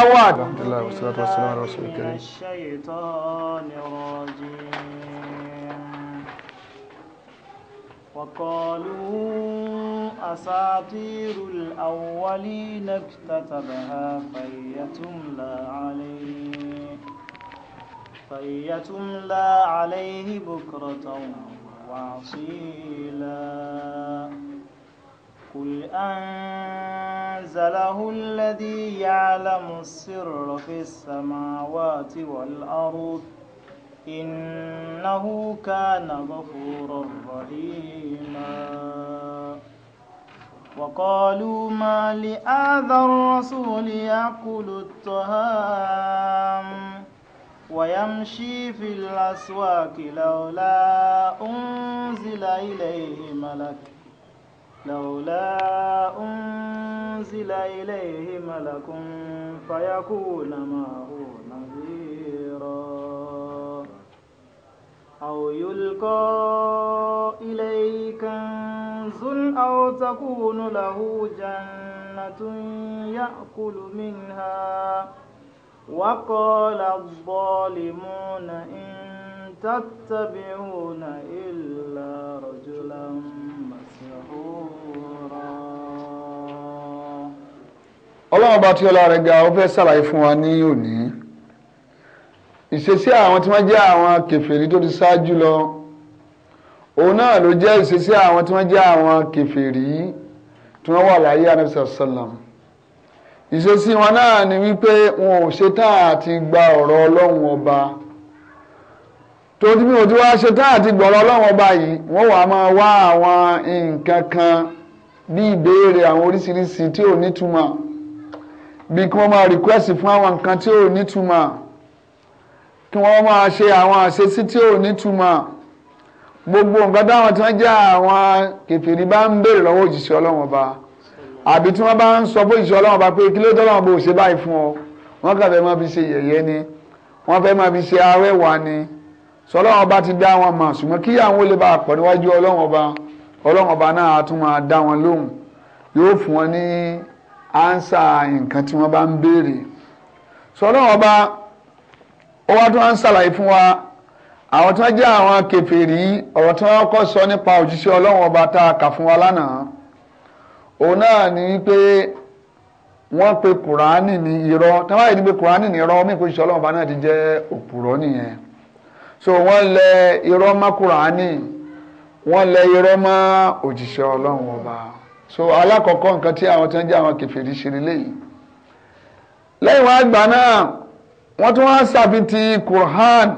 عواد الحمد لله والصلاة والسلام على رسول الكريم الشيطان وقالوا أساطير الأولين اكتتبها فهي تملى عليه فهي تملى عليه بكرة وعصيلا قل أنزله الذي يعلم السر في السماوات والأرض إنه كان غفورا رحيما وقالوا ما لآذى الرسول يأكل الطعام ويمشي في الأسواق لولا أنزل إليه ملك لولا أنزل إليه ملك فيكون معه نذيرا أو يلقى إليه كنز أو تكون له جنة يأكل منها وقال الظالمون إن تتبعون إلا رجلا ọlọ́run ọba tí ọlá rẹ̀ ga ó fẹ́ ṣàlàyé fún wa ní òní ìṣesí àwọn tí wọ́n jẹ́ àwọn kèfèrí tó ti ṣáájú lọ òun náà ló jẹ́ ìṣesí àwọn tí wọ́n jẹ́ àwọn kèfèrí tí wọ́n wà láyé anabisa sallam ìṣesí wọn náà ni wípé wọn ò ṣetán àti gba ọ̀rọ̀ ọlọ́run ọba torí bí wọ́n ti wá ṣe tá àti gbọ̀rọ̀ ọlọ́run ọba yìí wọ́n wàá máa wá àwọn nǹkan kan bí ìbéèrè àwọn oríṣiríṣi tí ò nítumọ̀ bí kí wọ́n máa rìkwẹ́sì fún àwọn nǹkan tí ò nítumọ̀ kí wọ́n máa ṣe àwọn àṣesí tí ò nítumọ̀ gbogbo nǹkan táwọn tí wọ́n jẹ́ àwọn kèfèrí bá ń béèrè lọ́wọ́ òjíṣẹ́ ọlọ́run ọba àbí tí wọ́n bá ń sọ fún ọlọ́run ọba pé kí ló tọ́lọ́run bó ṣe báyìí fún ọ wọ́n kàn fẹ́ máa fi ṣe yẹ̀yẹ́ ni wọ́n fẹ́ máa fi ṣe awẹ́wà ni sọlọ́wọ́n ọba ti dá wọn mọ̀ ṣùgbọ́n kíyàwó lè bá pọ̀ níwájú ọlọ́wọ́n ọba ọlọ́wọ́n ọba náà á tún máa dá wọn lóhùn yóò fún wọn ní ánsà nǹkan tí wọ́n bá ń béèrè sọlọ́wọ́n ọba ó wá tún á ń ṣàlàyé fún wa àwọn tí wọ́n jẹ́ àwọn kèfèrí ọ̀rọ̀ tí wọ́n kọ́ sọ nípa òjíṣẹ́ ọlọ́wọ́n ọba tá a kà fún wa lánàá òun náà ní pé wọ́n pe kùránì ní irọ́ tí wọ́n bá yẹ ní pé kùránì ní irọ́ mí so wọ́n lẹ irọ́ mọ́ kùránì wọ́n lẹ irọ́ mọ́ òjíṣẹ́ ọlọ́run ọba so alákọ̀ọ́kọ́ nǹkan tí àwọn tí wọ́n jẹ́ àwọn kèfèrí ṣe rí léyìí lẹ́yìn wá gbà náà wọ́n tún wá ṣàfitì kùrán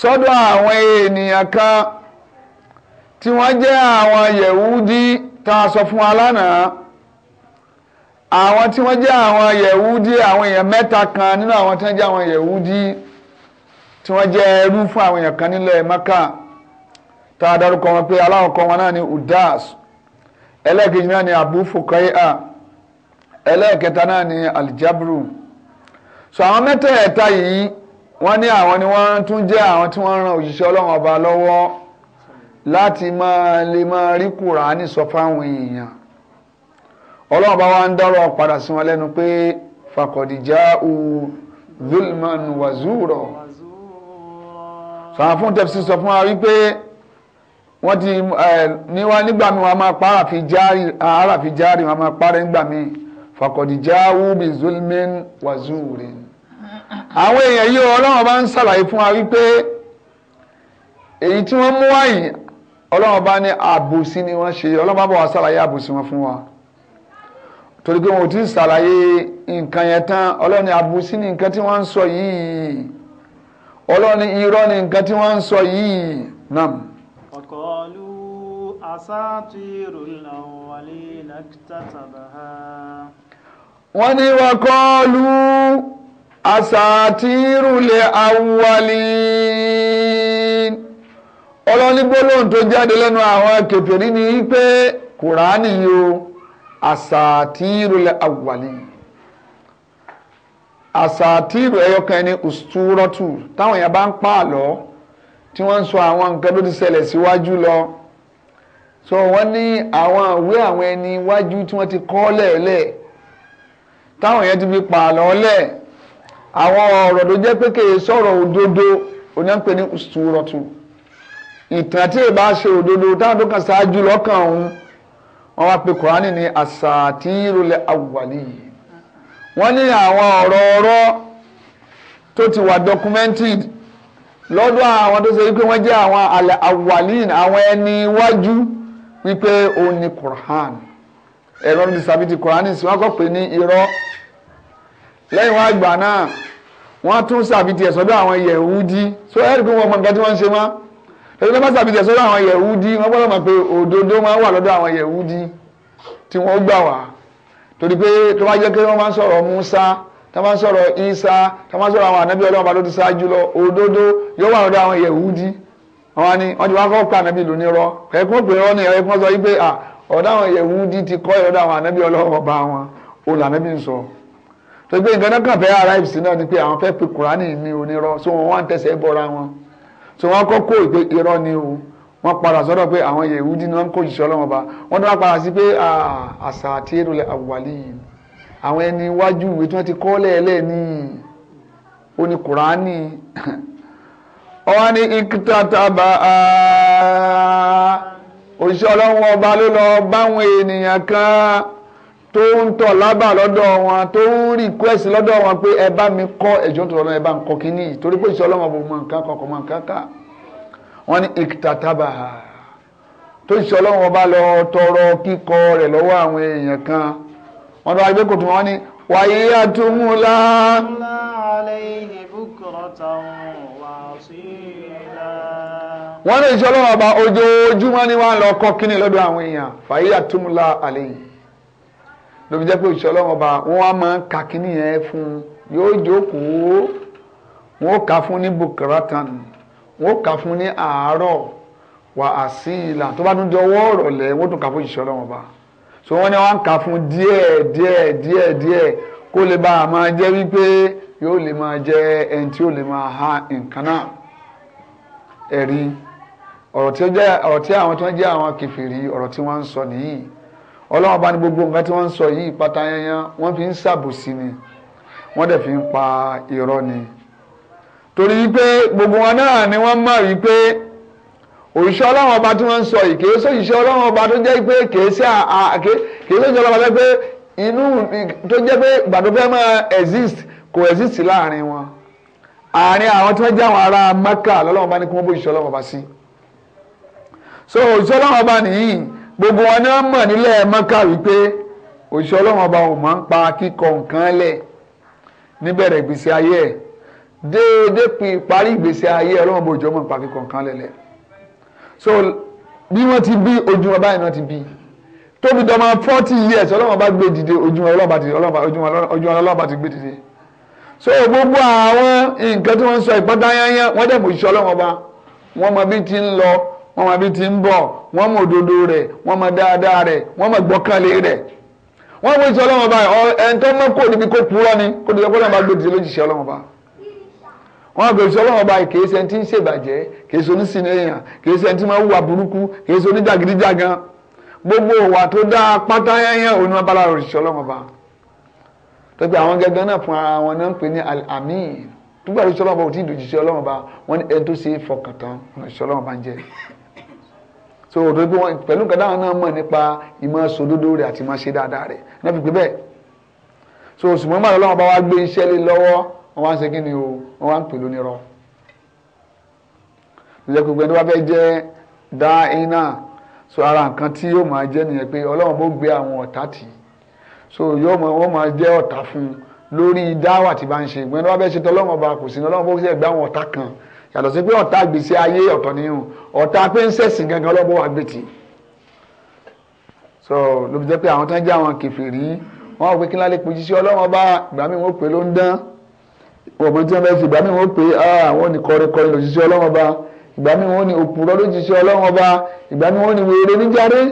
sọ́dọ̀ àwọn ènìyàn kan tí wọ́n jẹ́ àwọn yẹ̀wúdí tá a sọ fún wa lánàá àwọn tí wọ́n jẹ́ àwọn yẹ̀wúdí àwọn èèyàn mẹ́ta kan nínú àwọn tí wọ́n jẹ́ àwọn yẹ̀wúdí tí wọ́n jẹ́ ẹrú fún àwọn èèyàn kan nílẹ̀ Mẹ́kà tá a dárúkọ wọn pé aláwọ̀kọ wọn náà ni Udas ẹlẹ́ẹ̀kejì náà ni Abu Fukai'a ẹlẹ́ẹ̀kẹta náà ni alijabru. so àwọn mẹ́tẹ̀ẹ̀ta yìí wọ́n ní àwọn ni wọ́n tún jẹ́ àwọn tí wọ́n ran òṣìṣẹ́ Ọlọ́run ọba lọ́wọ́ láti máa lè máa rí Kùránì sọ fáwọn èèyàn Ọlọ́run ọba wa ń dọ́rọ̀ padà sí wọn lẹ́nu pé fakọ̀dìjà u zulman wazuro sàǹfún tẹ̀sí sọ fún wa wípé wọ́n ti níwá nígbà mi wọn máa pa àràfi járe àràfi járe wọn máa parẹ́ nígbà mi fàkọ̀dìjáwú bí zulmin wazuri àwọn èèyàn yìí ọlọ́run bá ń ṣàlàyé fún wa wípé èyí tí wọ́n mú wáyìí ọlọ́run bá ní àbòsí ni wọ́n ṣe ọlọ́run bá bọ̀ wá ṣàlàyé àbòsí wọn fún wa torí pé wọn ò tí ì ṣàlàyé nǹkan yẹn tán ọlọ́run ní àbòsí ni nǹkan tí wọ́n ń sọ yìí ọlọ́ni irọ́ ni nǹkan tí wọ́n ń sọ yìí nam. ọ̀kọ́lù asatirul awwalin iktatabaha. wọ́n ní wọ́kọ́lù asatirul awwalin. ọlọ́ni gbólóhùn tó jáde lẹ́nu àwọn kèfèrí ni pé kùránì yìí o asatirul awwalin àsàtìrù ẹyọkan ni ùsùtúrọ́tù táwọn èèyàn bá ń pa àlọ́ tí wọ́n ń sọ àwọn nǹkan tó ti ṣẹlẹ̀ síwájú lọ so wọ́n ní àwọn ìwé àwọn ẹni iwájú tí wọ́n ti kọ́ lẹ̀ẹ́lẹ̀ táwọn èèyàn ti fi pa àlọ́ lẹ̀ àwọn ọ̀rọ̀ tó jẹ́ pé kèé sọ̀rọ̀ òdodo onípe ní ùsùtúrọ́tù ìtàn tí ì bá ṣe òdodo táwọn tó kàn ṣáájú lọ́kàn òun wọ́n wá pe kùránì ní àsàtìrù lẹ́ wọ́n ní àwọn ọ̀rọ̀ ọ̀rọ̀ tó ti wà documented lọ́dọ̀ àwọn tó ṣe wípé wọ́n jẹ́ àwọn awalin àwọn ẹni iwájú wípé òun ni Quran ẹ̀rọ ní sàbìtì Quran sì wọ́n kọ́ pé ní irọ́ lẹ́yìn wá gbà náà wọ́n tún sàbìtì ẹ̀ sọ́dọ̀ àwọn Yẹ̀húdí so ẹ̀rí pé wọ́n mọ nǹkan tí wọ́n ń ṣe mọ́ lẹ́yìn lọ́ba sàbìtì ẹ̀ sọ́dọ̀ àwọn Yẹ̀húdí wọ́n gbọ́dọ̀ mọ̀ pé òdodo máa wà lọ́dọ̀ àwọn Yẹ̀húdí tí wọ́n gbà wá torí pé tó bá jẹ́ pé wọ́n máa ń sọ̀rọ̀ Musa tó máa ń sọ̀rọ̀ Isa tó máa ń sọ̀rọ̀ àwọn ànábì Ọlọ́run bá ló ti ṣáájú lọ òdodo yóò wà lọ́dọ̀ àwọn Yẹ̀húdí àwọn ni wọ́n ti wá kọ́ pa ànábì lóní rọ ẹ̀kún pè rọ́ ni ẹ̀kún sọ wípé à ọ̀dọ̀ àwọn Yẹ̀húdí ti kọ́ ìrọ̀dọ̀ àwọn ànábì Ọlọ́run ọba wọn olànábì ń sọ tó gbé nǹkan náà kàn fẹ́ arrive sí náà ni pé àwọn fẹ́ pe Kùránì ní onírọ́ so wọ́n wá ń tẹ̀sẹ̀ bọ́ra wọn so wọ́n kọ́ kó ìpè irọ́ ni o wọ́n padà sọ́dọ̀ pé àwọn yehudi náà ń kójúṣe ọlọ́wọ́n ba wọ́n tún wá padà sí pé àṣà àti èròlẹ̀ àwàlì àwọn ẹni iwájú ìwé tí wọ́n ti kọ́ lẹ́ẹ̀lẹ́ ní oní kùránì ọwọ́ ní ìkítàtàbà òṣìṣẹ́ ọlọ́wọ́n ọba ló lọ báwọn ènìyàn kan tó ń tọ̀ lábà lọ́dọ̀ wọn tó ń request lọ́dọ̀ wọn pé ẹ bá mi kọ́ ẹ̀jọ́ tó lọ́nà ẹ bá ń kọ́ kínní torí pé òṣìṣẹ́ ọlọ́wọ́n ọba mọ̀ nǹkan kọ̀ọ̀kan mọ̀ nǹkan kan wọ́n ní ìkìtàtàbà tó ń ṣe ọlọ́run ọba lọ tọrọ kíkọ rẹ̀ lọ́wọ́ àwọn èèyàn kan wọ́n tó wá gbé kòtò wọn ní wàyí àtúmúlá. wọ́n ní ìṣe ọlọ́run ọba ojoojúmọ́ ni wọ́n lọ kọ́ kíní lọ́dọ̀ àwọn èèyàn wàyí àtúmúlá àlẹ́yìn lóbi jẹ́ pé òṣìṣẹ́ ọlọ́run ọba wọ́n á máa ń ka kíní yẹn fún yóò jókòó wọ́n ó kà fún ní bùkárátàn wọ́n kà fún ní àárọ̀ wà àsìnlá tó bá tún di ọwọ́ ọ̀rọ̀lẹ́ wọ́n tún kà fún òṣìṣẹ́ ọlọ́run ọba so wọ́n ní wọ́n ń kà fún díẹ̀ díẹ̀ díẹ̀ díẹ̀ kó lè bá a máa jẹ́ wípé yóò lè máa jẹ́ ẹni tí yóò lè máa ha nǹkan náà ẹ̀rí ọ̀rọ̀ tí ó jẹ́ ọ̀rọ̀ tí àwọn tí wọ́n jẹ́ àwọn kẹfìrí ọ̀rọ̀ tí wọ́n ń sọ nìyí ọlọ́run bá ní gbogbo nǹkan tí wọ́n ń sọ yìí pátá yẹn wọ́n fi ń ṣàbòsí ni wọ́n dẹ̀ fi ń pa irọ́ ni torí wípé gbogbo wọn náà ni wọ́n mọ̀ wípé òṣìṣẹ́ ọlọ́run ọba tí wọ́n ń sọ yìí kìí sóṣìṣẹ́ ọlọ́run ọba tó jẹ́ pé kìí sí kìí sóṣìṣẹ́ ọlọ́run ọba pé inú tó jẹ́ pé ìgbà tó máa exist kò exist láàrin wọn àárín àwọn tí wọ́n jẹ́ àwọn ará Mẹ́kà lọ́lọ́run ọba ní kí wọ́n bó òṣìṣẹ́ ọlọ́run ọba sí. so òṣìṣẹ́ ọlọ́run ọba nìyí gbogbo wọn ni wọ́n mọ̀ nílẹ̀ Mẹ́kà wípé òṣìṣẹ́ ọlọ́run ọba ò mọ̀ pa kíkọ nǹkan lẹ̀ níbẹ̀rẹ̀ ìgbésí ayé ẹ̀ déédé pin parí ìgbésí ayé ọlọ́run bó jọmọ́ nípa kíkọ̀ kan so bí wọ́n ti bí ojú wọn báyìí náà ti bí tóbi dọ́mọ forty years ọlọ́run bá gbé dìde ojú wọn ọlọ́run bá ti ojú wọn ọlọ́run bá ti gbé dìde so gbogbo àwọn nǹkan tí wọ́n sọ ìpọ́ndáyányá wọ́n dẹ̀ mọ̀ ìṣọ́ ọlọ́run ọba wọ́n mọ bí ti ń lọ wọ́n mọ bí ti ń bọ̀ wọ́n mọ òdodo rẹ̀ wọ́n mọ dáadáa rẹ̀ wọ́n mọ gbọ́kànlé rẹ̀ wọ́n mọ ìṣọ́ ọlọ́run ọba ẹ̀ ẹ̀ ń tọ́ mọ́ kó níbi kó purọ́ ni kó dìde kó lọ́run bá gbé dìde lójijì ọlọ́run ọba wọn àgbẹ̀ sọ ọlọ́run ọba kì í ṣe ẹni tí ń ṣèbàjẹ́ kì í ṣe oníṣìnà èèyàn kì í ṣe ẹni tí máa ń wà burúkú kì í ṣe oníjàgídíjàgan gbogbo ìwà tó dáa pátá yányán òun máa bára òṣìṣẹ́ ọlọ́run ọba tó àwọn gẹ́gẹ́ náà fún ara wọn náà ń pè ní amin túbọ̀ òṣìṣẹ́ ọlọ́run ọba ò tí ì dòjìṣẹ́ ọlọ́run ọba wọn ni ẹni tó ṣe é fọkàn tán òṣìṣẹ́ ọba ń jẹ́ so òdo pé wọn pẹ̀lú nǹkan dáhùn náà mọ̀ nípa ìmọ̀ sòdodo rẹ̀ àti ìmọ̀ ṣe dáadáa rẹ̀ náà fi pé bẹ́ẹ̀ so ṣùgbọ́n màdàlọ́wọ́ bá wá gbé iṣẹ́ lé lọ́wọ́ wọ́n wá ń ṣe kí ni o wọ́n wá ń pè lónírọ́ ìjẹ́kùgbẹ́ tó bá fẹ́ jẹ́ dá iná so ara nǹkan tí yóò máa jẹ́ nìyẹn pé ọlọ́run bó gbé àwọn ọ̀tá tì í so yóò máa wọ́n máa jẹ́ ọ̀tá fún un lórí dáwà tí bá ń ṣe ìgbẹ́ tó bá fẹ́ ṣe tọ́lọ́run ọba kò sí ní ọlọ́run bó ṣe gbé àwọn ọ̀tá kan yàtọ̀ sí pé ọ̀tá gbèsè ayé ọ̀tọ̀ nìyẹn ọ̀tá pé ń ṣẹ̀sìn gangan ọlọ́run wà gbé tì so ló fi jẹ́ pé àwọn tán jẹ́ àwọn kèfèrí wọ́n wọ́n pé kí n lálẹ́ pojú sí ọlọ́run ọba ìgbà míì wọ́n pè ló ọmọ tí wọ́n fẹ́ fi ìgbà míì wọ́n pè é ah, àwọn ò ní kọrinkọrin lòṣìṣẹ́ ọlọ́wọ́n bá ìgbà míì wọ́n ní òpùrọ́ lòṣìṣẹ́ ọlọ́wọ́n bá ìgbà míì wọ́n ní wèrè níjàre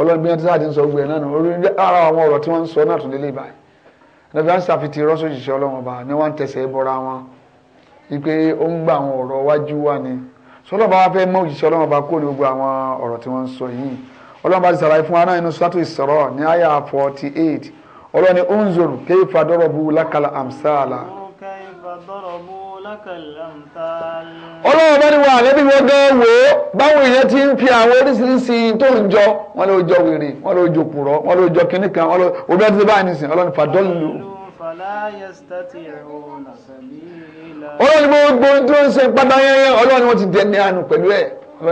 ọlọ́run bí wọ́n ti sáàtì ń sọ gbé ẹ̀ náà orí ara àwọn ọ̀rọ̀ tí wọ́n ń sọ náà tún lọ́bí rọ́ṣọ́ òṣìṣẹ́ ni wọ́n tẹ̀sẹ̀ bọ́ra wọn ó gba àwọn ọ̀rọ̀ wájú wa ni sọlọ́ bá wá fẹ́ òṣìṣẹ́ ní gbogbo àwọn ọ̀rọ̀ tí wọ́n ọlọ́ni unzur kayfa darabu lakal amsala ọlọ́run bá ní wa àlẹ́bí wọn gan wò ó báwọn èèyàn ti ń fi àwọn oríṣiríṣi tó ń jọ wọn ló jọ wèrè wọn ló jọ kùrọ wọn ló jọ kínní kan wọn ló obìnrin ti báyìí nìsín ọlọ́run fàdọ́lù. ọlọ́run bó gbóhùn tó ń ṣe padà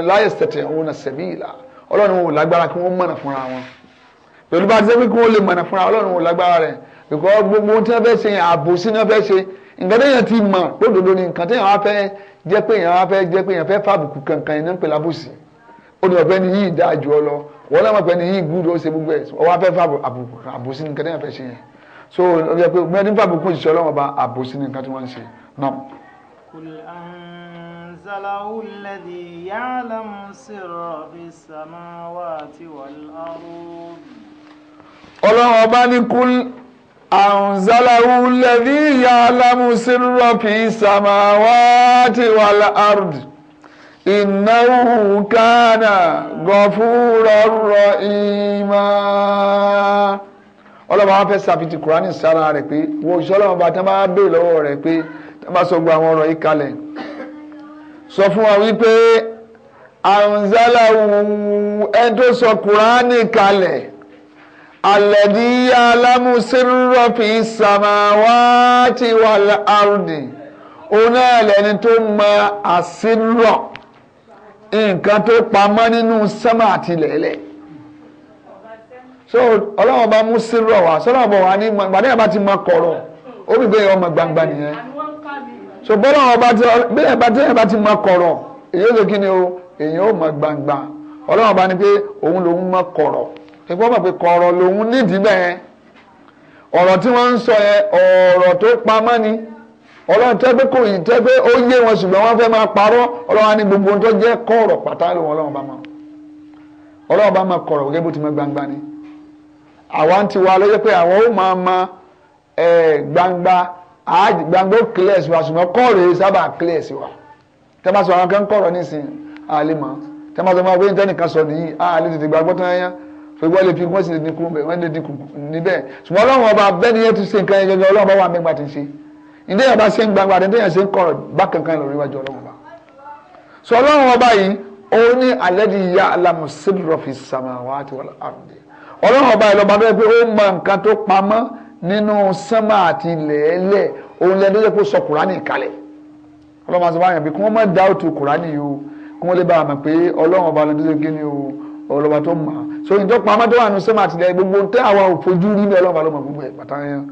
la yastati'una sabila ọlọ́run wọn ò lágbára kí wọ́n pẹ̀lú bá ti sẹ́ pé kí wọ́n lè mọ̀nà fúnra ọlọ́run ò lágbára rẹ̀ because gbogbo ohun tí wọ́n fẹ́ ṣe àbòsí náà fẹ́ ṣe nǹkan téèyàn ti mọ̀ lódodo ni nǹkan téèyàn wá fẹ́ jẹ́ pé èèyàn wá fẹ́ jẹ́ pé èèyàn fẹ́ fàbùkù kankan iná ń pè lábòsí ó ní ọ̀fẹ́ ni yìí dáa jù ọ lọ wọ́n náà mọ̀ ni yìí gúdú ṣe gbogbo ẹ̀ so ó yẹ pé mẹ́ni fàbùkù ìṣọ́ ọlọ́run ọba àbòsí nǹkan أنزله الذي يعلم سر في السماوات والأرض ọlọ́run ọba ní kú àǹzálàwù lẹ́bí ìyá alámùsírọ́pì sàmáwáàtì wà láàrùd ìnáwó kánà gọ̀fúrọ̀ rọ̀ ìmọ̀ ọlọ́run ọba fẹ́ sàfitì kùránì sára rẹ̀ pé wo ìṣọ́lọ́run ọba tí wọ́n bá béèrè lọ́wọ́ rẹ̀ pé tí wọ́n bá sọ gbọ́ àwọn ọ̀rọ̀ yìí kalẹ̀ sọ fún wa wípé àǹzálàwù ẹni tó sọ kùránì kalẹ̀ alẹ́dí alámúsírọ́fì sàmáwáàtì wà láàrúdì òun náà lẹ́ni tó mọ àsírọ̀ nǹkan tó pamọ́ nínú sánmà àti lẹ́lẹ́ so ọlọ́wọ́n bá mú sírọ̀ wá sọ́dọ̀ bọ̀ wá ní gbàdé yàrá ti mọ kọ̀rọ̀ ó bìbẹ́ ọmọ gbangba nìyẹn so bọ́dọ̀ ọba ti bẹ́ẹ̀ bá tẹ́yẹ̀ bá ti mọ kọ̀rọ̀ èyí ó kí ni o èyí ó mọ gbangba ọlọ́wọ́n bá ní pé òun lòún mọ kọ̀rọ̀ ẹgbẹ́ mọ̀ pé kọ̀ọ̀rọ̀ lòun nídìí bẹ́ẹ̀ ọ̀rọ̀ tí wọ́n ń sọ yẹn ọ̀rọ̀ tó ni ọlọ́run tẹ́ kò yìí ó yé wọn ṣùgbọ́n wọ́n fẹ́ máa parọ́ ọlọ́run ní gbogbo tó jẹ́ kọ̀ọ̀rọ̀ pátá ọlọ́run bá mọ̀ ọlọ́run bá mọ̀ gbangba ni àwa ti wá lọ́jọ́ pé àwọn ó máa ma gbangba gbangba ó kílẹ̀ sí wa ṣùgbọ́n kọ̀ọ̀rọ̀ yìí sábà kílẹ̀ sí wa tẹ́ bá sọ àwọn nísìnyí àlè mọ́ tẹ́ bá sọ fún wa pé tẹ́nìkan sọ nìyí so wọ́n lè fi wọ́n sì lè dínkù bẹ́ẹ̀ wọ́n lè dínkù níbẹ̀ ṣùgbọ́n ọlọ́run ọba bẹ́ẹ̀ ni yẹn ti ṣe nǹkan yẹn gẹ́gẹ́ ọlọ́run bá wà mẹ́gbà ti ṣe ìdí yẹn bá ṣe ń gbangba àti ìdí yẹn ṣe ń kọ̀rọ̀ bákankan lórí iwájú ọlọ́run ọba so ọlọ́run ọba yìí òun ní alẹ́dí ìyá alamu sidrofi samawa àti ardi ọlọ́run ọba yìí lọ́ba bẹ́ẹ̀ pé ó mọ nǹkan tó pamọ́ nínú sánmà àti ilẹ̀ẹ́lẹ̀ òun lẹ́ni lè kó sọ kùránì kalẹ̀ ọlọ́run ọba yẹn bí kí wọ́n má dáwọ́tò kùránì yìí o kí wọ́n lè bá a mọ̀ pé ọlọ́run ọba lọ́dún tó gé ni o ọlọ́ba tó mọ̀ so ìjọ pamọ́ tó wà ní sẹ́mà àtìlẹ́ gbogbo tẹ́ àwọn òfojú rí ní ọlọ́ba lọ́mọ gbogbo ẹ̀ pátá yẹn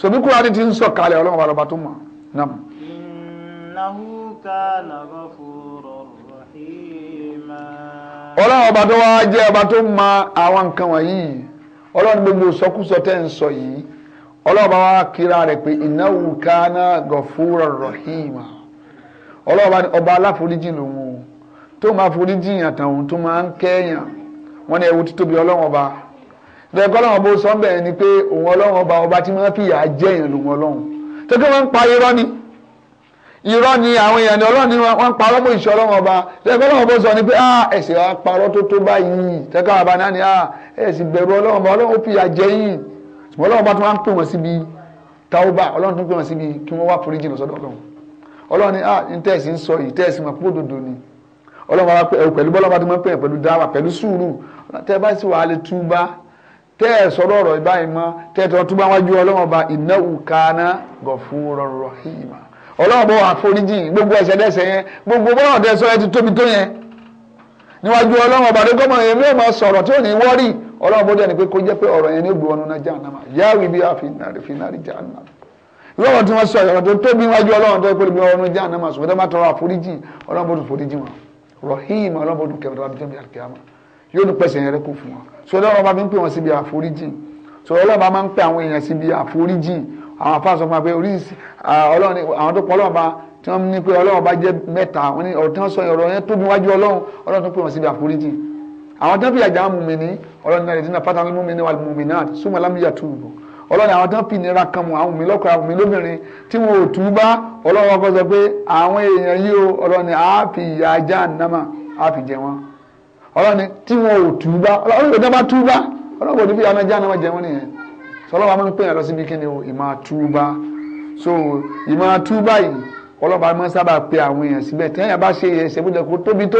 so bí kúrò àti ti ń sọ kalẹ̀ ọlọ́ba lọ́ba tó mọ̀ náà. innahu kana ghafuran rahima. ọlọ́run ọba tó wá jẹ́ ọba tó mọ àwọn nǹkan wọ̀nyí ọlọ́run gbogbo sọkúsọ tẹ́ ń sọ yìí ọlọ́ba wa kíra rẹ̀ pé innahu kana ghafuran rahima ọlọ́ba ọba aláforíjì lòun o tó máa foríjì yàn tàn tó máa ń kẹ́yàn wọ́n ní ewu títóbi ọlọ́run ọba tẹ́lẹ̀ kọ́ ọlọ́run bó sọ bẹ́ẹ̀ ni pé òun ọlọ́run ọba ọba tí wọ́n fìyà jẹ́ èèyàn lòun ọlọ́run tẹ́lẹ̀ wọ́n ń pa irọ́ ni irọ́ ni àwọn èèyàn ní ọlọ́run ni wọ́n ń parọ́ mọ́ ìṣọ́ ọlọ́run ọba tẹ́lẹ̀ kọ́ ọlọ́run sọ ni pé ah ẹ̀sìn wa parọ́ tó tó báyìí tẹ́lẹ̀ àbá náà ni ah ẹ̀sìn bẹ̀rù ọlọ́run ọba ọlọ́run ó fìyà jẹ́ yìí ọlọ́run ọba tó wá ń pè wọ́n síbi tàwọ́bà ọlọ́run tó ń pè wọ́n síbi kí wọ́n wá ni ah ntẹ́ẹ̀sì ń sọ yìí tẹ́ẹ̀sì ọlọ́run wa pẹ̀lú bọ́lá ti máa ń pè é pẹ̀lú dáwà pẹ̀lú sùúrù tẹ́ ẹ bá sì wàá lè túbá tẹ́ ẹ sọ̀rọ̀ ọ̀rọ̀ ìbáyìí mọ́ tẹ́ tọ́ túbá wájú ọlọ́run ọba innahu kana ghafuran rahima ọlọ́run bọ́ àforíjì gbogbo ẹ̀ṣẹ̀ dẹ́ṣẹ̀ yẹn gbogbo bọ́lá ọ̀dẹ́ sọ ẹ ti tóbi tó yẹn níwájú ọlọ́run ọba àdókò ọmọ yẹn yóò máa sọ̀rọ̀ tí ò ní wọ́rì ọlọ́run bó dẹ́ni pé kó jẹ́ pé ọ̀rọ̀ yẹn ní ògbó ọ̀nà jahannama yáwì bí àfinàrí finàrí jahannama lọ́wọ́ tí wọ́n sọ ọ̀rọ̀ rahim ọlọ́bọ̀dún kẹrìndínlá bíi tẹ́lẹ̀ àkíyàmá yóò dún pẹ̀sẹ̀ yẹn rẹ fún wọn so ọlọ́run bá fi ń pè wọn síbi àforíjì so ọlọ́run bá máa ń pè àwọn èèyàn síbi àforíjì àwọn afá sọ fún wa pé oríṣi àwọn tó pọ̀ ọlọ́run bá tí wọ́n ní pé ọlọ́run bá jẹ́ mẹ́ta wọ́n ní ọ̀rọ̀ tí wọ́n sọ ọ̀rọ̀ yẹn tóbi wájú ọlọ́run ọlọ́run tó pè wọn síbi àforíjì àwọn tó ọlọ́run àwọn tán fìnira kan mọ̀ àwọn mi lọ́kọ̀ àwọn mi tí wọn ò tú bá ọlọ́run ọkọ sọ pé àwọn èèyàn yìí o ọlọ́run ni àá fi ìyà ajá nàmà àá fi jẹ wọn ọlọ́run ni tí wọn ò tú bá ọlọ́run ìgbà bá tú bá ọlọ́run kò ní fi ìyà ajá nàmà jẹ wọn nìyẹn sọlọ́wọ́ máa ń lọ síbi kí ni o ìmọ̀ àtúbá so ìmọ̀ àtúbá yìí ọlọ́ba máa ń sábà pe àwọn èèyàn síbẹ̀ tí èèyàn bá ṣe ẹ̀ṣẹ̀ bó jẹ́ kó tóbi tó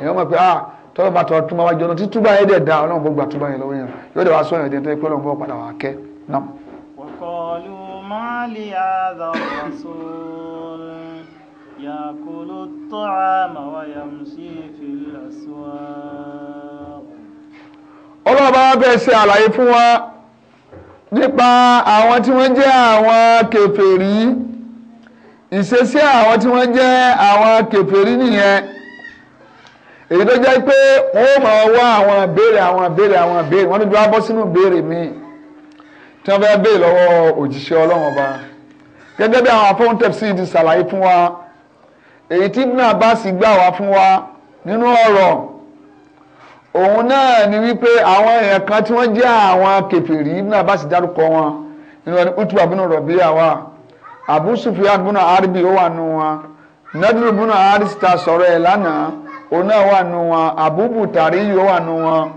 èèyàn mọ̀ pé ah tọ́lọ́ bá tọ́ túmọ̀ wájú ọ̀nà títúbà yẹn dẹ̀ da ọlọ́run bó gba túbà yẹn lọ́wọ́ yẹn yóò dẹ̀ wá sọ yẹn tó yẹ pé ọlọ́run bó padà wà kẹ́ وقالوا ما لهذا الرسول ياكل الطعام ويمشي في الأسواق ọlọ́ba bẹ́ẹ̀ ṣe àlàyé fún wa nípa àwọn tí wọ́n jẹ́ àwọn kèfèrí ìṣesí àwọn tí wọ́n jẹ́ àwọn kèfèrí nìyẹn èyí tó jẹ́ pé wọ́n máa wá àwọn ìbéèrè àwọn ìbéèrè àwọn ìbéèrè wọ́n tún jọ á sínú ìbéèrè míì tí wọ́n fẹ́ béè lọ́wọ́ òjíṣẹ́ ọlọ́run ọba gẹ́gẹ́ bí àwọn afọ́ńtẹ̀ ti ṣàlàyé fún wa èyí tí bá Abbas gbà wá fún wa nínú ọ̀rọ̀ òun náà ni wípé àwọn èèyàn kan tí wọ́n jẹ́ àwọn kèfèrí bá Abbas dárúkọ wọn nínú ọdún Utba rọbịa wa Abu rb ó wà nù wọn sọ̀rọ̀ ẹ̀ lánàá òun náà wà nù wọn yìí ó wà nù wọn.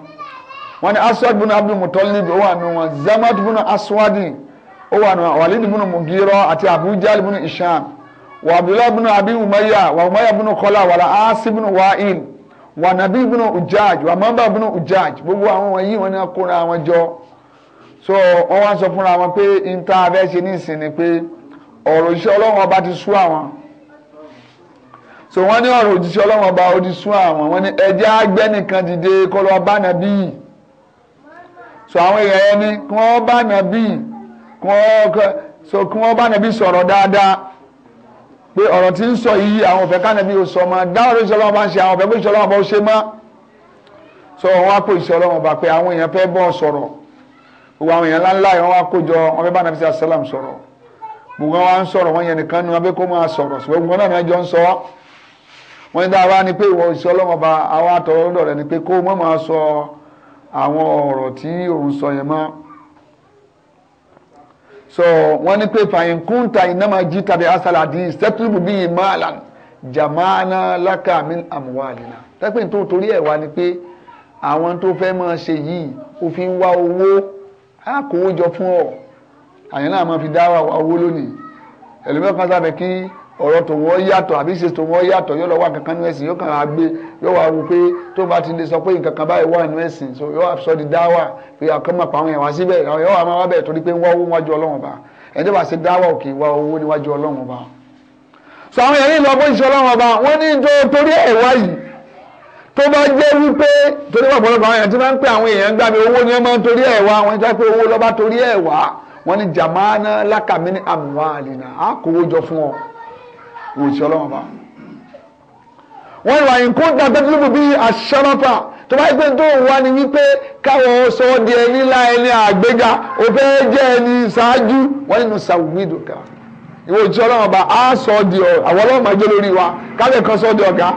wọ́n aswad bunu abdul mutolib ó wà nù wọn zamat bunu aswadi ó wà nù wọn walid bunu mugiro àti abujal bunu isham wa abdullahi bunu abi umaya wa umaya bunu kola wala asi bunu wa'il wa nabi bunu ujaj wa mamba bunu ujaj gbogbo àwọn wọ̀nyí wọ́n ní akóra àwọn so wọ́n wá sọ fúnra wọn pé nta abẹ́ ṣe ní ni pé ọ̀rọ̀ iṣẹ́ ọlọ́run ọba ti sú àwọn so wọ́n ní ọ̀rọ̀ òjíṣẹ́ ọlọ́run ọba ó ti sú àwọn wọ́n ní ẹjẹ́ agbẹ́nìkan dìde kọ́ lọ́ọ́ yìí so àwọn èèyàn ẹni kí wọ́n bá nàbí kí wọ́n so kí wọ́n bá nàbí sọ̀rọ̀ dáadáa pé ọ̀rọ̀ tí ń sọ yìí àwọn òfẹ́ kánàbí ò sọ mọ́ dáwọ́ ló ṣọlọ́wọ́ bá ń ṣe àwọn òfẹ́ pé ìṣọlọ́wọ́ bá ó ṣe mọ́ so wọ́n wá pè ìṣọlọ́wọ́ bá pé àwọn èèyàn fẹ́ bọ́ sọ̀rọ̀ gbogbo àwọn èèyàn ńláńlá yìí wọ́n wá kójọ wọ́n fẹ́ bá nàbí sàlám sọ̀rọ̀ gbogbo wọn wá ń sọ̀rọ̀ wọn yẹn nìkan ni wọ́n fẹ́ kó máa sọ̀rọ̀ ṣùgbọ́n gbogbo náà jọ ń sọ wọ́n ní dáa wá ni pé sọ àwọn ọ̀rọ̀ tí òun sọ yẹn mọ́ so wọ́n ní pé fàyín kúńtà iná máa jí tàbí asàlàdì sẹ́tùlùbù bí i máàlán jàmáàná lákàmí àmúwàlìnà tẹ́pẹ́ tó torí ẹ̀ wá ni pé àwọn tó fẹ́ máa ṣe yìí ó fi ń wá owó á kówó jọ fún ọ àyàn máa fi dá owó lónìí ẹ̀lú mẹ́fà sábẹ́ kí ọ̀rọ̀ tó wọ́n yàtọ̀ àbí ṣe tó wọ́n yàtọ̀ yóò lọ wá kankan nínú ẹ̀sìn yóò kàn á gbé yóò wá wò pé tó bá ti lè sọ pé nǹkan kan báyìí wà nínú ẹ̀sìn so yóò sọ di dáwà pé àkọ́ máa pa àwọn èèyàn wá síbẹ̀ yóò wá máa wá bẹ̀ torí pé ń wá owó níwájú ọlọ́run ọba ẹni tó bá ṣe dáwà ò kì í wá owó níwájú ọlọ́run ọba. sọ àwọn èèyàn yìí lọ ìṣọ́ ọlọ́run ọba wọ́n ní torí ẹ̀wá tó bá jẹ́ wípé torí ọ̀pọ̀lọpọ̀ àwọn èèyàn ti máa ń pè àwọn èèyàn gbàgbé owó ni wọ́n máa ń torí ẹ̀wá àwọn ìjọba pé owó lọ́ba torí ẹ̀wá wọ́n ní jàmánà lákàmínì àmúwá àlìnà á fún ọ òṣìṣẹ́ ọlọ́run bá wọ́n ìwà ìkó dàgbẹ́tìlúbù bí aṣọ́nàfà tó bá pẹ́ tó wà ní wípé káwọn sọ di ẹni ńlá ẹni àgbéga ó fẹ́ jẹ́ ẹni ṣáájú wọ́n nínú sàwùmídùkà ìwọ òṣìṣẹ́ ọlọ́run bá a sọ di ọ àwọn ọlọ́run máa jẹ́ lórí wa káfíń kan sọ di ọ̀gá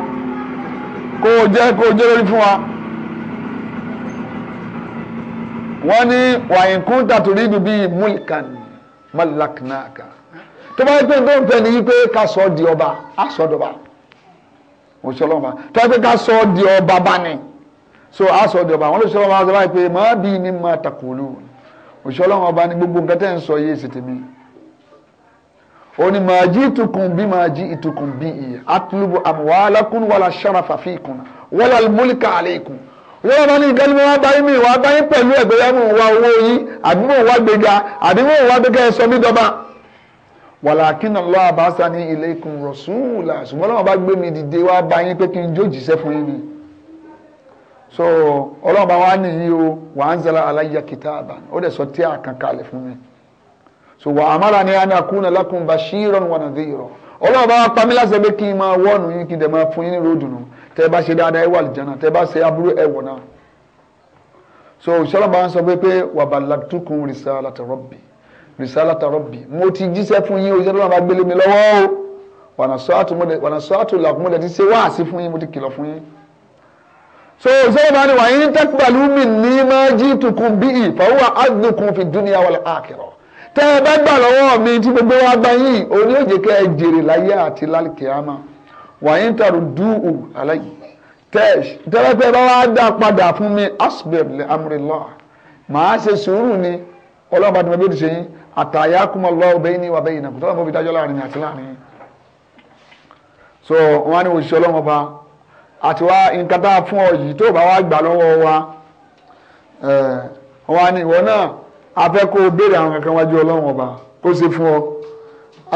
kó o jẹ́ kó o jẹ́ lórí fún wa wọ́n ní wàyínkú tàtúrídù bíi múlìkan mọ́láknáàkà tó bá pé tó ń fẹ́ ni wípé ká sọ ọ́ di ọba á sọ dọba òṣìṣẹ́ ọlọ́run bá tó bá pé ká sọ di ọba bá so á sọ ọ́ di ọba àwọn olóṣèlú ọlọ́run bá sọ báyìí màá bí ní máa tàkùlù òṣìṣẹ́ ọlọ́run ọba ní gbogbo nǹkan ń sọ yìí ṣètì mi ó ní màá jí ìtukùn bí màá jí ìtukùn bí ìyẹ atulubu amwalakum wàlà sharafa fikum wàlà múlíkà alaykum wọ́n máa ní ìdánimọ̀ wá báyìí mi wá báyìí pẹ̀lú ẹ̀gbẹ́yàmọ̀ wá owó yín àbí mò ń wá gbéga àbí mò ń wá gbéga ẹ̀sọ́ mi dọ́ba wàlàkínà lọ́wọ́ àbáṣà ní ilé ikùn rọ̀súùlà ṣùgbọ́n Ọlọ́run bá gbé mi dìde wá bá yín pé kí n jó jíṣẹ́ fún yín ni so Ọlọ́run bá wá nìyí o wà á ń zara aláyà kìtàbà ó dẹ̀ sọ tí a kàn kalẹ̀ fún mi so wà á mára ní anakuna lakum bashiran wa nadhira Ọlọ́run bá wá pa mí láṣẹ pé kí n máa wọ́ọ̀nù yín kí n dẹ̀ máa fún yín ní ròdùnú tẹ́ bá risalata rabbi mo ti jíṣẹ́ fún yín oṣù tó lọ́wọ́ bá gbélé mi lọ́wọ́ o wànà sọ́ọ̀tù làkúmọ̀lẹ̀ ti ṣe wáàsí fún yín mo ti kìlọ̀ fún yín. so sọ́wọ́n bá ní wàá yín tẹ́kùbàlú mi ní máa jí tukùn bíi fàwọn àdùnkùn fi dúnìyà wal akhirah tẹ́ ẹ bá gbà lọ́wọ́ mi tí gbogbo wa gbà yín òní òjì kẹ́ ẹ jèrè láyé àti lálùkìyàmá wàyí ń tàrú dùú aláyé tẹ́lẹ́pẹ́ bá wá àtàyà kúmọ̀ lọ obìnrin ní wàbẹ́ ìnà kùtọ́lá mọ́bí dájọ́ láàrin àti so wọ́n ní òṣìṣẹ́ ọlọ́run ọba àti wá nǹkan tá a fun wa eh, wọ́n ní ìwọ náà afẹ́ bere o béèrè àwọn kankan wájú ọlọ́run o a fún ọ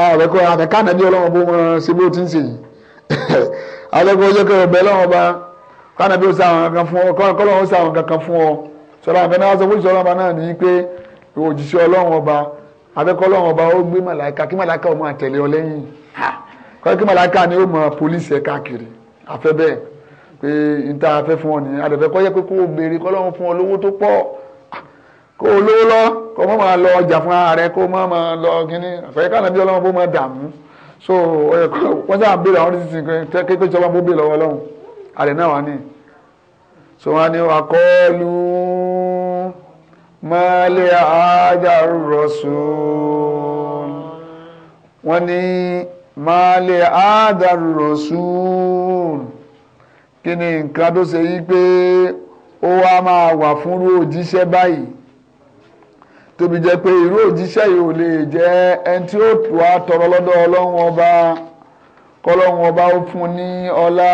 ààrẹ bi àtẹ̀ká ànábí ọlọ́run se wọn tin bó ti ń ṣe yìí ààrẹ sọ abẹ́kọ́lọ́wọ́n ọba ó gbé màláìka kí màláìka ó máa tẹ̀lé ọ lẹ́yìn kọ́ kí màláìka ni ó mọ pólísì ẹ̀ káàkiri afẹ́ bẹ́ẹ̀ pé níta afẹ́ fún ọ nìyẹn adẹ̀fẹ́kọ́ yẹ pé kó o béèrè kọ́lọ́wọ́n fún ọ lówó tó pọ̀ kó o lówó lọ kó o máa lọ ọjà fún ara rẹ kó o máa lọ kíní àfẹ́yẹ́ káàná bí ọlọ́wọ́n bó máa dààmú so wọ́n sábà béèrè àwọn oríṣiríṣi nǹkan kékeré tí ọlọ́wọ́n bó béèrè lọ́wọ́ so wọ́n á ma lè ájá rasul wọ́n ni ma lè ájá rasul kí ni nǹkan yi pe o pé ó wa fun wà fúnrú bayi báyìí tóbi jẹ́ pé irú òjíṣẹ́ yìí ò lè jẹ́ ẹni tí ó lọ́dọ̀ ọlọ́run ọba kọ́lọ́run ọba fún ní ọlá.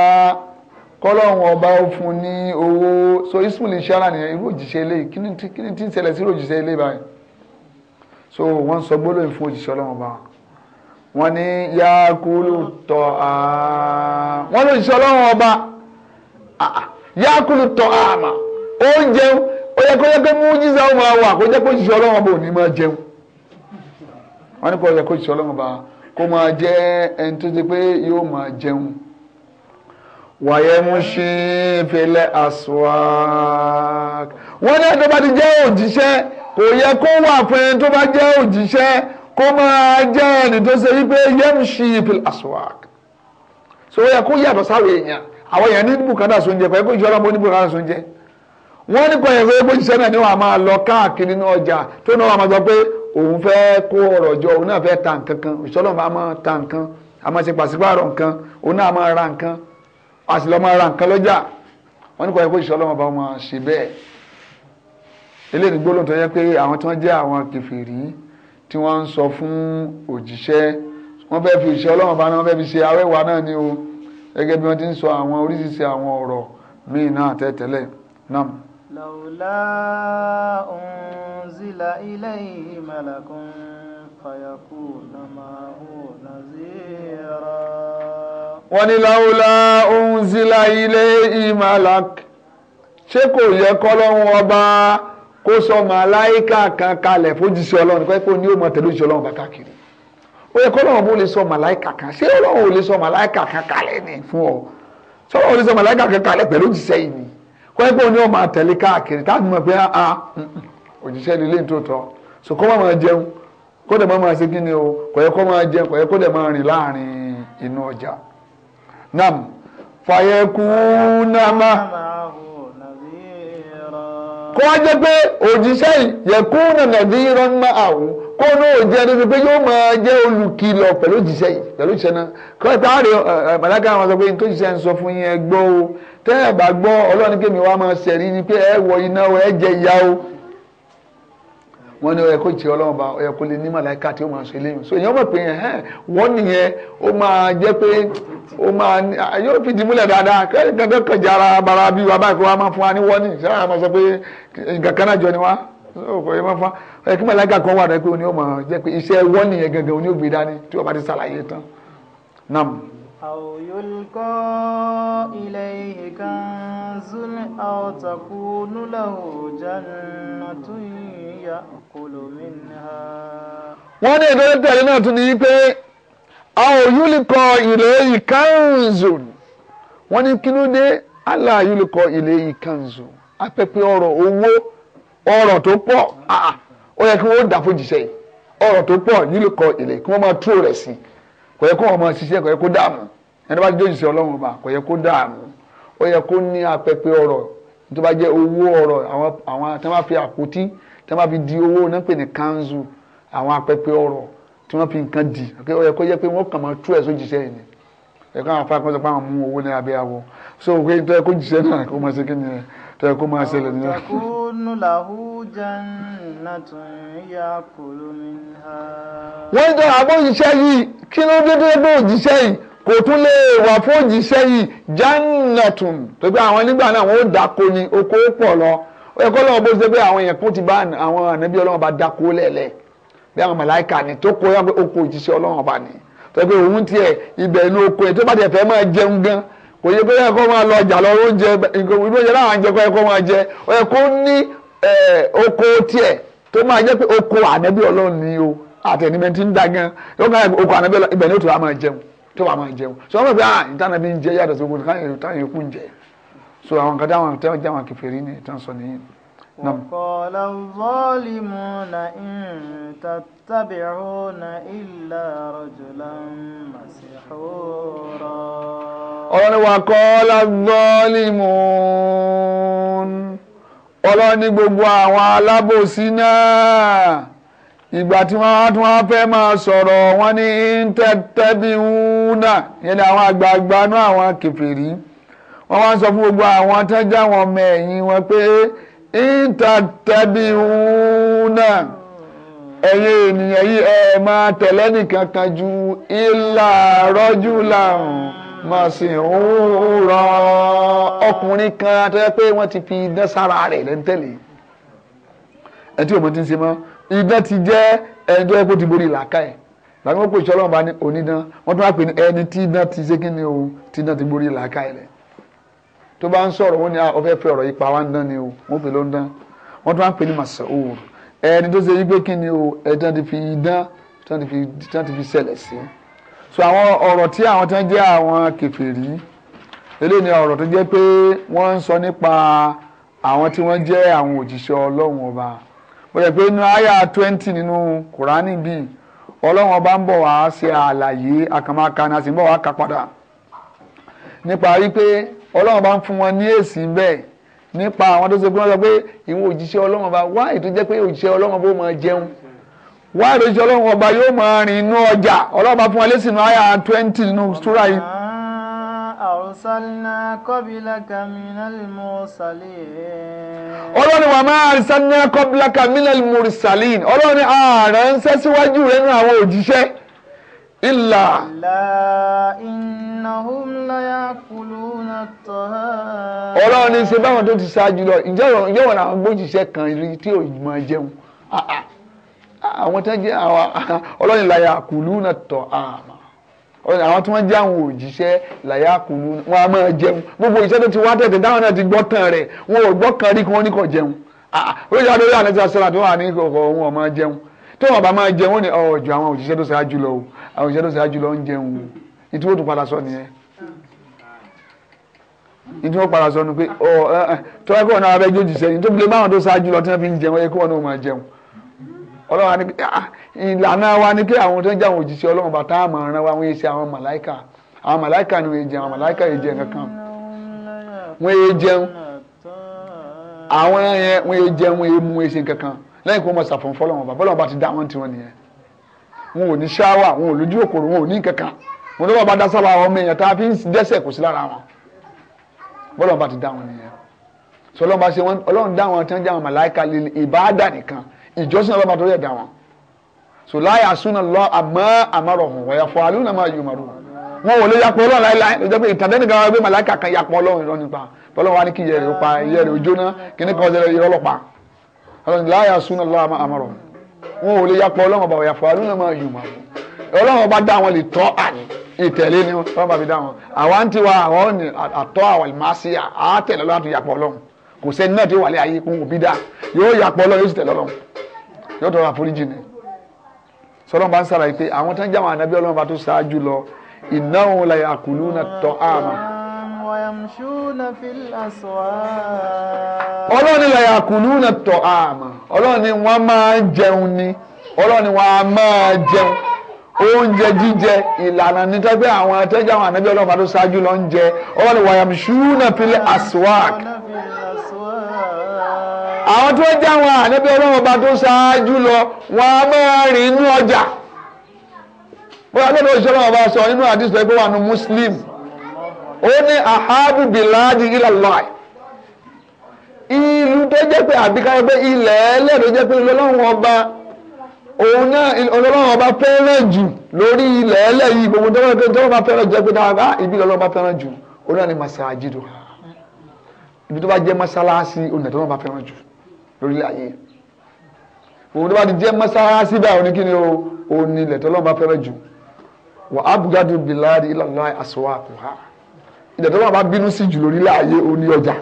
kọ́lọ́hún ọba ó fún ní owó so ismail ishara nìyẹn irú òjìṣẹ́ ilé kí ni tí ń ṣẹlẹ̀ sí irú òjìṣẹ́ ilé báyìí so wọ́n sọ gbólóyìn fún òjìṣẹ́ ọlọ́run ọba wọ́n ní yakulu tọ́ wọ́n ní òjìṣẹ́ ọlọ́run ọba ah, ah, yakulu tọ́ àmà ó ń jẹun ó yẹ kó yẹ pé mú jíza ó máa wà kó jẹ́ kó òjìṣẹ́ ọlọ́run ọba ò ní máa jẹun wọ́n ní kó yẹ kó òjìṣẹ́ ọlọ́run ọba kó máa jẹ́ wàyẹ̀múṣí fèlẹ̀ aswak wọ́n ní ẹ̀tọ́ bá ti jẹ́ òjíṣẹ́ kò yẹ kó wà fún ẹni tó bá jẹ́ òjíṣẹ́ kó máa jẹ́ ẹni tó ṣe wípé yẹ́múṣí fèlẹ̀ aswak so ó yẹ kó yàtọ̀ sáwọn èèyàn àwọn èèyàn ní bùkátà sóúnjẹ kò yẹ kó ìṣọ́ra mọ́ ní sóúnjẹ wọ́n ní kọ̀yẹ̀ pé bójúṣẹ́ náà ni wọ́n máa lọ káàkiri ní ọjà tó náà wọ́n máa sọ pé òun fẹ́ kó ọ̀rọ̀ jọ òun náà fẹ́ ta nǹkan kan òṣìṣẹ́ máa ta nǹkan a ṣe pàṣípààrọ̀ nǹkan òun náà máa ra nǹkan a sì lọ máa ra nǹkan lọ́jà wọ́n nípa ẹ̀kọ́ ìṣọ́ ọlọ́mọba wọn ṣe bẹ́ẹ̀ eléyìí gbólóhùn tó yẹ pé àwọn tí wọ́n jẹ́ àwọn kèfèrí tí wọ́n ń sọ fún òjíṣẹ́ wọ́n fẹ́ fi ìṣẹ́ ọlọ́mọba náà wọ́n fẹ́ fi ṣe awẹ́wà náà ni o gẹ́gẹ́ bí wọ́n ti ń sọ àwọn oríṣiríṣi àwọn ọ̀rọ̀ míì náà tẹ́tẹ́lẹ̀ náà. lawla unzila ilayhi malakun فيكون معه نذيرا ولولا أنزل إليه ملك ṣé kò yẹ kọ́lọ́hún ọba kó sọ màláìkà kan kalẹ̀ fójíṣẹ́ ọlọ́run pé kó ní ó mọ tẹ̀lé òjíṣẹ́ ọlọ́run bá káàkiri ó yẹ kọ́lọ́hún bó lè sọ màláìkà kan ṣé ọlọ́run ò lè sọ màláìkà kan kalẹ̀ fún ọ sọ́wọ́n ò lè sọ màláìkà kan pẹ̀lú òjíṣẹ́ yìí ni kó kó ní ó máa tẹ̀lé káàkiri táàbí mọ̀ pé ah, ah mm, mm, òjíṣẹ́ lílé ní tòótọ́ so kó má máa jẹun kó dẹ̀ máa máa ṣe kíni o kò yẹ kó máa jẹ kò yẹ máa rìn láàrin inú ọjà nam fàyẹkù nàmà kó wá jẹ́ pé òjíṣẹ́ yẹkù nàdí rọ́nà àwọn kó ní òjẹ́ níbi pé yóò máa jẹ́ olùkìlọ̀ pẹ̀lú òjíṣẹ́ yìí pẹ̀lú òjíṣẹ́ náà kó ẹ̀ táàrí màláka àwọn sọ pé ní tó jíṣẹ́ ń sọ fún yín ẹ gbọ́ o tẹ́ ẹ̀ bá gbọ́ ọlọ́run kémi wá máa ṣẹ̀rí ni pé ẹ wọ iná o ẹ jẹ ìyà o wọ́n ní ó yẹ kó jẹ́ ọlọ́run bá ó kó lè ní màláìka tí ó máa ṣe léyìn so èèyàn mọ̀ pé ẹ̀hẹ́n wọ́n nìyẹn ó máa jẹ́ pé ó máa yóò fi dìmúlẹ̀ dáadáa kẹ́rin kan tó kọjá ara bara bí wa báyìí kó wa máa fún wa ní wọ́nì sáà máa sọ pé nǹkan kan náà jọ ni wa ẹ kí màláìka kan wà rẹ pé ó ní ó máa jẹ́ pé iṣẹ́ wọ́nì yẹn gangan ó ní ó gbé dání tí wọ́n bá ti ṣàlàyé tán nam. أو يلقى إليه كنز أو تكون له جنة يأكل منها wọ́n ní ìdọ́lẹ́ náà tún ní pé أو يلقى إليه wọ́n ní kí ló dé ألا يلقى إليه كنز apẹ̀pẹ̀ ọ̀rọ̀ owó ọ̀rọ̀ tó pọ̀ kí wọ́n dà fún ọ̀rọ̀ tó pọ̀ kò yẹ kó ọmọ ṣiṣẹ́ kò yẹ kó dààmú ẹni bá jó ìṣe ọlọ́run ọba kò yẹ kó dààmú ó yẹ kó ní apẹpẹ ọ̀rọ̀ tó bá jẹ́ owó ọ̀rọ̀ àwọn àwọn tí wọ́n fi àpótí tí wọ́n fi di owó náà pè ní kanzu àwọn apẹpẹ ọ̀rọ̀ tí wọ́n fi nǹkan di ó yẹ kó yẹ pé wọ́n kàn máa tú ẹ̀ sójúṣe yìí ni ẹ̀ka àwọn afáàkọ́ sọ pé àwọn mú owó ní abẹ́ awọ so òkè tó yẹ kó jìṣẹ́ náà kó máa ṣe kí ni tó yẹ kó máa ṣẹlẹ̀ nínú. takunu lahu jannatun yakulu minha. wọ́n jọ àbọ̀ òjíṣẹ́ yìí kí ló dé tó yẹ pé òjíṣẹ́ yìí kò tún lè wà fún òjíṣẹ́ yìí jannatun tó pé àwọn nígbà náà wọ́n ó dáko ni oko ó pọ̀ lọ ó yẹ kó lọ́wọ́ bó ṣe pé àwọn èèyàn kún ti bá àwọn ànábí ọlọ́wọ́ bá dáko lẹ́lẹ̀ bí àwọn màláìka ni tó kó yá pé oko òjíṣẹ́ ọlọ́wọ́ bá ní tó yẹ pé òun tiẹ̀ ibẹ̀ inú oko yẹn tó bá tiẹ̀ fẹ́ máa jẹun gan-an kò yẹ pé ẹ̀kọ́ máa lọ ọjà lọ oúnjẹ ìgbòho ìjẹ́ láwọn àjẹkọ́ ẹ̀kọ́ máa jẹ ẹ̀kọ́ ní oko tiẹ̀ tó máa jẹ́ pé oko ànẹ́bí ọlọ́run ni o àtẹnimẹ́ntì ń da gan yóò ká oko ànẹ́bí ọlọ́run ibẹ̀ ni ó tó wà máa jẹun tó wà máa jẹun so wọn bẹ pé ah ìtànà bí ń jẹ yàtọ̀ sí gbogbo táyà ikú ń jẹ so àwọn kan táwọn táwọn kẹfẹ́ rí ni ìtàn sọ nìyí. نعم وقال الظالمون إن تتبعون إلا رجلا مسحورا ọlọ́ni وقال الظالمون ọlọ́ni gbogbo àwọn alábòsí náà ìgbà tí wọ́n tún wá fẹ́ máa sọ̀rọ̀ wọ́n ní ìntẹ́tẹ́bíhúnà yẹn ni àwọn àgbààgbà náà àwọn kèfèrí wọ́n wá sọ fún gbogbo àwọn tẹ́jà wọn mẹ́yìn wọn pé ìtàtàbíhùnà ẹ̀yin ènìyàn yìí ẹ máa tẹ̀lé nìkan kan ju ìlà rọ́jú làrùn máa sì ń rọ ọkùnrin kan tó yẹ pé wọ́n ti fi idán sára rẹ̀ lẹ́ńtẹ̀lẹ̀ ẹ tí òun ti ń ṣe mọ́ idán ti jẹ́ ẹni tó yẹ kó ti borí làákà ẹ̀ làwọn kò ìṣọ́lọ́mọba ní onídán wọ́n tún wá pè ní ẹni tí idán ti ṣe kí ni o tí idán ti borí làákà ẹ̀ lẹ́yìn tó bá ń sọ̀rọ̀ wọn ni ó ah, fẹ́ pe ọ̀rọ̀ yìí pa wá ń dán ni o wọ́n pè ló ń dán wọ́n tó máa ń pè ní masoor ẹni tó ṣe yí pé kí ni o ẹ̀dán ti fi dán tán ti fi ṣẹlẹ̀ sí. so àwọn ọ̀rọ̀ tí àwọn tán jẹ́ àwọn kèfèrí eléyìí ni ọ̀rọ̀ tó jẹ́ pé wọ́n ń sọ nípa àwọn tí wọ́n jẹ́ àwọn òjíṣẹ́ ọlọ́run ọba mo rẹ̀ pé inú àyà twenty nínú kùránì bíi ọlọ́run ọba ń bọ̀ wá ṣe àlàyé àkàmàkà náà sì ń bọ̀ wá kà padà nípa wípé ọlọ́run bá ń fún wọn ní èsì bẹ́ẹ̀ nípa àwọn tó ṣe pé wọ́n sọ pé ìwọ òjíṣẹ́ ọlọ́run ọba wáì tó jẹ́ pé òjíṣẹ́ ọlọ́run ọba ó máa jẹun wáì tó jẹ́ ọlọ́run ọba yóò máa rìn inú ọjà ọlọ́run bá fún wọn lẹ́sìn náà àyà twenty nínú súrà yìí. àrùsálínà kọ́bílà kàmínàlì mùsàlín. ọlọ́run wà máa àrùsálínà kọ́bílà kàmínàlì mùsàlín ọlọ́run ààrẹ ń sẹ́síwájú rẹ̀ nínú àwọn òjíṣẹ́ ìlà. ìlà ìní ọlọ́run ni ṣe báwọn tó ti ṣáájú lọ ìjọ́ wọn àwọn gbójìṣẹ́ kan rí tí ò mọ̀ jẹun ah, ah. Ah, àwọn tó jẹ́ àwọn ọlọ́run láyà kùlú náà tọ̀ àmà ọ̀rẹ́ àwọn tí wọ́n jẹ́ àwọn òjíṣẹ́ làyà kùnú wọn a máa jẹun gbogbo iṣẹ́ tó ti wá tẹ̀tẹ̀ dáhùn náà ti gbọ́ tán rẹ̀ wọn ò gbọ́ kan rí kí wọ́n ní kò jẹun oríṣi adórí àná ti tó wà ní kòkò wọn ò máa jẹun tó wọn bá máa jẹun ó ní ọ̀jọ̀ àwọn òjíṣẹ́ tó ṣáájú lọ àwọn òjíṣẹ́ tó ṣáájú lọ ń jẹun o ìtú ó tún padà sọ nìyẹn ìtú ó padà sọ nu pé ọ tó wá kí wọn náà abẹ jójì sẹ́yìn tó bilé báwọn tó ṣáájú lọ tí wọn fi ń jẹun ẹ kí wọn náà máa jẹun Ọlọ́run wa ni ah, ìlànà wa ni pé àwọn tó ń jẹ àwọn òjíṣẹ́ Ọlọ́run bá tá a máa ran wa wọn yé ṣe àwọn màláìkà àwọn màláìkà ni wọn jẹ àwọn màláìkà yé jẹ kankan wọn yé jẹun àwọn yẹn wọn yé jẹun wọn yé mu wọn ṣe kankan lẹ́yìn kó wọn ṣàfọ̀nfọ́ lọ́wọ́ mo lọ́wọ́ bá dá sábà àwọn ọmọ èèyàn tá a fi ń dẹ́sẹ̀ kò sí lára wọn bọ́lọ̀ bá ti dá wọn nìyẹn sọ ọlọ́run bá ṣe wọn ọlọ́run dá wọn tán dá wọn màláìka líle ìbáàdà nìkan ìjọsìn ọlọ́run bá tó yẹ dá wọn sọ láyà súnà lọ àmọ́ àmọ́rọ̀ hùn wọ́n fọ àlùnà máa yù màrú wọn ò lè yàpọ̀ ọlọ́run láéláé lọ́jọ́ pé ìtàn dẹ́nìkan wọn gbé màláìka kan yàpọ̀ ọlọ́run irọ́ nípa ọlọ́run wa ní kí iyẹ̀ rẹ̀ pa iyẹ̀ rẹ̀ jóná kíní kan ọ̀sẹ̀ irọ́ lọ́pa ọlọ́run láyà súnà lọ àmọ́rọ̀ wọn ò lè yàpọ̀ ọlọ́run ọba wọ̀ dá wọn lè tọ́ àní ìtẹ̀lé ni wọ́n bá fi dá wọn àwa ń tiwa àwọn ọ̀nì àtọ́ àwọn ìmáàsí àátẹ̀lé ọlọ́run àti ìyàpọ̀ ọlọ́run kò sẹ́ni náà tí ó wà lé ayé kó wò bí dá yóò yàpọ̀ ọlọ́run yóò sì tẹ̀lé ọlọ́run yóò tọrọ àforíjì ni sọlọ́n bá ń sára yìí pé àwọn tó ń jáwọn ànábí ọlọ́run bá tó ṣáájú lọ ìnáwó la yàkùlù náà tọ́ àmà. ọlọ́run ni la yàkùlù náà tọ́ àmà ọlọ́run ni wọ́n máa jẹun ni ọlọ́run ni wọ́n á máa jẹun oúnjẹ jíjẹ ìlànà nítẹ́gbẹ́ àwọn atẹ́jọ́ àwọn ànábì ọlọ́run bá tó ṣáájú lọ ń jẹ ọwọ́ ni wàyàm ṣúnà pílẹ̀ aswak. àwọn tó jẹ́ àwọn ànábì ọlọ́run bá tó ṣáájú lọ wọ́n á máa rìn inú ọjà. bóyá lọ́dọ̀ òṣìṣẹ́ náà bá sọ inú àdìsọ ẹgbẹ́ wà ní muslim ó ní ahabu biladi ilalai ìlú tó jẹ́ pé àbíkáyọ̀ pé ilẹ̀ ẹlẹ́rìí jẹ́ pé ọlọ́run ọba òun náà ọlọ́run ọba fẹ́ràn jù lórí ilẹ̀ ẹlẹ́ yìí gbogbo dọ́wọ́ dọ́wọ́ bá fẹ́ràn jẹ́ pé dáadáa ibi lọ́lọ́run bá fẹ́ràn jù òun náà ni masajidu ibi tó bá jẹ́ masalasi òun náà tó bá fẹ́ràn jù lórí ilẹ̀ ayé òun tó bá ti jẹ́ masalasi báyìí òun ni kí ni o òun ni ilẹ̀ tọ́lọ́run bá fẹ́ràn jù wà abugadu biladi ìlànà àsọwọ́ àkùhà ilẹ̀ tọ́lọ́run bá bínú sí jù lórí ilẹ̀ ayé òun ni ọjà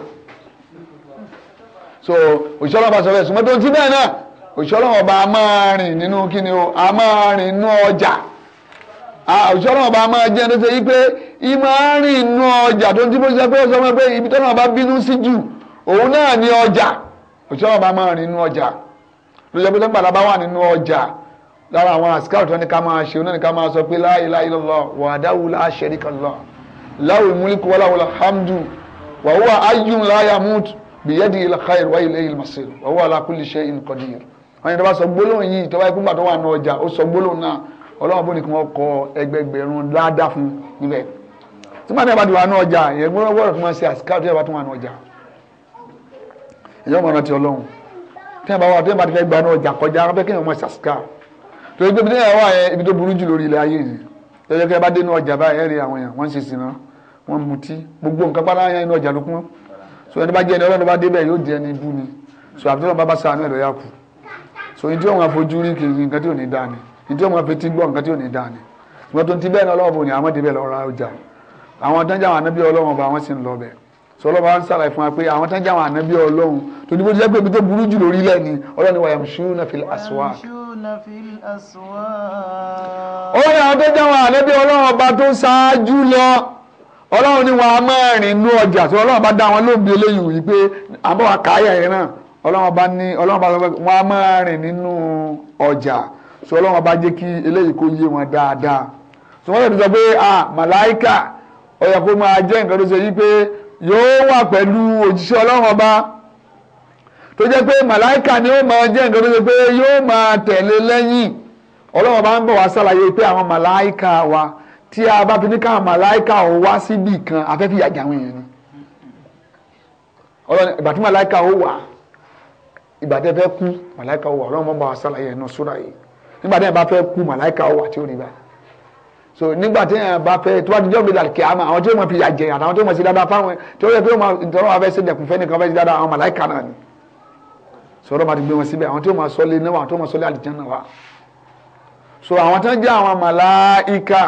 so òṣìṣẹ́ ọlọ́pàá sọ òṣìṣọ́lọ́wọ́ ọba a máa rìn nínú kíni o a máa rìn nínú ọjà òṣìṣọ́lọ́wọ́ ọba a máa jẹ́ ẹni tó ṣe yí pé i máa rìn nínú ọjà tó ń tí bó ṣe pé ó sọ pé ibi tọ́nà ọba bínú sí jù òun náà ní ọjà òṣìṣọ́lọ́wọ́ ọba máa rìn nínú ọjà ló ṣe pé tó ń gbàdá bá wà nínú ọjà lára àwọn àsìkáàrù tó ní ká máa ṣe onáni ká máa sọ pé la ilaha illallah wahdahu la sharika lahu wọ́n yẹn tó bá sọ gbólóhùn yìí tó bá ikú gbà tó wà ní ọjà ó sọ gbólóhùn náà ọlọ́run bó ni kí wọ́n kọ ẹgbẹgbẹ̀rún ládàá fún níbẹ̀ tí wọ́n bá ti wà ní ọjà ìyẹn gbọ́dọ̀ gbọ́dọ̀ fún wọn ṣe àsìkáwò tí wọ́n bá tún wà ní ọjà ìyẹn ọmọ rántí ọlọ́run tí wọ́n bá wà tí wọ́n bá ti fẹ́ gba ní ọjà kọjá wọ́n fẹ́ wọ́n ṣe àsìkáwò tó burú so ẹni bá jẹ́ ẹni ọlọ́run bá so àbí tí wọ́n bá bá so ní tí ó máa fojú rí kì í nǹkan tí ò ní dáa ni ní tí ó máa fetí gbọ́ nǹkan tí ò ní dáa ni tó ti bẹ́ẹ̀ náà bò ní àwọn débẹ̀ lọ ra ọjà àwọn tánjà àwọn anábí ọlọ́run bá wọn sì ń lọ bẹ̀ so ọlọ́ba ń sàlàyé fún wa pé àwọn tánjà àwọn anábí ọlọ́run tó ní bó ti jẹ́ pé ibi tó burú jù lórí lẹ́ni ọlọ́ni wa yamshuna fil aswaq. ó ní àwọn tánjà àwọn anábí ọlọ́run ọba tó ṣáájú lọ ọlọ́run ni wọn a máa rìn inú ọjà tí ọlọ́run bá dá wọn lóògbé eléyìí wí pé àbọ̀ àkáyà yẹn náà ọlọ́run ọba ní ọlọ́run ọba wọn a máa rìn nínú ọjà so ọlọ́run ọba jẹ́ kí eléyìí kó yé wọn dáadáa so wọ́n tẹ̀lé sọ pé ah màláìkà ó yẹ kó máa jẹ́ nǹkan tó ṣe yí pé yóò wà pẹ̀lú òjíṣẹ́ ọlọ́run ọba tó jẹ́ pé màláìkà ni ó máa jẹ́ nǹkan tó ṣe pé yóò máa tẹ̀lé lẹ́yìn ọlọ́run ọba ń bọ̀ wá sàlàyé pé àwọn màláìkà wa tí a bá fi ní káwọn màláìkà ò wá síbì kan afẹ́fẹ́ àwọn èèyàn ni ọlọ́run ìgbà tí màláìkà ó wà ìgbà tẹ́ fẹ́ kú màláìka wà ọlọ́run mọ́ bá wa sàlàyé ẹnu súra yìí nígbà tẹ́ bá fẹ́ kú màláìka wà tí ó so nígbà tẹ́ ẹ bá fẹ́ tí wọ́n ti jọ́ bí dàrí kíámà àwọn tí ó mọ̀ fi yàjẹ̀ àtàwọn tí ó mọ̀ sí dáadáa fáwọn tí ó yẹ kí ó ìtọ́rọ̀ wa fẹ́ sí dẹ̀kun fẹ́ nìkan fẹ́ sí dáadáa àwọn màláìka náà ni sọ̀rọ̀ ma ti gbé wọn síbẹ̀ àwọn tí ó mọ̀ sọ́lé náà àwọn tí ó mọ̀ sọ́lé àlìjánnà wa so àwọn tí wọ́n jẹ́ àwọn màláìka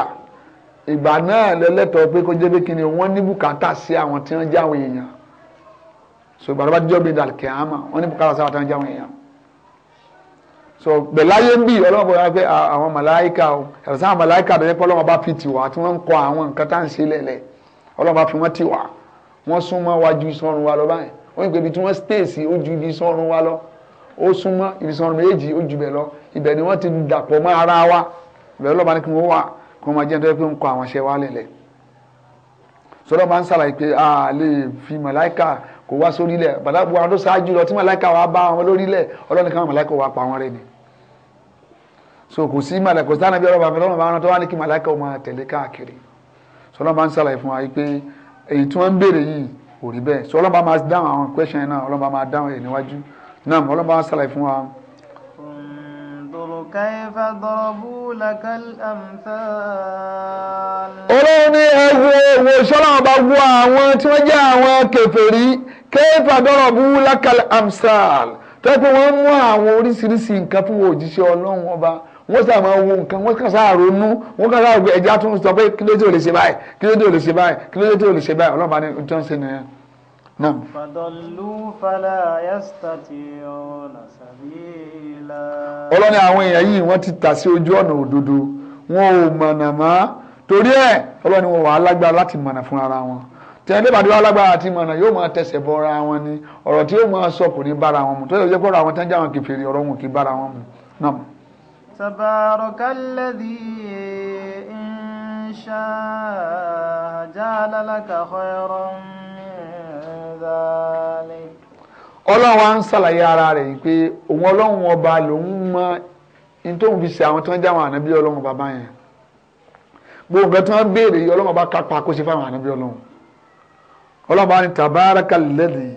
ìgbà náà lẹ́lẹ́tọ̀ọ́ pé kó jẹ́ pé kí ni wọ́n ní bùkátà sí àwọn tí wọ́n jẹ́ àwọn èèyàn so gbàdúrà díjọ́ bíi dàlùkẹ́ àmà wọ́n ní bùkárà sábà tán jáwọn èèyàn so bẹ̀láyé ń bì ọlọ́mọ bọ̀dá pé àwọn màláìka o yàtọ̀ sáwọn màláìka tó yẹ pé ọlọ́mọ bá fi tì wá tí wọ́n ń kọ àwọn nǹkan tá à ń ṣe lẹ̀lẹ̀ ọlọ́mọ bá fi wọ́n tì wá wọ́n súnmọ́ wájú sọ́run wa lọ báyìí wọ́n ní pé ibi tí wọ́n stéèsì ó ju ibi sọ́run wa lọ ó ni wọ́n ti dàpọ̀ mọ́ ara wa ibẹ̀ ọlọ́mọ ní kí wọ́n wà kí wọ́n máa jẹ́ nítorí pé ń kọ àwọn kò wá sórílẹ̀ bàdàbò àwọn tó ṣáájú lọ tí màláìka wa bá wọn lórílẹ̀ ọlọ́run kan màláìka wa pa wọn rẹ ni so kò sí màláìka kò sí ànábì ọlọ́run bàbá ọlọ́run bá wọn tó wá ní kí màláìka wọn máa tẹ̀lé káàkiri sọlọ́run bá ń ṣàlàyé fún wa pé èyí tí wọ́n ń béèrè yìí kò rí bẹ́ẹ̀ sọlọ́run bá máa dáhùn àwọn question náà ọlọ́run bá máa dáhùn èyí níwájú náà ọlọ́run bá wọn ṣàlàyé fún wa. ọlọ́run ní òwò sọ́lá ọba gbọ́ àwọn tí wọ́n jẹ́ àwọn kèfèrí kéèfà dọ́rọ̀ bú lákàlẹ̀ amsal tẹ́pẹ́ wọ́n mú àwọn oríṣiríṣi nǹkan fún òjíṣẹ́ ọlọ́run ọba wọ́n sì máa wo nǹkan wọ́n kàn sáà ronú wọ́n kàn sáà gbé ẹja tó ń sọ pé kí ló dé ò ṣe báyìí kí ló dé ò ṣe báyìí kí ló dé ò ṣe báyìí ọlọ́run bá ní ojú ọ̀sẹ̀ nìyẹn. Nam. Fàdọ̀lú fàlà yẹ́sítàtì ọ̀nà sàbílà. Ọlọ́ni àwọn èèyàn yìí wọ́n ti tà sí ojú ọ̀nà òdodo, wọn ò mọ̀nà mọ́, torí ẹ̀ ọlọ́ni wọn wà lágbára láti mọ̀nà fún wọn tẹ̀lé bàdé wa lágbára àti mọ̀nà yóò máa tẹsẹ̀ bọra wọn ni ọ̀rọ̀ tí yóò máa sọ kò ní bára wọn mu tó yẹ kó wọn tán jáwọn kìfèrè ọ̀rọ̀ wọn kì bára wọn mu náà. tabarakalladhi in sha'a ja'ala laka khayran min dhalik. ọlọ́run wa ń ṣàlàyé ara rẹ̀ yìí pé òun ọlọ́run ọlọ́run bá tabaraka lẹ́dí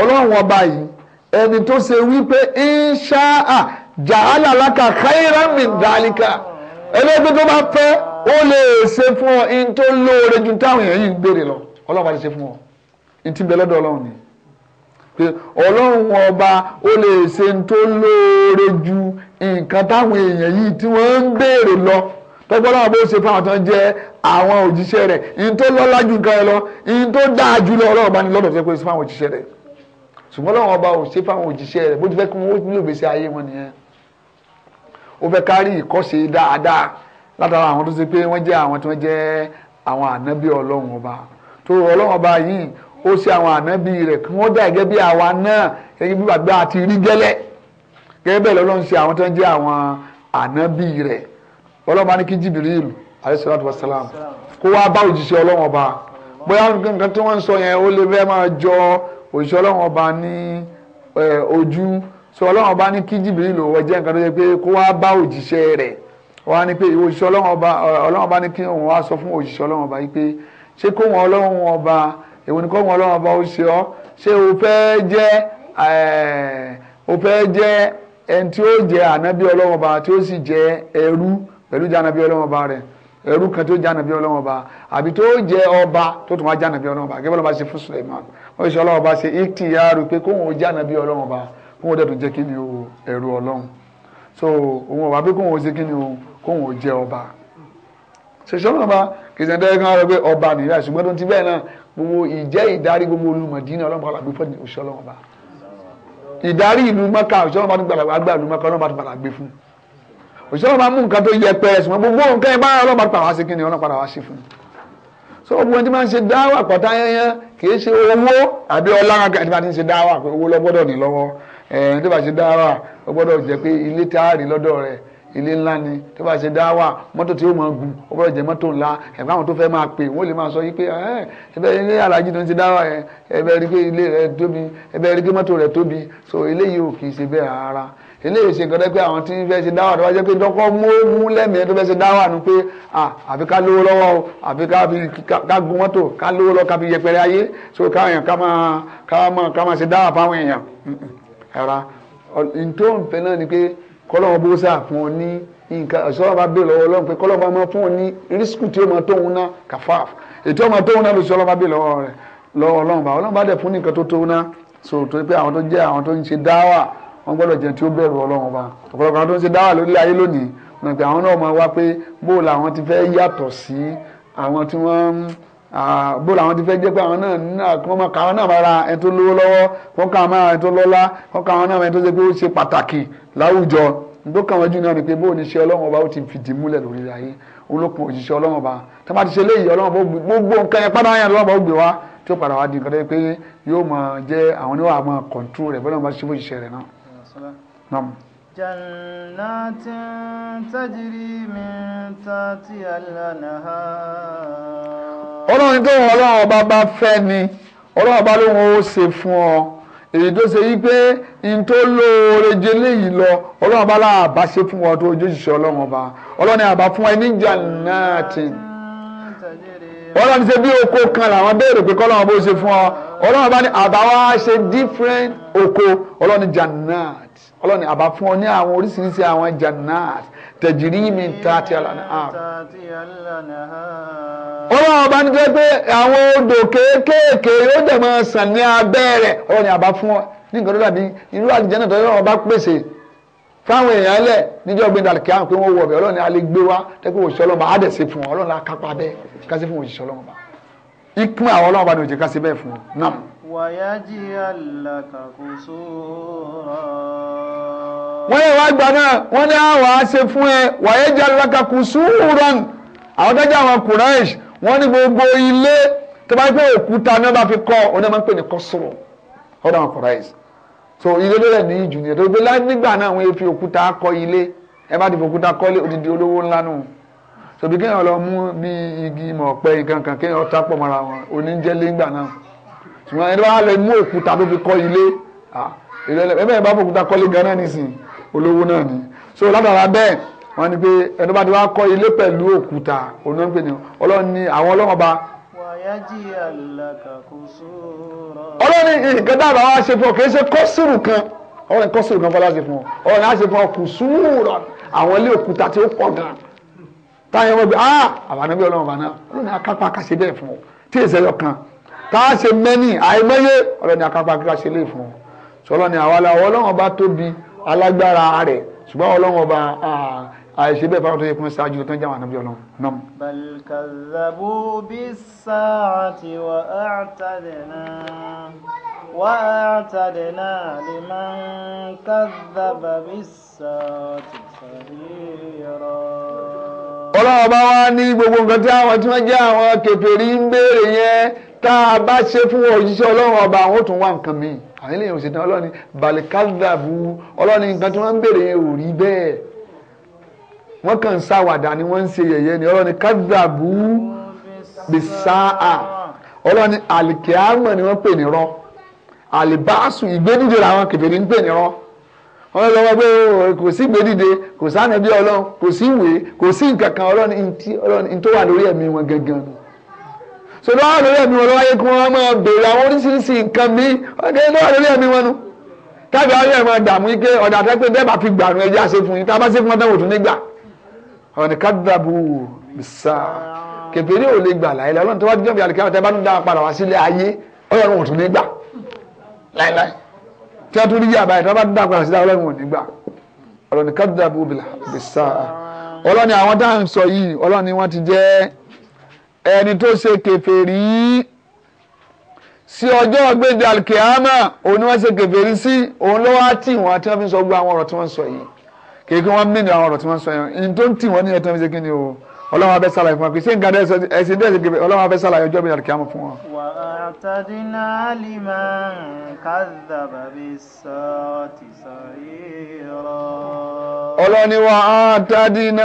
ọlọ́run ọba yìí ẹni tó ṣe wípé inṣáà jàhálà láka káyìrá mi dàlíkà ẹlẹ́gbẹ́ tó bá fẹ́ ó lè ṣe fún ọ in tó lóore ju táwọn èèyàn yìí ń béèrè lọ ọlọ́run bá ti ṣe fún ọ in ti bẹ lọ́dọ̀ ọlọ́run ni ọlọ́run ọba ó lè ṣe in tó lóore ju nǹkan táwọn èèyàn yìí tí wọ́n ń béèrè lọ tọ́gbọ́n àwọn bó ṣe fún àwọn tó ń jẹ́ àwọn òjíṣẹ́ rẹ̀ ìyìn tó lọ́lá ju nǹkan ẹ lọ ìyìn tó dáa jù lọ ọlọ́run bá ní lọ́dọ̀ tó ṣe fún àwọn òjíṣẹ́ rẹ̀ ṣùgbọ́n lọ́wọ́n ọba ò ṣe fún àwọn òjíṣẹ́ rẹ̀ bó ti fẹ́ kí wọ́n nílò gbèsè ayé wọn nìyẹn ó fẹ́ kárí ìkọ́ṣe dáadáa látara àwọn tó ṣe pé wọ́n jẹ́ àwọn tó ń jẹ́ àwọn ànábì ọlọ́run ọba tó ọlọ́run ọba yìí ó ọlọ́run bá ní kí Jibril alayhi salatu wassalam kó wá bá òjíṣẹ́ ọlọ́run ọba bóyá nǹkan tí wọ́n ń sọ yẹn ó lè fẹ́ máa jọ òjíṣẹ́ ọlọ́run ọba ní ojú sọ ọlọ́run ọba ní kí Jibril wọ jẹ́ nǹkan tó yẹ pé kó wá bá òjíṣẹ́ rẹ̀ wọ́n á ní pé ìwọ òjíṣẹ́ ọba ní kí òun wá sọ fún òjíṣẹ́ ọlọ́run ọba yìí pé ṣé kó wọn ọlọ́run ọba èwo ni kó wọn ọlọ́run ọba ó ṣe ọ́ ṣé o fẹ́ jẹ́ o fẹ́ jẹ́ ẹni tí ó jẹ́ ànábì ọlọ́run ọba tí ó sì jẹ́ ẹrú pẹ̀lú jànàbí ọlọ́wọ́n ba rẹ̀ ẹrú kan tó jànàbí ọlọ́wọ́n ba àbí tó jẹ ọba tó tún wá jànàbí ọlọ́wọ́n ba gẹ́gẹ́ bọ́lá ṣe fún Suleiman wọ́n ṣe ọlọ́wọ́n ba ṣe ikhtiyaru pé kóun jànàbí ọlọ́wọ́n ba ó dẹ̀tún jẹ́ kí ni o ẹrú ọlọ́run so òun ọba pé kóun ó ṣe kí ni o kóun ó jẹ ọba ṣèṣọ́ náà bá kìsìndẹ́rẹ́ kan rẹ pé ọba nìyá ṣùgbọ́n tó ti bẹ́ẹ̀ náà gbogbo ìjẹ́ ìdarí gbogbo olùmọ̀dínà òṣìṣẹ́ ọlọ́run bá mú nǹkan tó yẹ pẹ́rẹ́ sùn gbogbo nǹkan ẹ bá ọlọ́run bá sí kí ni ọlọ́run sí fún un so gbogbo ẹni tí máa ń ṣe dáwà pátá yẹnyẹn kì í ṣe owó àbí ọlá ẹni máa ti ń ṣe dáwà pé owó lọ ní lọ́wọ́ ẹni tó bá ṣe dáwà ó gbọ́dọ̀ jẹ́ pé ilé táàrí lọ́dọ̀ rẹ̀ ilé ńlá ni tó bá ṣe dáwà mọ́tò tí ó máa gùn ó gbọ́dọ̀ jẹ́ mọ́tò ńlá ẹ̀fọ́ àwọn tó fẹ́ máa pè wọ́n lè máa sọ yí pé ẹbẹ̀ ilé alájí tó ń ṣe dáwà yẹn ẹbẹ̀ rí pé ilé rẹ̀ tóbi ẹbẹ̀ rí pé mọ́tò rẹ̀ tóbi so eléyìí ò kì í ṣe bẹ́ẹ̀ rárá eléyìí ṣe nǹkan tó pé àwọn tí ń fẹ́ ṣe dáwà tó bá jẹ́ pé dọ́kọ́ mú lẹ́mìí tó fẹ́ ṣe dáwà nu pé àfi ká lówó lọ́wọ́ o àfi ká gun mọ́tò ká lówó lọ́wọ́ ká fi yẹpẹrẹ ayé so káwọn èèyàn ká máa ká máa ṣe dáwà fáwọn èèyàn ẹ̀ra tó ń fẹ́ náà ni pé kọ́lọ́wọ́ bó sà fún ọ ní nǹkan ìṣọ́wọ́ bá bèèrè lọ́wọ́ Ọlọ́run pé kọ́lọ́wọ́ máa fún ọ ní rísíkù tí ó máa tóun ná kàfáàf ètò ọmọ tóun ná ló ọlọ́wọ́ bá bèèrè lọ́wọ́ wọ́n gbọ́dọ̀ jẹ́ tí ó bẹ̀rù ọlọ́run ọba ọ̀pọ̀lọpọ̀ àwọn tó ń ṣe dáwà lórí ayé lónìí ọ̀nà pé àwọn náà máa wá pé bóò làwọn ti fẹ́ yàtọ̀ sí àwọn tí wọ́n ń bó làwọn ti fẹ́ jẹ́ pé àwọn náà náà kí wọ́n máa ka náà máa ra ẹni tó lówó lọ́wọ́ wọ́n ka àwọn náà ẹni tó lọ́lá wọ́n ka àwọn náà ẹni tó ṣe pé ó ṣe pàtàkì láwùjọ ni pé bó oníṣẹ́ ọlọ́run ọba ó ti fìdí múlẹ̀ lórí ayé olókun òṣìṣẹ́ ọlọ́run ọba tó bá ti ṣe léyìí ọlọ́run ọba gbogbo nǹkan yẹn padà yẹn lọ́wọ́ gbé wá tí ó padà wá di nǹkan tó yẹ pé yóò máa jẹ́ àwọn oníwà máa kọ̀ǹtú rẹ̀ bọ́lá الصلاة نعم جنات تجري من تحتها الأنهار ọlọ́run tó wọn ọlọ́run ọba bá fẹ́ ni ọlọ́run ọba ló wọn ó ṣe fún ọ èyí tó ṣe wípé n tó lóore jẹ léyìí lọ ọlọ́run ọba láà bá ṣe fún ọ tó ojú ṣiṣẹ́ ọlọ́run ọba ọlọ́run àbá fún ẹ ní jannati ọlọ́run ṣe bí oko kan làwọn béèrè pé kọ́lọ́run bó ṣe fún ọ ọlọ́run ọba ní àbá wa ṣe different oko ọlọ́run jannat ọlọ́ni àbá fún ọ ní àwọn oríṣiríṣi àwọn jannat tẹ̀jìrí mi ta ti àlànà ààrùn. ọlọ́run ọba ní pé àwọn odò kéékèèké yóò dẹ̀ máa sàn ní abẹ́ rẹ̀ ọlọ́ni àbá fún ọ ní nǹkan tó dàbí irú àdìjẹ́ náà tọ́jú ọba pèsè fáwọn èèyàn lẹ̀ níjọ́ gbé dàlùkì àwọn pé wọ́n wọ̀ bẹ̀ ọlọ́ni alẹ́ gbé wá tẹ́kọ̀ òṣìṣẹ́ ọlọ́mọba wọ́n yẹ wá gbà náà wọ́n ní àwọn àṣẹ fún ẹ wàyé jẹ́ alákàkùn sùúrọ̀n àwọn tẹ́jà àwọn Quraysh wọ́n ní gbogbo ilé tó bá pé òkúta náà bá fi kọ́ ọ máa ń pè ní kọ́sùrù ọ̀dọ̀ àwọn Quraysh so ilé lọ́lẹ̀ ní ìjù ní ẹ̀dọ́gbé nígbà náà wọ́n fi òkúta kọ́ ilé ẹ bá ti fi òkúta kọ́lé ó ti olówó ńlá nù so bí kéèyàn lọ mú bí igi mọ̀ pẹ́ nǹkan kan kéèyàn tápọ̀ mọ́ra ṣùgbọ́n ẹni bá lè mú òkúta tó fi kọ́ ilé ẹbẹ̀ bá fòkúta kọ́lé gan-an nísìn olówó náà ni so látara bẹ́ẹ̀ wọ́n ní pé ẹni bá ti wá kọ́ ilé pẹ̀lú òkúta onípe ni ọlọ́run ni àwọn ọlọ́run bá. ọlọ́run nǹkan dábàá wá ṣe fún ọ kì í ṣe kọ́sùrù kan ọlọ́run kọ́sùrù kan fọlá ṣe fún ọ ọlọ́run á ah àwọn ànábì ọlọ́run bá náà ọlọ́run á kápá ṣe fún ọ tí tá a ṣe mẹ́nì àìmọye ọlọ́ni akápá kí a ṣe lè fún un sọlọ́ ni àwa làwọn ọlọ́run ọba tóbi alágbára rẹ̀ ṣùgbọ́n ọlọ́run ọba àìṣe bẹ́ẹ̀ fáwọn tó yẹ kún ṣáájú tó ń jáwọn ànábì ọlọ́run náà. balkazabu bí sáàtì wà á tàdínà wà á tàdínà lè máa ọlọ́run bá wá ní gbogbo nǹkan tí àwọn tí wọ́n jẹ́ àwọn kèfèrí ń béèrè yẹn tá a bá ṣe fún òjíṣẹ́ ọlọ́run ọba àwọn ò tún wá nǹkan míì àwọn eléyìí ò ṣètàn ọlọ́run balikadabu ọlọ́run nǹkan tí wọ́n ń béèrè yẹn ò rí bẹ́ẹ̀ wọ́n kàn ń ṣàwàdà ni wọ́n ń ṣe yẹ̀yẹ́ ni ọlọ́run kadabu bisaa ọlọ́run alikiamọ ni wọ́n pè ní alibasu alibaasu ìgbédìde làwọn kèfèrí ń pè ní wọ́n lọ́wọ́ pé kò sí gbèdìde kò sáànà bí ọlọ́run kò sí ìwé kò sí nǹkan kan ọlọ́run tó wà lórí ẹ̀mí wọn gangan ni so lọ́wọ́ lórí ẹ̀mí wọn lọ́wọ́ yẹ kí wọ́n máa béèrè àwọn oríṣiríṣi nǹkan mi ọ̀gẹ́ lọ́wọ́ lórí ẹ̀mí wọn nu tábí àwọn ẹ̀mí wọn dààmú ike ọ̀dà àti pé bẹ́ẹ̀ bá fi gbàrún ẹja ṣe fún yín tá a bá ṣe fún wọn tán wò tún nígbà ọ̀nì tí wọ́n tún rí yàrá ìtọ́ bá dá padà sí ọlọ́run ò ní gbà ọlọ́run kádùdà bú bìsà ọlọ́run àwọn tá à ń sọ yìí ọlọ́run wọ́n ti jẹ́ ẹni tó ṣe kèfèrí sí ọjọ́ ọgbẹ́dẹ alkeama òun ni wọ́n ṣe kèfèrí sí òun ló wá tì wọ́n tí wọ́n fi sọ gbogbo àwọn ọ̀rọ̀ tí wọ́n sọ yìí kéèké wọ́n mìíràn àwọn ọ̀rọ̀ tí wọ́n sọ yìí ní tó ń tì wọ́n ní ẹ̀ tí wọ́n fi ṣe kí ni o ọlọ́run abẹ́ sàlàyé fún wa pé ṣé nǹkan ẹ̀sìn dẹ́sẹ̀ gẹ̀gẹ̀ ọlọ́run abẹ́ sàlàyé ọjọ́ mi àdìkí àmọ́ fún wa. wà á tàdí náà lè ọlọ́ni wà á tàdí ń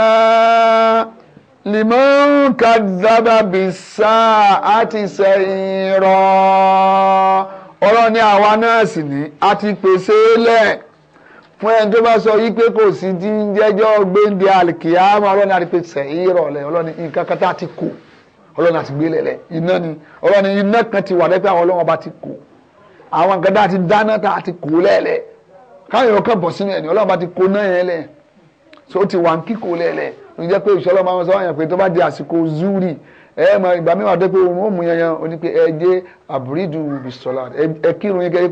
ká bí sọ àti sọ yìí ọlọ́ni àwa náà sì ní a pèsè lẹ́ẹ̀ fún ẹni tó bá sọ yìí pé kò sí ti ń jẹ́jọ́ gbéǹde àlìkìyàmọ́ ọlọ́ni àti pé sẹ̀yìn rọ̀lẹ́ ọlọ́ni nǹkan kan tá a ti kù ọlọ́ni àti gbé lẹ̀lẹ̀ iná ni ọlọ́ni iná kan ti wà lẹ́pẹ́ àwọn ọlọ́wọ́n bá ti kù àwọn nǹkan tá ti dáná tá ti kù lẹ́lẹ̀ káyọ̀ kan bọ̀ sínú ẹ̀ ni ọlọ́wọ́n bá ti kó náà yẹn lẹ̀ so ó ti wà ń kíkó lẹ́lẹ̀ ló jẹ́ pé ìṣọ́lọ́ máa sọ zuri ẹ mọ ìgbà mẹ́wàá dé pé òun ó mú yanyan ó ní pé ẹ jẹ́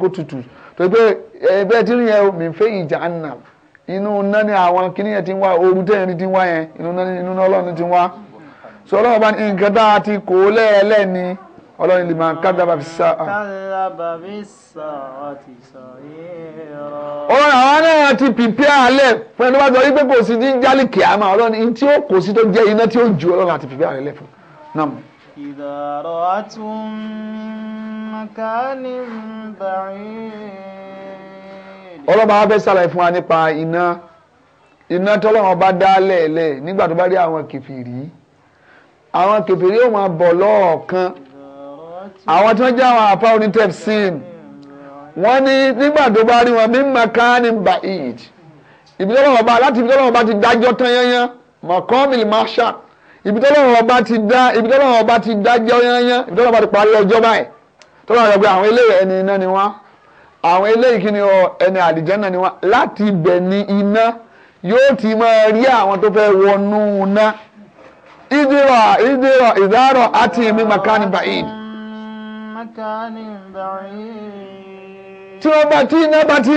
tó pé ẹgbẹ́ tí ń yẹ mi fẹ́ ìjà inú náà ni àwọn kìnìyàn ti ń wá ooru tẹ́yìn ti ń wá yẹn inú nani inú náà ọlọ́run ti wá so ọlọ́run bá ní nǹkan ti kó lẹ́ẹ̀lẹ́ni ọlọ́run lè máa kádàbà fi sá ọlọ́run àwọn náà ti pìpìà alẹ́ fún ẹni tó bá sọ wípé kò sí jíjálì kìámà ọlọ́run ní tí ó kò sí tó jẹ́ iná tí ó ju ọlọ́run àti alẹ́ fún náà. ìdàrọ̀ مكان بعيد ọlọ́ba wa fẹ́ ṣàlàyé fún wa nípa iná iná tọ́lọ́wọ́n bá dá lẹ́ẹ̀lẹ́ nígbà tó bá rí àwọn kẹfìrí àwọn kẹfìrí ó máa bọ̀ lọ́ọ̀kan àwọn tí wọ́n jẹ́ àwọn àpá onítẹ̀sìn wọ́n ní nígbà tó bá rí wọn bí makani ba'id ibi tọ́lọ́wọ́n bá láti ibi tọ́lọ́wọ́n bá ti dájọ́ tán yányán mọ̀kọ́mìlì marshal ibi tọ́lọ́wọ́n bá ti dá ibi tọ́lọ́wọ́n bá ti dájọ́ yányán ibi tọ́lọ́wọ́n bá ti parí ọjọ́ báyìí tó bá rẹ̀ pé àwọn eléyìí ẹni iná ni wọ́n àwọn eléyìí kí ni ẹni àlìjẹ́nà ni wọ́n láti ibẹ̀ ni iná yóò ti máa rí àwọn tó fẹ́ wọnú iná ìdírọ̀ ìdírọ̀ ìdárọ̀ àti èmi makani ba'id. tí wọ́n bá tí iná bá ti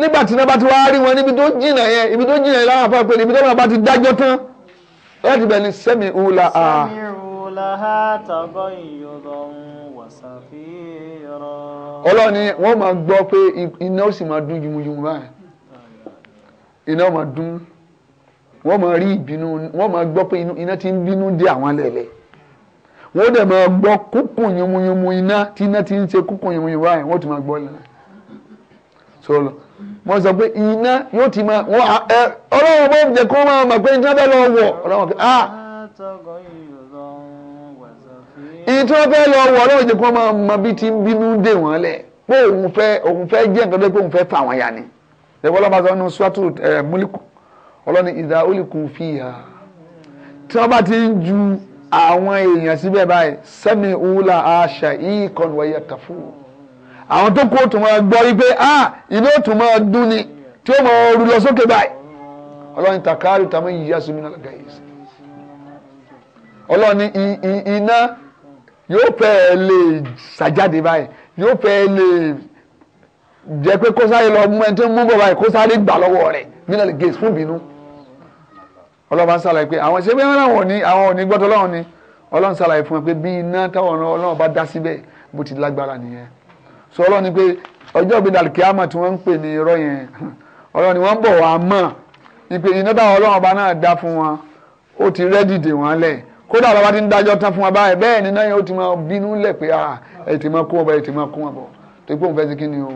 nígbà tí iná bá ti wá rí wọn níbi tó jìnnà yẹn ibi tó jìnnà yẹn láwọn afọ pé ibi tó bá ti dájọ́ tán láti bẹ̀ ni sẹ́mi ula a. sẹ́mi ula ha tàbọ̀ ìyọ̀dọ̀ ń ọlọ́ni wọ́n máa gbọ́ pé iná ó sì máa dún yumuyimu báyìí iná ó máa dún wọ́n máa rí ìbínú wọ́n máa gbọ́ pé iná ti ń bínú dé àwọn lẹ̀lẹ̀ wọ́n dẹ̀ máa gbọ́ kúkùn yumuyimu iná tí iná ti ń ṣe kúkùn yumuyimu báyìí wọ́n ti máa gbọ́ lẹ́nu sọlọ wọ́n sọ pé iná yóò ti máa ọlọ́run bó jẹ́ kó máa mọ̀ pé iná bẹ́ẹ̀ lọ wọ̀ ọlọ́run kí ah. iye tí lọ wọ ọlọ́run jẹ́ kó máa mọ bí ti ń bínú dè wọ́n lẹ̀ pé òun fẹ́ òun fẹ́ jẹ́ nǹkan tó pé òun fà yà ni múlíkù ìdá olùkù fi hà tí bá ti ń ju àwọn èèyàn báyìí wúlà àṣà yìí kan àwọn tó máa gbọ́ máa dún ni tí ó máa rú yóò fẹ́ lè ṣàjáde báyìí yóò fẹ́ lè jẹ́ pé kó sáré lọ mú ẹni tó ń mú bọ̀ báyìí kó sáré gbà lọ́wọ́ rẹ̀ nínú gèsè fún ìbínú ọlọ́ba ń ṣàlàyé pé àwọn ìṣẹ́gbẹ́ àwọn òní àwọn òní gbọ́dọ̀ ọlọ́run ni ọlọ́run ṣàlàyé fún ẹ pé bí iná táwọn ọ̀nà ọlọ́run bá dá síbẹ̀ bó ti lágbára nìyẹn sọ ọlọ́run ni pé ọjọ́ ìgbéda kìámà tí wọ́n ń pè ní irọ́ yẹn ọlọ́run ni wọ́n ń bọ̀ wá mọ̀ ìpè iná táwọn ọlọ́run bá náà dá fún wọn ó ti rẹ́dìdè wọn lẹ̀ kódà bàbá ti ń dájọ́ tán fún wa báyìí bẹ́ẹ̀ ni náà yóò ti máa bínú lẹ̀ pé ah, ẹ ti máa kó wọn ẹ ti máa kó wọn tó pé òun fẹ́ sí kí ni o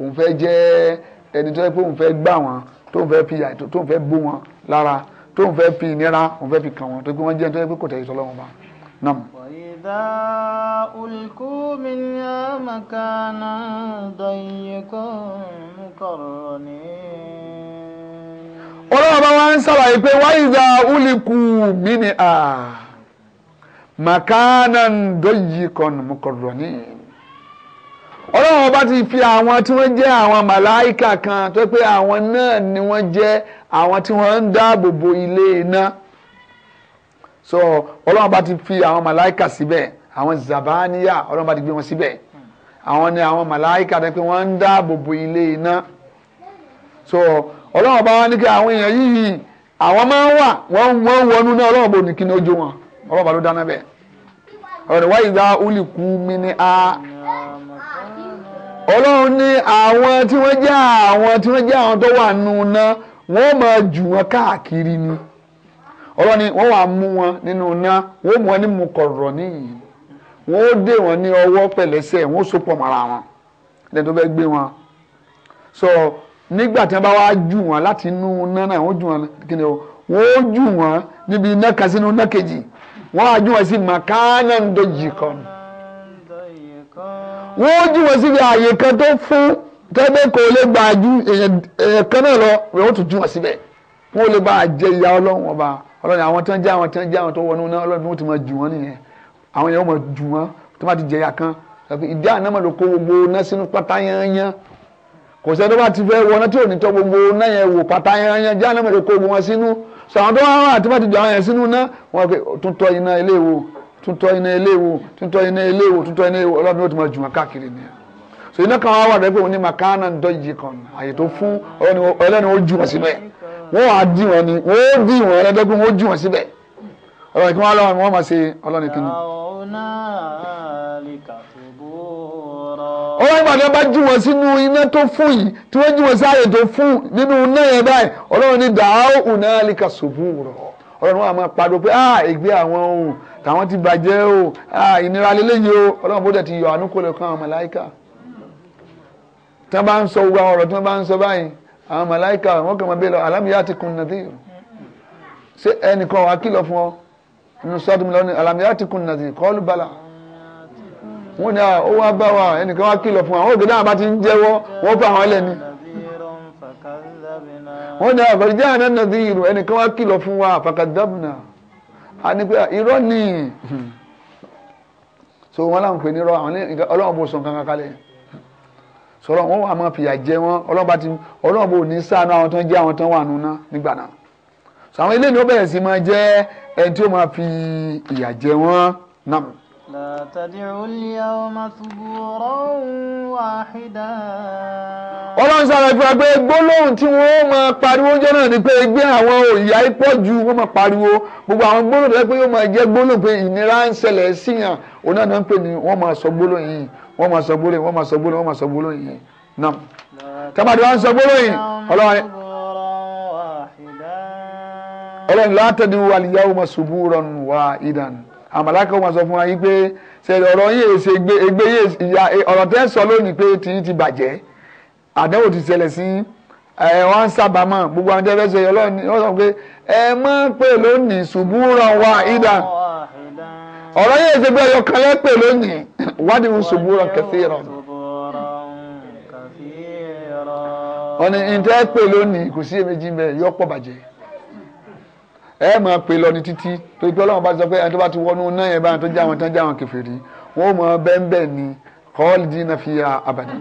òun fẹ́ jẹ́ ẹni tó yẹ pé òun fẹ́ gbà wọn tóun fẹ́ fi àìtó tóun fẹ́ bó wọn lára tóun fẹ́ fi ìnira òun fẹ́ fi kàn wọn tó pé wọ́n jẹ́ tó yẹ pé kò tẹ̀lé tọ́lọ́wọ́n bá nam. bá wá ń sàlàyé pé wáyé ìdá ulikú mi ni àá makanan doyikan mukoroni ọlọ́run ọba ti fi àwọn tí wọ́n jẹ́ àwọn màláìkà kan tó pé àwọn náà ni wọ́n jẹ́ àwọn tí wọ́n ń dáàbò bo ilé iná so ọlọ́run ọba ti fi àwọn màláìkà síbẹ̀ àwọn zabaniya ọlọ́run ọba ti gbé wọn síbẹ̀ àwọn ni àwọn màláìkà tó pé wọ́n ń dáàbò bo ilé iná so ọlọ́run ọba wa ní kí àwọn èèyàn yìí àwọn máa ń wà wọ́n wọnú náà ọlọ́run ọba ò ní kí ni ó wọn ọlọ́run ọba ló dáná bẹ́ẹ̀ ọ̀rẹ́ wá ìgbà olùkú mi a ọlọ́run ní àwọn tí wọ́n jẹ́ àwọn tí wọ́n jẹ́ àwọn tó wà nù wọ́n máa jù wọn káàkiri ni wọ́n wàá mú wọn nínú wọ́n mú wọn ní mukọ̀rọ̀ níyì wọ́n ó ní ọwọ́ wọn tó fẹ́ gbé wọn. sọ nígbà tí wọ́n bá jù láti náà wọ́n jù wọ́n á jú wọn sí màkánà ń dojì kan wọ́n ó jú wọn sí ibi ààyè kan tó fún tẹ́gbẹ́ kò lè gba ju èèyàn kan náà lọ wọ́n tún jú wọn síbẹ̀ wọ́n lè bá jẹ ìyá ọlọ́run ọba ọlọ́run àwọn tán jẹ́ àwọn tán jẹ́ àwọn tó wọnú náà ọlọ́run wọ́n ti máa jù wọ́n nìyẹn àwọn èèyàn máa jù wọ́n tó bá ti jẹ ìyá kan ìdí àná mọ̀ ló kó gbogbo náà sínú pátá yányán kò sẹ́ni tó bá ti fẹ́ wọ́n náà tí ò ní tọ́ gbogbo sàwọn tó wá wà tó bá ti jọ àwọn yẹn sínú iná wọn pe tuntọ iná ilé wo tuntọ iná ilé wo tuntọ iná ilé wo tuntọ iná ilé wo ọlọ́run yóò ti máa jù káàkiri ni so iná kan wá wà lẹ́pẹ́ òun ní makana ń dọ́ yìí kan àyè tó fún ọlọ́run ó jù wọn sínú ẹ̀ wọ́n á dì wọ́n ni wọ́n ó dì wọ́n ẹlẹ́dẹ́gbẹ́ wọ́n ó jù wọn síbẹ̀ ọlọ́run kí wọ́n á lọ́wọ́ wọn máa ṣe ọlọ́run kí ni ó wá nígbà tí wọ́n bá jù wọ́n sínú iná tó fún yìí tí wọ́n jù wọ́n sí ààyè tó fún nínú iná yẹn báyìí ọlọ́run ní dàáwó ọ̀nà ṣòfò rọ̀ ọlọ́run wa máa pariwo pé ah ègbé àwọn ohun tàwọn ti bàjẹ́ o ah ìnira lélẹ́yìí o ọlọ́run bó dẹ̀ ti yọ àánú kó lè kọ́ àwọn màláìkà tí wọ́n bá ń sọ gbogbo àwọn ọ̀rọ̀ tí wọ́n bá ń sọ báyìí àwọn màláìkà wọ́n kàn máa bẹ́ẹ̀ lọ alámìyá ti kun nàdí ṣé ẹnìkan wàá kìlọ̀ fún ọ bala wọ́n ní ah, ó wá bá wa ẹnìkan wá kìlọ̀ fún wa wọ́n gbẹdá àbá ti ń jẹ́wọ́ wọ́n fún àwọn ẹlẹ́ni. wọ́n ní àgbàdìjẹ́ àná nàdí ìrù ẹnìkan wá kìlọ̀ fún wa fàkàdàbùnà a ní pé ah, irọ́ ni so wọ́n láwọn pè ní irọ́ àwọn ọlọ́run bó sàn kankan kalẹ̀ sọ̀rọ̀ wọn wà máa fìyà jẹ wọn ọlọ́run bá ti ọlọ́run bó ní ṣàánú àwọn tó ń jẹ́ àwọn tó ń wà nù nígbà náà sọ àwọn eléyìí ló bẹ̀rẹ̀ sí máa jẹ́ ẹni tí ó máa fi ìyà jẹ wọn náà. لا تدعوا اليوم ثبورا واحدا ọlọ́run sọ̀rọ̀ ìfura pé gbólóhùn tí wọ́n máa pariwo jẹ́ náà ni pé gbé àwọn òyà ipò ju wọ́n máa pariwo gbogbo àwọn gbólóhùn tó yẹ pé yóò máa jẹ́ gbólóhùn pé ìnira ń ṣẹlẹ̀ síyàn òun náà ń pè ní wọ́n máa sọ gbólóhùn yìí wọ́n máa sọ gbólóhùn wọ́n máa sọ gbólóhùn wọ́n máa sọ gbólóhùn yìí náà. tábàdì wa ń sọ gbólóhùn yìí ọlọ́run ọlọ́run látọ̀dún wàlíyàwó máa ṣubú rọrùn wá ìdánù àmàlákà wọn sọ fún wa yìí pé ṣe ọ̀rọ̀ yìí ṣe egbe yìí ìyá ọ̀rọ̀ tẹ́ sọ lónìí pé tìyí ti bàjẹ́ àdánwò ti ṣẹlẹ̀ sí wọn sábàámọ̀ gbogbo àwọn tẹ́lẹ̀ sọ ọlọ́run ni wọ́n sọ pé ẹ má pè lónìí ṣubú ràn wá ìdá ọ̀rọ̀ yìí ṣe pé ọyọkàn lẹ́ pè lónìí wádìí ń ṣubú ràn kẹsí ràn. ìtẹ́ pè lónìí kò sí èméjì mẹ́ yọ́pọ̀ bàjẹ́ ẹ máa pè lọ ní títí torí pé ọlọ́run bá ti sọ pé ẹni tó bá ti wọnú náà yẹn báyìí tó já wọn tán já wọn kèfèrí wọn ò mọ bẹ́ẹ̀ ni kọ́ọ̀lì dínà fi ya àbàdì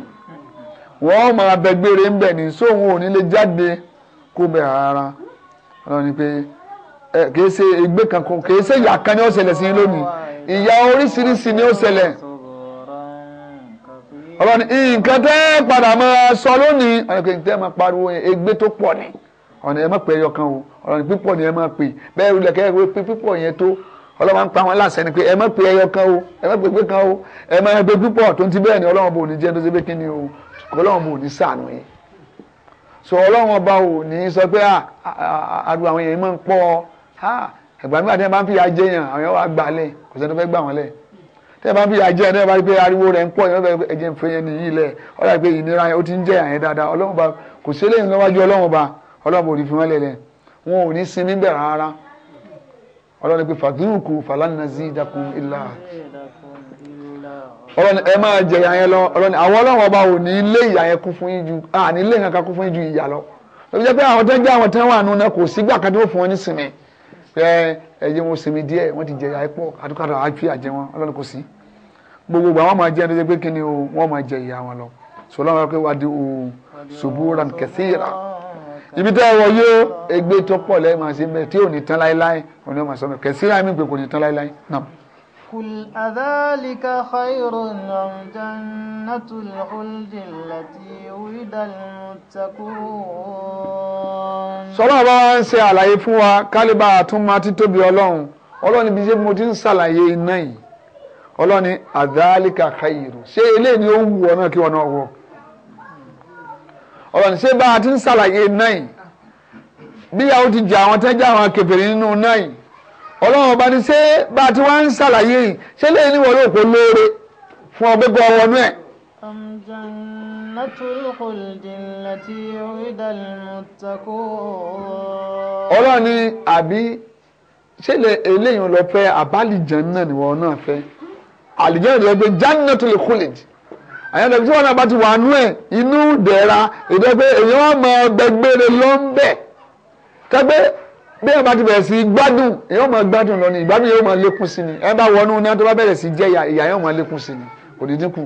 wọ́n máa bẹ gbére ń bẹ̀ ní sóhun ò ní lè jáde kó bẹ̀ rárá ọlọ́run ni pé kìí ṣe ègbé kan kìí ṣe ìyà kan ni ó ṣẹlẹ̀ sí yín lónìí ìyà oríṣiríṣi ni ó ṣẹlẹ̀ ọlọ́run nǹkan tẹ́ padà máa sọ lónìí ọ̀nà ọ̀nà ẹ̀ mọ̀ pé ẹyọ kan o ọ̀nà pípọ̀ ni ẹ máa pè bẹ́ẹ̀ rúlẹ̀ kẹ́ ẹ pé pípọ̀ yẹn tó ọlọ́wọ́n pa wọn láṣẹ ni pé ẹ mọ̀ pé ẹyọ kan o ẹ mọ̀ pé pé kan o ẹ mọ̀ ẹ pé tó ti bẹ́ẹ̀ ni ọlọ́wọ́n bò ní jẹ́ tó ṣe pé kí o ọlọ́wọ́n bò ní sànù yẹn so ọlọ́wọ́n ọba ò ní sọ pé àrùn ah, ah, ah, àwọn èèyàn máa ń pọ̀ ẹ̀gbà nígbà tí wọ́n bá ń fìyà jẹ yàn àwọn èèyàn wà gbà lẹ̀ kò sẹ́ni tó fẹ́ gbà wọ́n lẹ̀ tí wọ́n bá ń fìyà jẹ yàn bá rí pé ariwo rẹ̀ ń pọ̀ yẹn bẹ́ẹ̀ ẹ̀jẹ̀ ń fẹ́ yẹn nìyí lẹ̀ ọ̀dà pé ìnira yẹn ó ti ń jẹ yàn dáadáa ọlọ́wọ́n kò sí eléyìí lọ́wọ́jú ọlọ́wọ́n ọba ọlọ́run òdì fi wọ́n lélẹ̀ wọn ò ní sinmi bẹ̀rẹ̀ rárá ọlọ́run pé fàdúrùkù fàlànàzí ìdàkùn ìlà ọlọ́run ẹ máa jẹ ìyà yẹn lọ ọlọ́run àwọn ọlọ́run ọba ò ní lé ìyà yẹn kún fún yín ju à ní lé nǹkan kan kún fún yín ju ìyà lọ lọ́bi jẹ́ pé àwọn tó ń jẹ́ àwọn tó ń wà nù náà kò sígbà kan tó fún wọn ní sinmi pé ẹ jẹ́ wọn sinmi díẹ̀ wọ́n ti jẹ ìyà pọ̀ àdúgbò àfi àjẹ wọn ọlọ́run kò sí gbogbo gbà máa jẹ́ ẹni tó jẹ́ pé kí o wọ́n máa jẹ ìyà wọn lọ sọlọ́run ibi tẹ́ ẹ wọ yóò egbe tó pọ̀ lẹ́yìn máa ṣe bẹ́ẹ̀ tí ò ní tán láéláé òun ni wọ́n máa sọ bẹ́ẹ̀ kẹ̀sí rámi pé kò ní tán láéláé náà. kul adhalika khayrun am jannatul khuldi allati wu'idal muttaqun. sọ́lá bá wá ń ṣe àlàyé fún wa kálíbà àtúmọ̀ àti ọlọ́run ọlọ́run ibi tí mo ti ń ṣàlàyé iná yìí ọlọ́run adhalika khayrun ṣé eléyìí ni ó wù ọ náà kí wọn náà wọ̀ ọ̀rọ̀ níṣẹ́ bá a ti ń ṣàlàyé náà bíyàwó ti jẹ àwọn tẹ́jà àwọn kèfèrí nínú náà ọlọ́run ọba ní ṣé bá a ti wá ń ṣàlàyé yìí ṣé lẹ́yìn ní wọlé òkú lóore fún ọgbẹ́ bọ́ ọwọ́ náà. ọlọ́run ní àbí ṣé eléyìí lọ fẹ́ àbálìjàn náà nìwọ náà fẹ́ àlìjàn ìdílé pé jannatul khuld àyàn tẹ̀sí wọn náà bá ti wà nú ẹ̀ inú dẹ̀ra ìjọ pé èèyàn ọmọ gbẹgbẹrẹ ló ń bẹ̀ kẹgbẹ́ bí ẹ bá ti bẹ̀rẹ̀ sí gbádùn èèyàn máa gbádùn lọ ni ìgbádùn yóò máa lékún sí ni ẹ bá wọnú iná tó bá bẹ̀rẹ̀ sí jẹ́ ìyà ìyà yóò máa lékún sí ni kò ní dínkù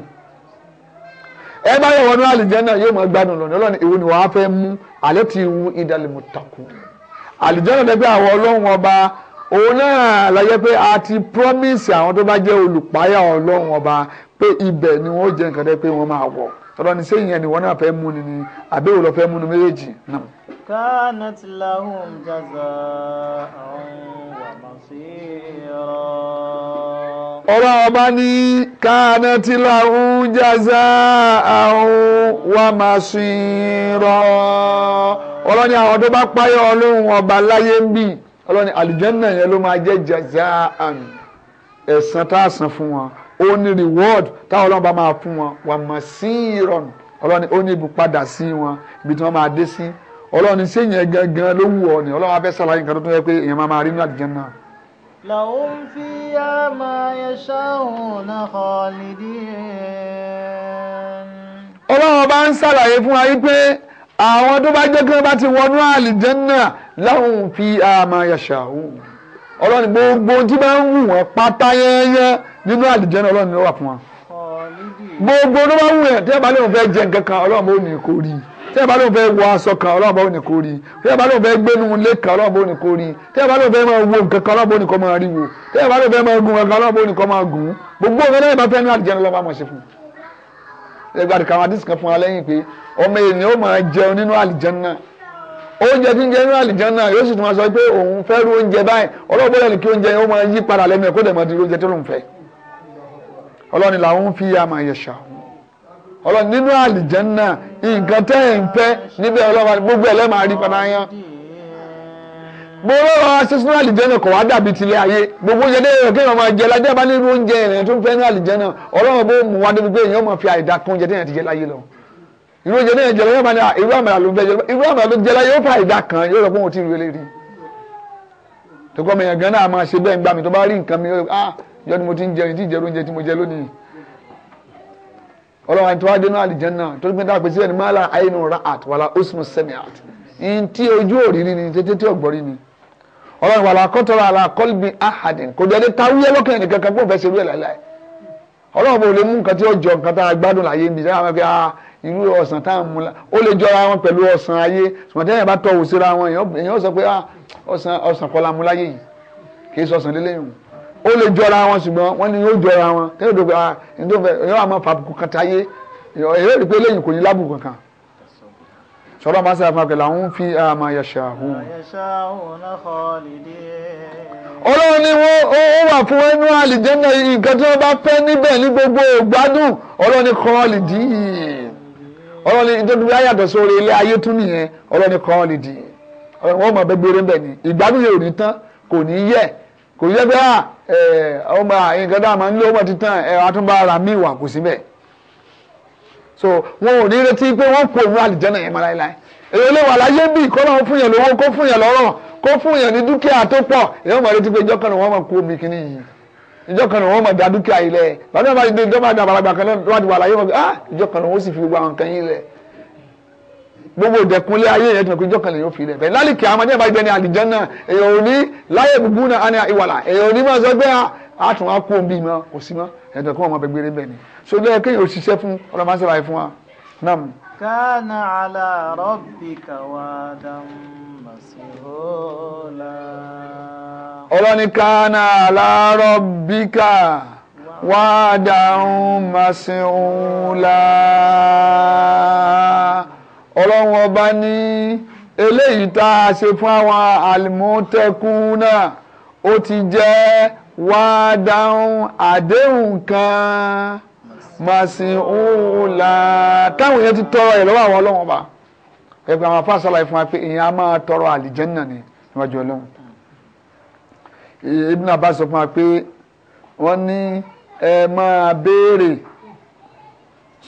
ẹ bá yẹ wọnú àlìjẹ́nà yóò máa gbádùn lọ ni ọlọ́ni ìwo ni wàá fẹ́ mú àlẹ́ ti wu ìdálẹ́mú takùn àlìjẹ́nà lẹ́gbẹ́ àwọn ọlọ́run ọba òun náà la jẹ́ pé a ti promise àwọn tó bá jẹ́ olùpáyà ọlọ́run ọba pé ibẹ̀ ni wọ́n jẹ́ nǹkan tẹ́ pé wọ́n máa wọ̀ tọ́lọ́ ní sẹ́yìn ẹni wọ́n náà fẹ́ mú ni ni àbí òun lọ fẹ́ mú ni méjèèjì náà. kanat lahum jaza'an wa masira. ọ̀rọ̀ ọba ní kanat lahum jaza'an wa masira. ọlọ́ni àwọn tó bá páyà ọlọ́run ọba láyé ń bì ọlọ́ni àlùjànnà yẹn ló máa jẹ́ jazaan ẹ̀san tá a san fún wọn ó ní reward táwọn ọlọ́run bá máa fún wọn wà mọ̀ sí ìrọ̀nù ọlọ́ni ó ní ibùpadà sí wọn ibi tí wọ́n máa dé sí ọlọ́ni sí yẹn gangan ló wù ọ ni ọlọ́run abẹ́ sàlàyé nǹkan tó tó yẹ pé èèyàn máa máa rí ní àlùjànnà. lahum fiya ma yasha'una khalidin. ọlọ́run bá ń sàlàyé fún wa yí pé àwọn tó bá jẹ́ kí wọ́n bá ti wọnú àlìjẹ́nà láwọn fi àmà yàṣà òun ọlọ́run gbogbo tí bá ń wù wọ́n pátá yẹ́yẹ́ nínú àlìjẹ́nà ọlọ́run ni ó wà fún wa gbogbo tó bá wù ẹ̀ tí ẹ bá lóun fẹ́ jẹ nǹkan kan ọlọ́run bó ní kó rí tí ẹ bá lóun fẹ́ wọ aṣọ kan ọlọ́run bó ní kó rí tí ẹ bá lóun fẹ́ gbénu ilé kan ọlọ́run bó ní kó rí tí ẹ bá lóun fẹ́ máa wo nǹkan kan ọlọ́run bó ní kó máa rí wo tí ẹ bá lóun fẹ́ máa gun nǹkan ọlọ́run bó ní kó máa gùn gbogbo nǹkan náà ìbá fẹ́ ní àlìjẹ́nà ọlọ́run bá máa ṣe fún un ẹgbàdì kan àdìsí kan fún wa lẹ́yìn pé ọmọ ènìyàn ó máa jẹun nínú àlìjánná oúnjẹ tí ń jẹ nínú àlìjánná yóò sì tún máa sọ pé òun fẹ́ rú oúnjẹ báyìí ọlọ́run bóyá ní kí oúnjẹ yẹn ó máa yí padà lẹ́nu ẹ̀ kó dẹ̀ máa di oúnjẹ tó lòun fẹ́ ọlọ́run làwọn fi yá máa yẹ ṣà ọlọ́run nínú nǹkan tẹ́ ẹ̀ ń fẹ́ níbẹ̀ ọlọ́run gbogbo ọ̀rọ̀ sísun àlìjẹ́nà kò wá dàbí tilẹ̀ ayé gbogbo oúnjẹ déèrè kí èèyàn máa jẹ lájẹ́ bá nínú oúnjẹ èèyàn tó ń fẹ́ ní àlìjẹ́nà ọlọ́run bó mú wá débi pé èèyàn máa fi àìdá kan oúnjẹ déèyàn ti jẹ láyé lọ irú oúnjẹ déèyàn jẹ láyé máa ní ah, irú àmàlà ló ń fẹ́ jẹ irú àmàlà ló jẹ láyé ó fa àìdá kan yóò rọ pé òun ti rí eléyìí mi yàn gan náà máa ṣe bẹ́ẹ̀ ń gbà ah, ni mo ti ń jẹun tí ìjẹun oúnjẹ ni máa la àyínú ra àt wàlá osmos semi àt ní tí ni ọlọ́run wàlá kọ́tọ́rọ̀ àlà kọ́lbí ahadin kò dé táwúyẹ́ lọ́kàn ẹnì kankan kó fẹ́ ṣerú ẹ̀ láìláì ọlọ́run bò lè mú nǹkan tí ó jọ nǹkan tá a gbádùn láyé níbi sáà máa fi ah irú ọ̀sán tá à ń mu la ó lè jọra wọn pẹ̀lú ọ̀sán ayé ṣùgbọ́n tẹ́yìn bá tọ̀wò síra wọn èèyàn sọ pé ah ọ̀sán kọ́ la mu láyé yìí kì í sọ̀sán lélẹ́yìn ó lè jọra wọn ṣùgbọ́n wọ́n ní yóò jọra wọn tẹ́yìn tó pé ah èèyàn àmọ́ fàbùkù kan táyé èèyàn rí pé lẹ́yìn kò ní lábùkù kankan sọlá máa ṣe àfihàn pẹ̀lú àwọn fi àmà yẹ̀ṣà hùn. ọlọ́run ni wọ́n ó wà fún ẹnu àlìjẹ́nà nǹkan tí wọ́n bá fẹ́ níbẹ̀ ní gbogbo ìgbádùn ọlọ́run ni kọ́ọ̀lì dì í ọlọ́run ni ìjọba ìyá yàtọ̀ sórí ilé ayé tún nìyẹn ọlọ́run ni kọ́ọ̀lì dì í wọ́n mọ̀ bẹ́ gbére bẹ̀ ni ìgbádùn yóò ní tán kò ní yẹ kò yẹ bẹ́ẹ̀ ah, eh, ọmọ nǹkan dáhùn máa ń lé ọmọ títàn ẹ̀ àtúnbára mi wà kò síbẹ̀ so wọn ò ní retí pé wọ́n kú òun àlìjẹ́nà yẹn mọ́ láéláé èyí ló wà láyé bí kọ́ náà fún yẹn lówó kó fún yẹn lọ́rọ̀ kó fún yẹn ní dúkìá tó pọ̀ èyí wọ́n mọ̀ retí pé ìjọ́ kan náà wọ́n máa kú omi kìíní yìí ìjọ́ kan náà wọ́n máa da dúkìá yìí lẹ̀ bàbá mi àti ìjọba àti àbàlagbà kan náà wà wà láyé wọn pé ah ìjọ́ kan náà wọ́n sì fi gbogbo àwọn nǹkan yìí lẹ̀ gbogbo ìdẹ̀kunlé ayé yẹn tún ìjọ́ kan náà yóò fi lẹ̀ bẹ́ẹ̀ lálìkì àwọn ọmọdé àbájáde ní àlìjẹ́nà èyàn ò ní láyé gbogbo náà á ní ìwàlà èyàn ò ní máa sọ pé àtúnwá ah, kú omi mọ́ kò sí mọ́ ẹ̀dọ̀kún ọmọ bẹ́ẹ̀ gbére bẹ́ẹ̀ ni sojú ẹ kéèyàn ò ṣiṣẹ́ fún ọlọ́run máa ń ṣàlàyé fún wa náà. kana ala rabbika wadan masihula. ọlọ́ni kana ala ọlọ́run ọba ní eléyìí tá a ṣe fún àwọn àlùmọ́tẹ́kùn náà ó ti jẹ́ wàá dáhùn àdéhùn kan màsíhùlà táwọn èèyàn ti tọrọ ẹ̀ lọ́wọ́ àwọn ọlọ́run ọba ẹgbẹ́ àwọn afá sàlàyé fún wa pé èèyàn á máa tọrọ àlìjẹ́nà ni níwájú ọlọ́run Ibn Abbas sọ fún wa pé wọ́n ní ẹ máa béèrè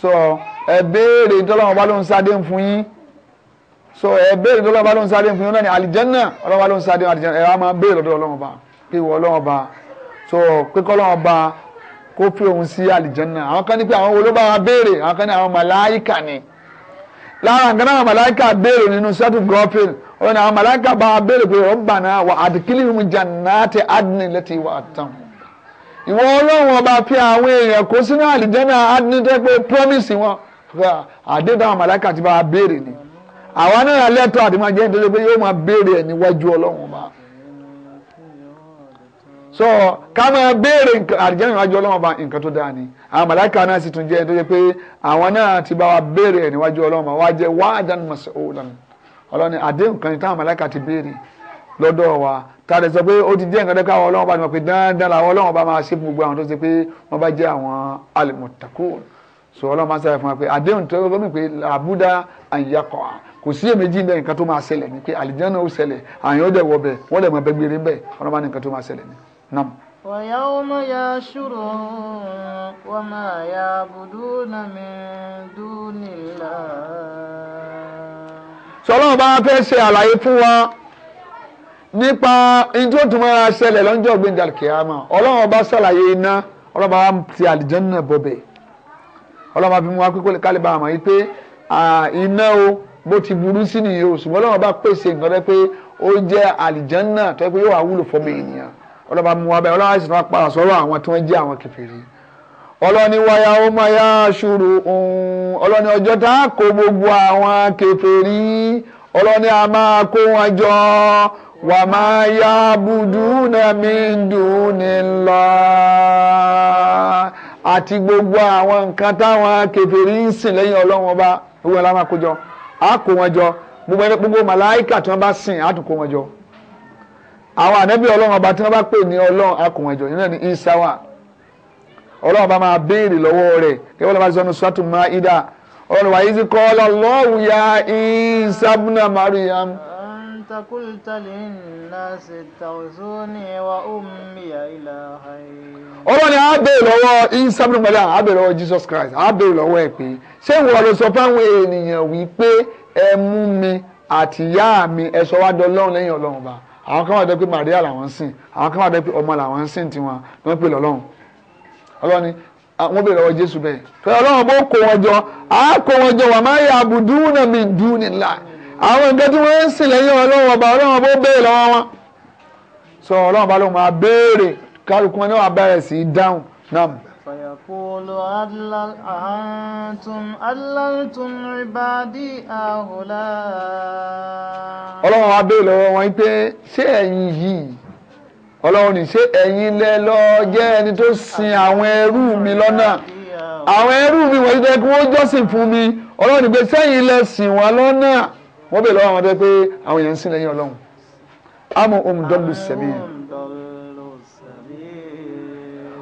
sọ ẹ béèrè tọ́lọ́run ló ń sáadé fún yín so ẹ béèrè lọ́wọ́ bá ló ń sáré fún yín náà ní àlìjẹ́nà ọlọ́wọ́ bá ló ń sáré àlìjẹ́nà ẹ wá máa béèrè lọ́dọ̀ ọlọ́wọ́ bá pé ìwọ ọlọ́wọ́ bá so pé kọ́ ọlọ́wọ́ kó fi òun sí àlìjánná àwọn kan ní pé àwọn olóbá wa béèrè àwọn kan ní àwọn màláìkà ni lára nǹkan náà màláìkà béèrè nínú sẹ́tù gọ́fìn ó ní àwọn màláìkà bá wa béèrè pé rabbana wà àdìkílì mu jannati adni lẹ́tì wà tán ìwọ ọlọ́run ọba fi àwọn èèyàn kó sínú àlìjánná adni tẹ́ pé promise wọn àdéhùn àwọn màláìkà ti bá wa béèrè ni àwa náà lẹ́tọ̀ọ́ àdìmọ́jẹ́ nítorí pé yóò máa béèrè ẹ̀ níwájú ọlọ́run ọba so kama máa béèrè nǹkan àdìjẹ́ ìrìnàjò ọlọ́run ọba nǹkan tó dáa ni àwọn màláìka náà sì tún jẹ́ tó jẹ́ pé àwọn náà ti bá wa béèrè ẹ̀ níwájú ọlọ́run wa jẹ́ wáàdán mọ̀sán ọlọ́run ni àdéhùn kan ní táwọn màláìka ti béèrè lọ́dọ̀ wa ta lè sọ pé ó ti jẹ́ nǹkan dẹ́ka àwọn ọlọ́run ọba ni wọ́n pe dáadáa làwọn ọlọ́run ọba máa ṣe fún gbogbo àwọn tó ṣe pé wọ́n bá jẹ́ àwọn alìmọ̀tàkùn so ọlọ́run máa ń sáré fún wa pé àdéhùn tó rọ́mì pé àbúdá àyàkọ̀ kò sí èméjì ní nǹkan tó máa ṣẹlẹ̀ ni pé àlìjẹ́ náà ó ṣẹlẹ̀ àyàn ó dẹ̀ wọ̀ bẹ̀ wọ́n dẹ̀ mọ̀ bẹ́gbẹ̀rẹ̀ bẹ́ẹ̀ ọlọ́run máa ní tó máa ṣẹlẹ̀ ni. نعم ويوم يشرهم وما يعبدون من دون الله sọlọ́run bá fẹ́ ṣe àlàyé fún wa nípa ìjọ tó máa ṣẹlẹ̀ lọ́jọ́ gbẹ̀dẹ̀ kìámà ọlọ́run ọba ṣàlàyé iná ọlọ́run bá ti àlìjẹ́nà bọ̀bẹ̀ ọlọ́run bá fi mú wa pípẹ́ kálíbà àmọ́ yìí pé iná o bó ti burú sí nìyẹn o ṣùgbọ́n ọlọ́run bá pèsè nǹkan rẹ pé ó jẹ́ àlìjẹ́nà tó yẹ pé yóò wá wúlò fọ́mọ ènìyàn ọlọ́ba mú wa bẹ́ẹ̀ ọlọ́ba sì tún wá padà sọ́rọ̀ àwọn tí wọ́n jẹ́ àwọn kèfèrí ọlọ́ni wáyà ó máa yá ṣùrù um, ọlọ́ni ọjọ́ tá a kó gbogbo àwọn kèfèrí ọlọ́ni a máa kó wọn jọ wà máa yá budúnà mi dúnillah àti gbogbo àwọn nǹkan táwọn kèfèrí ń sìn lẹ́yìn ọlọ́run ọba gbogbo ẹ̀ la máa kó jọ a kó wọn jọ gbogbo màláìkà tí wọ́n bá sìn á tún kó wọn jọ àwọn ànábì ọlọ́run ọba tí wọ́n bá pè ní ọlọ́run akùnrin ẹ̀jọ̀ yìí náà ní isawa ọlọ́run ọba máa béèrè lọ́wọ́ rẹ̀ kẹ́wọ́n lọ́ba sọ́nu sọ́tù maida ọlọ́run wa izi qala Allahu ya Isa ibn Maryam. anta qulta linnasi ittakhizuni wa ummiya ilahayn. ọlọ́run ni a béèrè lọ́wọ́ Isa ibn Maryam a béèrè lọ́wọ́ Jesus Christ a béèrè lọ́wọ́ ẹ̀ pé ṣé ìwọ ló sọ fáwọn ènìyàn wípé ẹ mú mi àtìyá mi ẹ sọ wá dọ́lọ́run lẹ́yìn ọlọ́run ọba àwọn kan wà dẹ́ pé Maria làwọn ń sìn àwọn kan wà dẹ́ pé ọmọ làwọn ń sìn tiwọn ni wọ́n pè lọ́lọ́run ọlọ́run ni wọ́n bèrè lọ́wọ́ Jésù bẹ́ẹ̀ pé ọlọ́run bó kó wọn jọ á kó wọn jọ wà máa yẹ àbùdúnà mi dùn nílà àwọn nǹkan tí wọ́n ń sìn lẹ́yìn ọlọ́run ọba ọlọ́run bó bèrè lọ́wọ́ wọn sọ ọlọ́run bá lóun máa béèrè kálukú wọn ni wọ́n á bẹ̀rẹ̀ sí í dáhùn náà يقول أأنتم أللتم عبادي هؤلاء ọlọ́run wa béèrè lọ́wọ́ wọn pé ṣé ẹ̀yin yìí ọlọ́run ní ṣé ẹ̀yin lẹ lọ jẹ́ ẹni tó sin àwọn ẹrú mi lọ́nà àwọn ẹrú mi wọ́n ti dẹ́ kí wọ́n jọ́sìn fún mi ọlọ́run ní pé sẹ́yìn lẹ sìn wọ́n lọ́nà wọ́n béèrè lọ́wọ́ àwọn ọmọdé pé àwọn èèyàn ń sìn lẹ́yìn ọlọ́run àmọ́ ohun um dọ́gbù sẹ́mi yẹn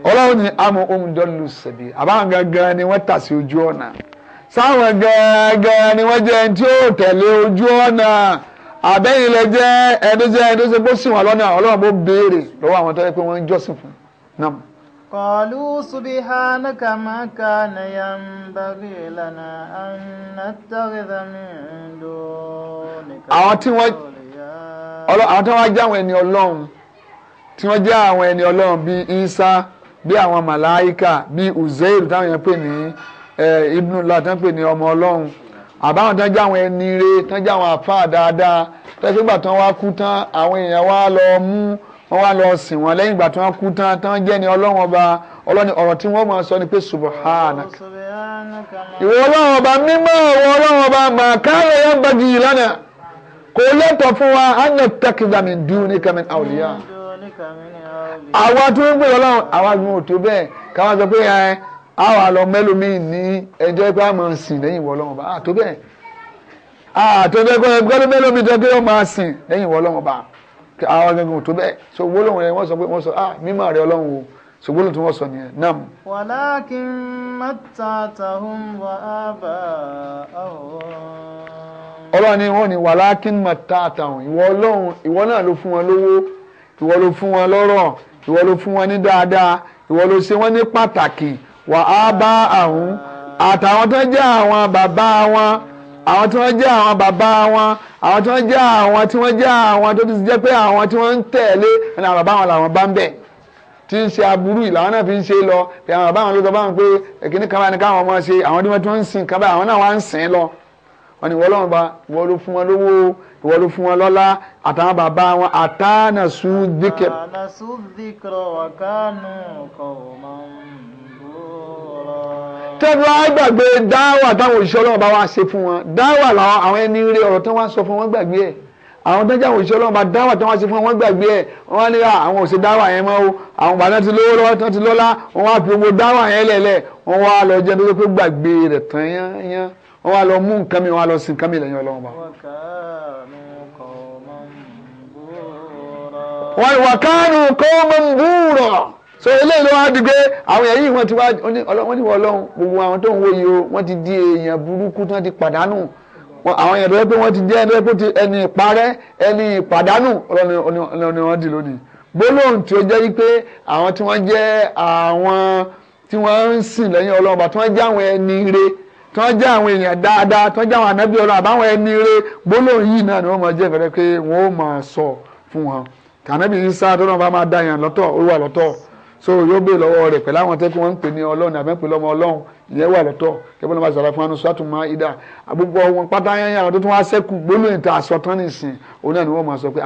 ọlọ́run ní àmọ́ ohun dọ́lù sẹ̀bi àbáwọn gangan ni wọ́n tà sí ojú ọ̀nà sáwọn gangan ni wọ́n jẹ́ ẹni tí ó tẹ̀lé ojú ọ̀nà àbẹ́yìn lẹ jẹ́ ẹni jẹ́ ẹni tó ṣe bó sì wọ́n lọ́nà ọlọ́run bó béèrè lọ́wọ́ àwọn tó yẹ pé wọ́n ń jọ́sìn fún náà. قالوا سبحانك ما كان ينبغي لنا أن نتخذ من دونك àwọn tí wọ́n àwọn tí wọ́n jẹ́ àwọn ẹni ọlọ́run tí wọ́n jẹ́ àwọn ẹni ọlọ́run bíi Isa bí àwọn màláìkà bí Uzairu táwọn yẹn pè ní ibnu látàn pè ní ọmọ ọlọ́run àbáwọn tán jẹ́ àwọn ẹni re tán jẹ́ àwọn àfáà dáadáa tẹ́sígbà tán wá kú tán àwọn èèyàn wá lọ mú wọ́n wá lọ sìn wọ́n lẹ́yìn ìgbà tí wọ́n kú tán tán jẹ́ ni ọlọ́run ọba ọlọ́ni ọ̀rọ̀ tí wọ́n máa sọ ni pé subhanak ìwọ ọlọ́run ọba mímọ́ ìwọ ọlọ́run ọba màkàrẹ̀ yẹn gbàgì lánàá kò lẹ́tọ̀ fún wa á nà tẹ́kìdàmì dùn ní kàmí àwòlíyà àwa tó ń gbèrò ọlọ́run àwa gbọ́n ò tó bẹ́ẹ̀ káwa sọ pé ẹ àwa lọ mẹ́lòmíì ní ẹjọ́ pé a máa sìn lẹ́yìn ìwọ ọlọ́run bá àtó bẹ́ẹ̀ àtó bẹ́ẹ̀ kọ́ ẹgbẹ́ mẹ́lòmíì jẹ́ pé ó máa sìn lẹ́yìn ìwọ ọlọ́run bá àwa gbọ́n ò bẹ́ẹ̀ so gbólóhùn rẹ wọ́n sọ pé wọ́n sọ ah mímọ́ rẹ ọlọ́run o so gbólóhùn tí wọ́n sọ nìyẹn nam. wàlákin mọ́tàtàhùn wà á bá ọ̀hún ìwọ ló fún wọn lọ́rọ̀ ìwọ ló fún wọn ní dáadáa ìwọ ló ṣe wọn ní pàtàkì wà á bá àwọn àtàwọn tó ń jẹ́ àwọn bàbá wọn àwọn tí wọ́n jẹ́ àwọn bàbá wọn àwọn tí wọ́n jẹ́ àwọn tí wọ́n jẹ́ àwọn tó ti jẹ́ pé àwọn tí wọ́n ń tẹ̀lé ẹni àwọn bàbá wọn làwọn bá ń bẹ̀ tí ń ṣe aburú yìí làwọn náà fi ń ṣe lọ pé àwọn bàbá wọn ló sọ báwọn pé ẹ̀kíní kan báyìí káwọn ọmọ ṣe àwọn tí wọ́n ti ń sìn kan báyìí àwọn náà wá ń sìn lọ wọ́n ní wọ́lọ́run bá wọ́n ló fún wọn lówó wọ́n ló fún wọn lọ́lá àtàwọn bàbá wọn àtàánà sùn díkẹ̀. àtàánà sùn díkọ̀ wà kánú kọ̀ máa ń tẹ́lú àgbàgbé dáwà táwọn òṣìṣẹ́ ọlọ́run bá wá ṣe fún wọn dáwà làwọn àwọn ẹni rí ọ̀rọ̀ tí wọ́n sọ fún wọn gbàgbé ẹ̀ àwọn tẹ́jà àwọn òṣìṣẹ́ ọlọ́run bá dáwà tí wọ́n ṣe fún wọn gbàgbé ẹ̀ wọ́n ní àwọn òṣè dáwà yẹn mọ́ o àwọn bàbá ti lówó lọ́wọ́ tán ti lọ́lá wọ́n wá fi owó dáwà yẹn lẹ̀lẹ̀ wọ́n wá lọ jẹ́ pé gbàgbé rẹ̀ tán yán yán wọ́n wá lọ mú nǹkan mi wọ́n wá lọ sin nǹkan mi lẹ́yìn ọlọ́run ọba. wọ́n ìwà kánú kọ́ ọmọ ń búrọ̀ so eléyìí ló wá di pé àwọn èèyàn yìí wọ́n ti wá wọ́n ti wọ ọlọ́run gbogbo àwọn tó ń wo yìí o wọ́n ti di èèyàn burúkú tí wọ́n ti pàdánù àwọn èèyàn tó yẹ pé wọ́n ti jẹ́ ẹni tó ti ẹni ìparẹ́ ẹni ìpàdánù ọlọ́run ni wọ́n di lónìí gbólóhùn tí ó jẹ́ wípé àwọn tí wọ́n jẹ́ àwọn tí wọ́n ń sìn lẹ́yìn ọlọ́run bá tí wọ́n jẹ́ àwọn ẹni rere tọ́ jẹ́ àwọn èèyàn dáadáa tọ́ jẹ́ àwọn ànábì ọlọ́run àbáwọn ẹni rẹ gbólóhùn yìí náà ni wọ́n máa jẹ́ fẹ́rẹ́ pé wọ́n ó máa sọ fún wọn tànábì Ìsá tọ́nà bá máa da yàn lọ́tọ̀ ó wà lọ́tọ̀ so yóò gbé lọ́wọ́ rẹ̀ pẹ̀lú àwọn tẹ́kí wọ́n ń pè ní ọlọ́run àbẹ́ pẹ̀lú ọmọ ọlọ́run ìyẹn wà lọ́tọ̀ kẹ́bọ́n náà bá sọ̀rọ̀ fún anusọ́ àtúmọ̀ ìdá àgbogbo wọn pátá yányá àwọn tó tún wá sẹ́kù gbólóhùn ìta àsọtán nìsín òun náà ni wọ́n máa sọ pé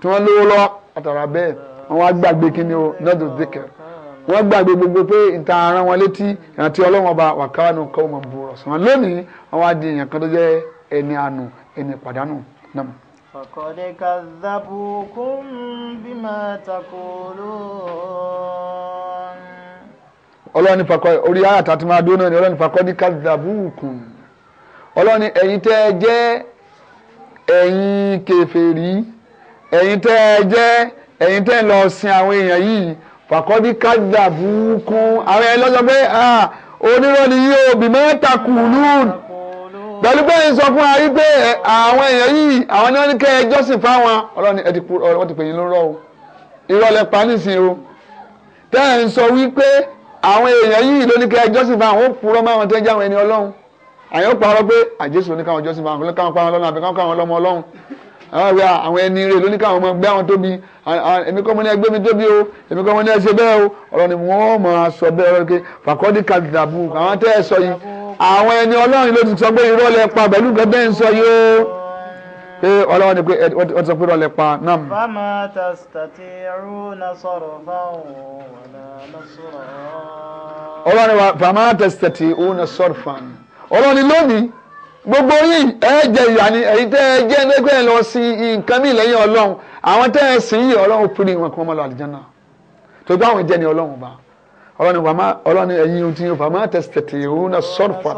tí wọ́n lówó lọ àtàrà bẹ́ẹ̀ wọ́n á gbàgbé kíni o zikr wọ́n gbàgbé gbogbo pé ìta ara wọn létí ìrántí ọlọ́wọ́n ọba wàkàrà nù kọ́ wọn lónìí àwọn á di èèyàn kan tó jẹ́ ẹni àánú ẹni pàdánù náà. fakọ́ orí tí máa ni fakọ́ ní ẹ̀yin ẹ̀yin tẹ́ ẹ jẹ́ ẹ̀yin tẹ́ ẹ lọ sin àwọn èèyàn yìí fàkọ́bí kájà búkún àwọn ẹ̀yin lọ́jọ́ pé onírọ́ ni yóò bí mẹ́ta kùlùún pẹ̀lú pé ń sọ fún wa wípé àwọn èèyàn yìí àwọn ni wọ́n ní kẹ́ ẹ jọ́sìn fáwọn ọlọ́ni ẹ ti kú ọ̀rọ̀ wọ́n ti pè yín lórọ́ o ìrọ̀lẹ́ pa nísìn o tẹ́ ẹ̀ ń sọ wípé àwọn èèyàn yìí ló ní kẹ́ ẹ jọ́sìn fáwọn ó purọ́ máwọn tó ń jẹ́ àwọn ẹni ọlọ́run àyàn parọ́ pé àjẹsùn ní káwọn jọ́sìn fáwọn káwọn pa wọn lọ́nà àbí káwọn ọlọ́run àwọn ìwé àwọn ẹni rè lóníkà àwọn ọmọ gbé àwọn tóbi èmi kọ́ mo ní ẹgbẹ́ mi tóbi o èmi kọ́ mo ní ẹsẹ̀ bẹ́ẹ̀ o ọ̀rọ̀ ni wọ́n máa sọ bẹ́ẹ̀ ọ̀rọ̀ fàkọ́dí kàdìdàbù àwọn tẹ́ ẹ sọ yìí àwọn ẹni ọlọ́run ló ti sọ pé irọ́ lẹ pa pẹ̀lú nǹkan bẹ́ẹ̀ ń sọ yìí o pé ọlọ́run ni pé wọ́n ti sọ pé irọ́ lẹ pa náà. fama tasitati runa sọ̀rọ̀ fáwọn wàlá lọ́sọ̀rọ̀. fáwọn ọlọ́run lónìí gbogbo yìí ẹ jẹ ìyà ni èyí tẹ́ ẹ jẹ́ ẹgbẹ́ ẹ lọ sí nǹkan mí lẹ́yìn ọlọ́run àwọn tẹ́ ẹ sìn yìí ọlọ́run pírí wọn kí wọ́n máa lọ àlùjánnà tó gbọ́ àwọn ìjẹni ọlọ́run ọba ọlọ́run wàmá ọlọ́run ẹ̀yin ohun tí yóò fàmá tẹ̀sítẹ̀tì òun náà sọ́ọ̀fà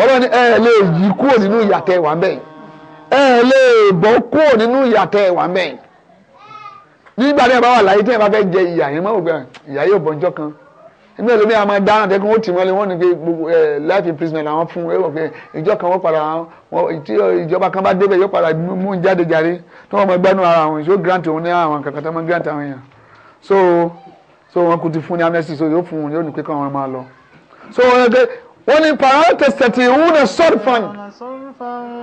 ọlọ́run ẹ lè yí kúrò nínú ìyàtẹ̀ wà bẹ́ẹ̀ ẹ lè bọ́ kúrò nínú ìyàtẹ̀ wà bẹ́ẹ̀ nígbà tí ẹ bá wà láyé tí ẹ bá fẹ́ jẹ ìyà yẹn mọ́ ògbà ah, ìyà yóò bọ́njọ́ kan nígbà èlò mi àmọ́ dáhùn tẹ́kun ó tì wọ́n lé ní pé gbogbo life imprisonment làwọn fún ẹ̀wọ̀n pé ìjọ kan wọ́n padà tí ìjọba kan bá débẹ̀ yóò padà mú un jáde jáde tó wọ́n mọ gbẹ́nu ara wọn yóò grant òun ní àwọn kankan tó wọ́n grant àwọn èèyàn so so wọn kò ti fún ní amnesty so yóò fún un yóò ní pé kí máa lọ so wọn gbé wọ́n ní pàrọ̀ tẹ̀sẹ̀tì ìwúna sọ́rfàn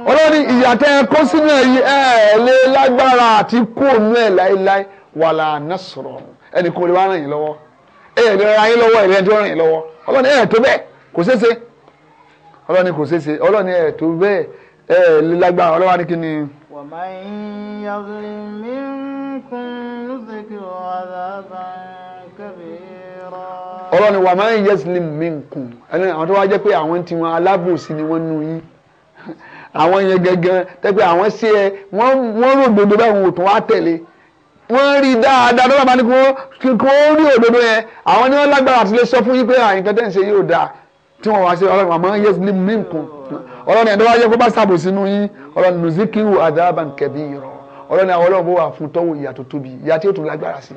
ọlọ́ni ìyàtẹ̀ ẹ̀kọ́ sínú ẹ̀yí ẹ̀ lé lágbára àti kóònù ẹ̀ láéláé wàlà nasọ̀rọ̀ ẹnì kò lè wá ràn lọ́wọ́ ẹ̀yẹ̀ lè ra yín lọ́wọ́ ẹ̀rẹ́ tó ràn yín lọ́wọ́ ọlọ́ni ẹ̀yẹ̀ tó bẹ́ẹ̀ kò ṣeéṣe ọlọ́ni kò ṣeéṣe ọlọ́ni ẹ̀yẹ̀ tó bẹ́ẹ̀ ẹ̀ lè lágbára ọlọ́wà ní kíni. ومن يظلم منكم نذقه عذابا كبيرا. ọlọ́ni ومن يظلم منكم ẹni àwọn tó wá jẹ́ pé àwọn tí alábòsí ni wọ́n nú yín àwọn yẹn gẹ́gẹ́ tẹ́ àwọn sí ẹ wọ́n rògbòdo báwọn ò tún wá tẹ̀lé wọ́n rí dáadáa tó bá bá ní kí wọ́n rí òdodo yẹn àwọn ni wọ́n lágbára àti lè sọ fún yín pé àyìnká tẹ̀ ń ṣe yóò dáa tí wọ́n wá sí ọlọ́run àmọ́ yé ní mímkùn ọlọ́run ẹ̀dọ́ wáyé kó bá sàbò sínú yín ọlọ́run nùzíkìrù àdáàbà nkẹ́bí rọ ọlọ́run àwọn ọlọ́run bó wà fún tọ́wọ́ ìyà tó tóbi ìyà tí ó tún lágbára sí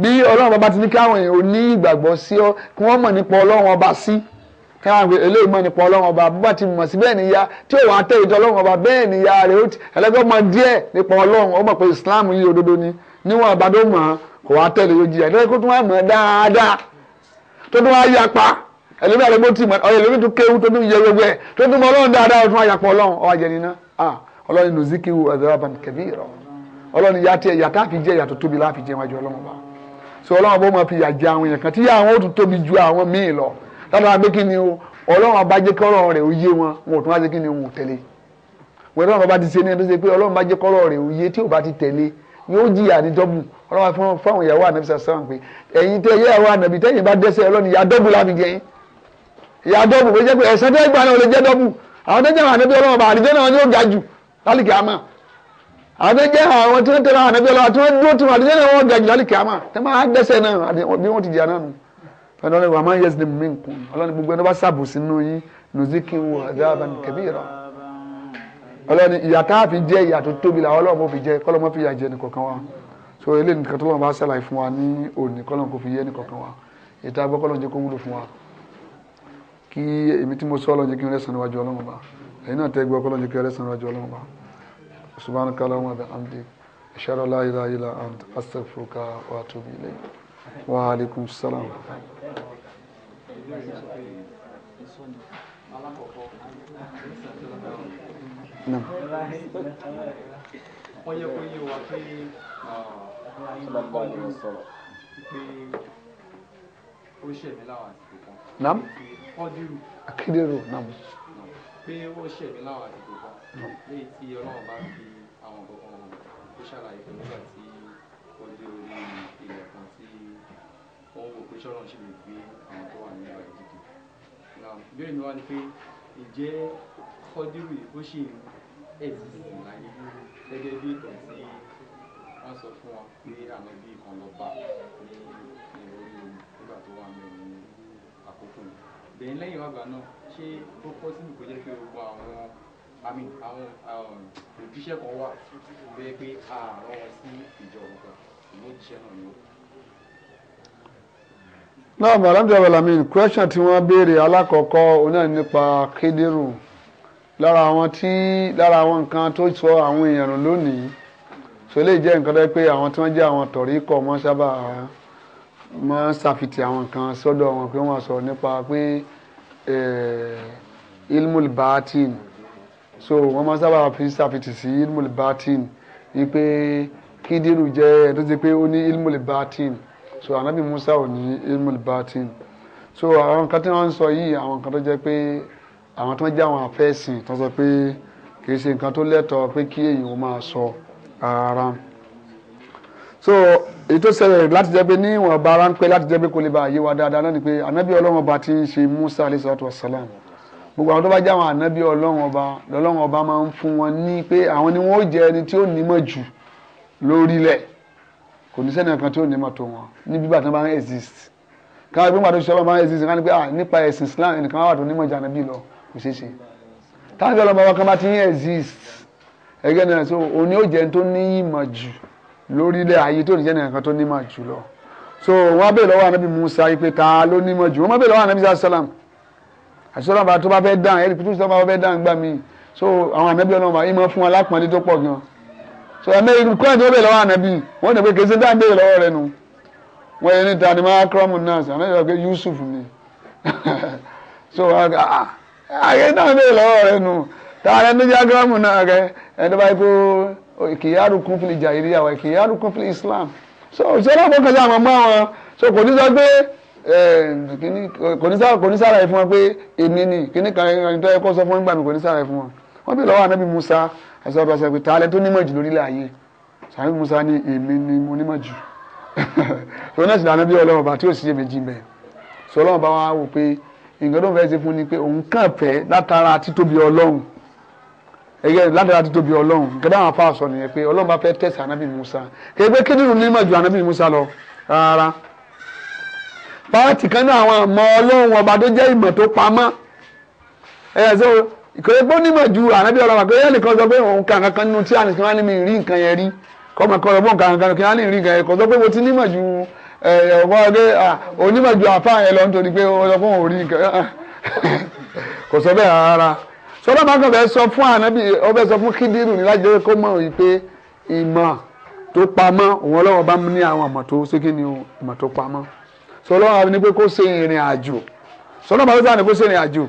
bí ọlọ́run bàbá ti ní káwọn èèyàn ò ní ìgbàgbọ́ sí ọ kí wọ́n mọ̀ nípa ọlọ́run ọba sí káwọn àgbẹ̀ eléyìí mọ̀ nípa ọlọ́run ọba bá ti mọ̀ sí bẹ́ẹ̀ níyà tí ò wá tẹ́ ìjọ ọlọ́run ọba bẹ́ẹ̀ níyà rẹ̀ ó ti ẹlẹ́gbẹ́ mọ̀ díẹ̀ nípa ọlọ́run ó pé Islam yìí òdodo ni níwọ̀n àbádó mọ̀ kò wá tẹ̀lé yóò jìyà ìdọ́rẹ́ kó tún wá mọ̀ dáadáa tó tún wá yapa ẹlẹ́gbẹ́ àdégbò tì mọ̀ ọ̀yẹ́ lórí tún kéwú tó tún yẹ gbogbo ẹ̀ tó tún mọ̀ ọlọ́run dáadáa tún wá yapa ọlọ́run ọ̀ àjẹni náà ọlọ́run ya tiẹ̀ yàtá fi jẹ́ yàtọ̀ tábà gbé kí ni o ọlọ́run ọba jẹ́ kọ́rọ̀ rẹ̀ ó yé wọn wọn ò tún wá sí kí ni wọn ò tẹ̀lé wọn ọlọ́run ọba ti ṣe ní ẹni tó ṣe pé ọlọ́run bá jẹ́ kọ́rọ̀ rẹ̀ ó yé tí ò bá ti tẹ̀lé yóò jìyà ní dọ́bù ọlọ́run fún fáwọn ìyàwó ànábì sàṣàn pé ẹ̀yin tẹ ìyàwó ànábì tẹ́yìn bá dẹ́sẹ̀ ọlọ́run ìyà dọ́bù láfi jẹ yín ìyà dọ́bù kò jẹ́ pé ẹ̀sán tẹ́ gbà náà lè jẹ́ dọ́bù àwọn tẹ́jẹ́ àwọn fẹ́ẹ́ lọ́wọ́ àmọ́ yẹ́sì ni mímí nkùn ọlọ́ni gbogbo ẹni bá ṣàbùsí nínú yín nùzíkì wọ àdáàbà kẹbí rà ọlọ́ni ìyà tá a fi jẹ́ ìyà tó tóbi làwọn ọlọ́mọ fi jẹ kọ́lọ́mọ fi yà jẹ nìkọ̀kan wa so eléyìí nìkan tó lọ́wọ́ bá ṣàlàyé fún wa ní òní kọ́lọ́mọ kò fi yẹ nìkọ̀kan wa ìta gbọ́ kọ́lọ́mọ jẹ́ kó wúlò fún astaghfiruka wa atubu ilayk wa alaykum assalam wọ́n yẹ kó yé wa pé ọ̀gbọ́njú pé ó ṣẹ̀mí láwọn àsìkò kan. nam. ọdúró. akédèrò nam. pé ó ṣẹ̀mí láwọn àsìkò kan wọ́n wò pé ṣọ́nà ṣì lè gbé àwọn tó wà nílò àìdíje náà ìbéèrè mi wá ni pé ìjẹ́ kọ́dírù ó ṣì ń ẹ̀sìn láyé gẹ́gẹ́ bí ìtàn tí wọ́n sọ fún wọn pé àná bí kan lọ bá ní orí omi nígbà tó wà mẹ́rin ní àkókò yìí bẹ́ẹ̀ lẹ́yìn wàgbà náà ṣé ó pọ́ sínú kó jẹ́ pé gbogbo àwọn àmì àwọn òjíṣẹ́ kan wà náà bàdámdé abalamin question tí wọ́n béèrè alákọ̀ọ́kọ́ onáà nípa kédérù lára àwọn tí lára àwọn nǹkan tó sọ àwọn èèyàn lónìí so lè jẹ́ nǹkan tó pé àwọn tí wọ́n jẹ́ àwọn tọ̀rí kọ̀ mọ́ sábà máa ń ṣàfitì àwọn nǹkan sọ́dọ̀ wọn pé wọ́n sọ nípa pé ilmul batin so wọ́n máa sábà fi ṣàfitì sí ilmul batin wípé kídírù jẹ́ ẹ̀ tó ti pé ó ní ilmul batin. So, so anabi musa ò ní ilmul batin so àwọn nǹkan tí wọ́n ń sọ yìí àwọn nǹkan tó jẹ́ pé àwọn tó ń jẹ́ àwọn afẹ́sìn tó sọ pé kì í ṣe nǹkan tó lẹ́tọ̀ọ́ pé kí èèyàn máa sọ ara so èyí tó ṣẹlẹ̀ láti jẹ́ pé ní ìwọ̀n ọba ara ń pẹ́ láti jẹ́ pé kò lè bá yé wa dáadáa náà ni pé ànábì ọlọ́run ọba ti ń ṣe musa alayhi salatu wa salam gbogbo àwọn tó bá jẹ́ àwọn ànábì ọlọ́run ọba lọ́lọ́run ọba máa ń fún wọn ní pé àwọn ni wọ́n ó ẹni tí ó nímọ̀ jù lórílẹ̀ kò ní sẹ́ni kan tó ní mọ́tò wọn níbi bá tán bá ń exist káwọn ẹgbẹ́ mọ́tò ṣọlá bá ń exist káwọn nípa ah, nípa ẹ̀sìn Islam ẹnìkan wà tó nímọ̀ ìjà níbí lọ kò ṣeé ṣe táwọn ìjọba ọmọ kan bá ti ń exist ẹgẹ́ náà so òní ó jẹ́ tó ní ìmọ̀ jù lórílẹ̀ ayé tó ní jẹ́ nìkan tó nímọ̀ jù lọ so wọ́n bèèrè lọ́wọ́ anábì Musa yìí pé ta ló nímọ̀ jù wọ́n bèèrè lọ́wọ́ anábì sàlám àṣọlọ́mọba tó bá fẹ́ dàn ẹ̀rí pípísọ́ bá fẹ́ dàn so àwọn anábì ọlọ́mọba yìí máa fún wa lápọ̀nlé tó so ẹ̀mẹ́ irú kúrẹ́ tó bẹ̀rẹ̀ lọ́wọ́ ànábì wọ́n ní pé kèsì dáhùn bẹ̀rẹ̀ lọ́wọ́ rẹ nu wọ́n yẹ ní tani máa kúrọ́mù náà sàn ànábì pé Yusuf ni so àyè náà bẹ̀rẹ̀ lọ́wọ́ rẹ nu tààrẹ ní jágrámù náà rẹ ẹni báyìí kó kìyàrú kún fún ìjà ìrírí àwọn kìyàrú kún fún Islam so ìṣẹ́lẹ̀ ọ̀pọ̀ kan sí àwọn ọmọ wọn so kò ní sọ pé eh, kò ní sára ẹ̀ fún wọn pé èmi ni kíní kan ẹni tó yẹ kó sọ fún wọn gbà mí kò ní sára ẹ̀ fún wọn wọ́n bí lọ́wọ́ ẹsẹ̀ ọba ṣe pé tààlẹ́ tó nímọ̀ jù lórílẹ̀ ayé sàmì musa ní èmi ni mo nímọ̀ jù lọ náà sì lànà bí ọlọ́run ọba tí ò sí èméjì ń bẹ̀ sọ ọlọ́run ọba wa wò pé nǹkan tó ń fẹ́ ṣe fún ni pé òun kàn fẹ́ látara títóbi ọlọ́run ẹgbẹ́ ládàá ti tóbi ọlọ́run gẹ́gẹ́ àwọn afá sọ nìyẹn pé ọlọ́run bá fẹ́ tẹ̀sí anabi musa kéèpé kí nínú nímọ̀ ju anabi musa lọ rárá. pààtì kan náà àwọn àmọ́ ọlọ́run ọba tó jẹ́ ìmọ̀ tó pamọ́ ẹ̀ ẹ́ sọ ìkòyèpọ̀ nímọ̀ ju ànábì ọ̀rọ̀ wà pé ẹnì kan sọ pé òun kà kankan nínú tí àníkan wá ní mi rí nǹkan yẹn rí kọ́mọ kan ọ̀rọ̀ bọ̀ nǹkan kan kí wá ní rí nǹkan yẹn kò sọ pé mo ti nímọ̀ ju ọ̀gbọ́n ọ̀gẹ́ onímọ̀ ju àfa yẹn lọ nítorí pé ó sọ fún òun rí nǹkan kò sọ bẹ́ẹ̀ rárá sọlá máa kàn fẹ́ sọ fún ànábì ó fẹ́ sọ fún kídírù ní láti jẹ́ kó mọ̀ wípé ìmọ̀ tó pamọ́ òun ọlọ́wọ́ bá ní àwọn àmọ̀ tó ṣégi ni ìmọ̀ tó pamọ́ sọlá máa ní pé kó ṣe ìrìn àjò sọlá máa ní pé kó ṣe ìrìn àjò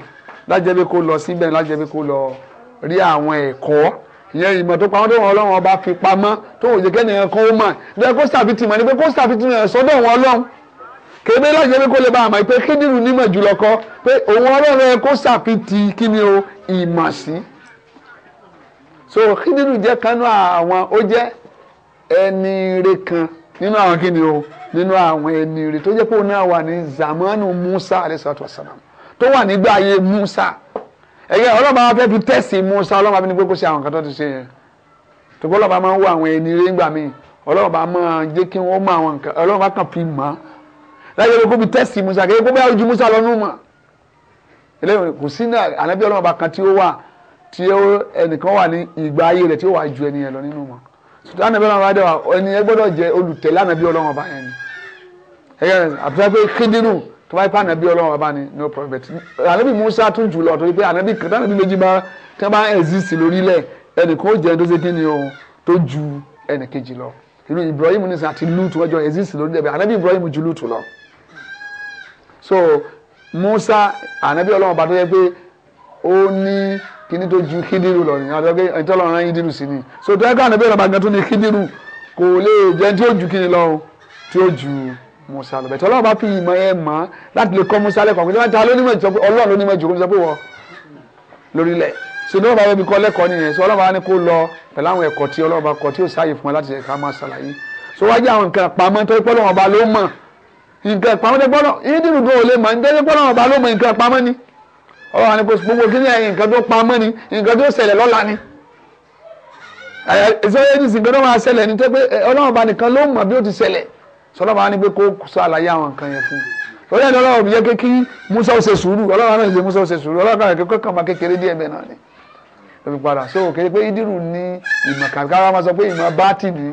lájẹ́ bí kó lọ síbẹ̀ lájẹ́ bí kó lọ rí àwọn ẹ̀kọ́ ìyẹn ìmọ̀ tó pamọ́ tó wọn ọlọ́run ọba fi pamọ́ tó wòye kẹ́nìyàn kan ó mọ̀ bẹ́ẹ̀ kó sàfitì mọ̀ ni pé kó sàfitì mọ̀ sọ́dọ̀ wọn ọlọ́run kébé lájẹ́ bí kó lè bá àmọ́ pé kíndìnrín onímọ̀ jùlọ kọ́ pé òun ọlọ́run ẹ kó sàfitì kí ni o ìmọ̀ sí. so kíndìnrín jẹ́ kanú àwọn ó jẹ́ ẹni ire kan nínú àwọn kí ni o nínú àwọn ẹni ire tó jẹ́ pé òun náà wà ní zamanu Musa alayhi salatu wa salam tó wà nígbà ayé Musa ẹ̀yẹ ọlọ́ba wa fẹ́ fi tẹ̀sí Musa ọlọ́ba mi ní pé kó ṣe àwọn kan tó ti ṣe yẹn tòkó ọlọ́ba máa ń wọ àwọn ẹni rí ńgbà míì ọlọ́ba máa jẹ́ kí wọ́n mọ àwọn nǹkan ọlọ́ba kan fi mọ́ láyé ló kó fi tẹ̀sí Musa kékeré kó bá ojú Musa lọ́nu mọ́ eléyìí kò sí náà ànábì ọlọ́ba kan tí ó wà tí ó ẹnìkan wà ní ìgbà ayé rẹ̀ tí ó wà ju ẹni yẹn lọ nínú mọ́ sùtọ́ ànábì ọlọ́ba dẹ̀ wà ẹni tó bá yẹ pé ànábì ọba ni no prophet Anabi musa tún jù lọ torí pé ànábì kẹta ànábì méjì bá tí wọ́n bá exist lórílẹ̀ ẹnìkan ó jẹ́ tó ṣe o tó ju ẹnìkejì lọ irú ibrahim ní sàn àti lutu wọ́n jọ exist lórílẹ̀ bẹ́ẹ̀ ànábì ibrahim ju lutu lọ so musa anabi ọlọ́run ọba tó yẹ pé ó ní kíní tó ju kídírù lọ nìyẹn àti ẹni tó lọ́run sí ni so tó yẹ ká ànábì ọlọ́run ọba gan tó ní kídírù kò lè jẹ́ tí ó ju kíni lọ tí ó ju Musa lọ bẹ̀tẹ̀ ọlọ́run bá fi ìmọ̀ yẹn mọ̀ láti lè kọ́ Musa lẹ́kọ̀ọ́ pé ta lónímọ̀ jù ọlọ́run lónímọ̀ jù kó sọ pé wọ lórílẹ̀ so ní ọlọ́run bá mi kọ́ lẹ́kọ̀ọ́ nìyẹn so ọlọ́run bá ní kó lọ pẹ̀lú àwọn ẹ̀kọ́ tí ọlọ́run bá kọ́ tí ó sáàyè fún wa láti ẹ̀ka máa ṣàlàyé so wájú àwọn nǹkan pamọ́ tó pọ́ lọ́wọ́ ọba ló mọ̀ nǹkan pamọ́ tó pọ́ lọ́wọ́ ìdílù tó lè mọ̀ nítorí pọ́ lọ́wọ́ ọba ló mọ̀ nǹkan pamọ́ ni ọlọ́run ní kó gbogbo kí ni nǹkan tó pamọ́ ni nǹkan tó pé ọlọ́run bá nìkan ló mọ̀ bí ó ti ṣẹlẹ̀ sọlọ́wọ́ á ní pé kó sọ àlàyé àwọn nǹkan yẹn fún orí ẹ̀dọ́ ọlọ́wọ́ òbí yẹ pé kí Musa ó ṣe sùúrù ọlọ́wọ́ náà ṣe Musa ó ṣe sùúrù ọlọ́wọ́ kan kékeré kan máa kékeré díẹ̀ bẹ́ẹ̀ náà ni lóbi padà so kéde pé Idiru ní ìmọ̀ kan káwá máa sọ pé ìmọ̀ báàtì ni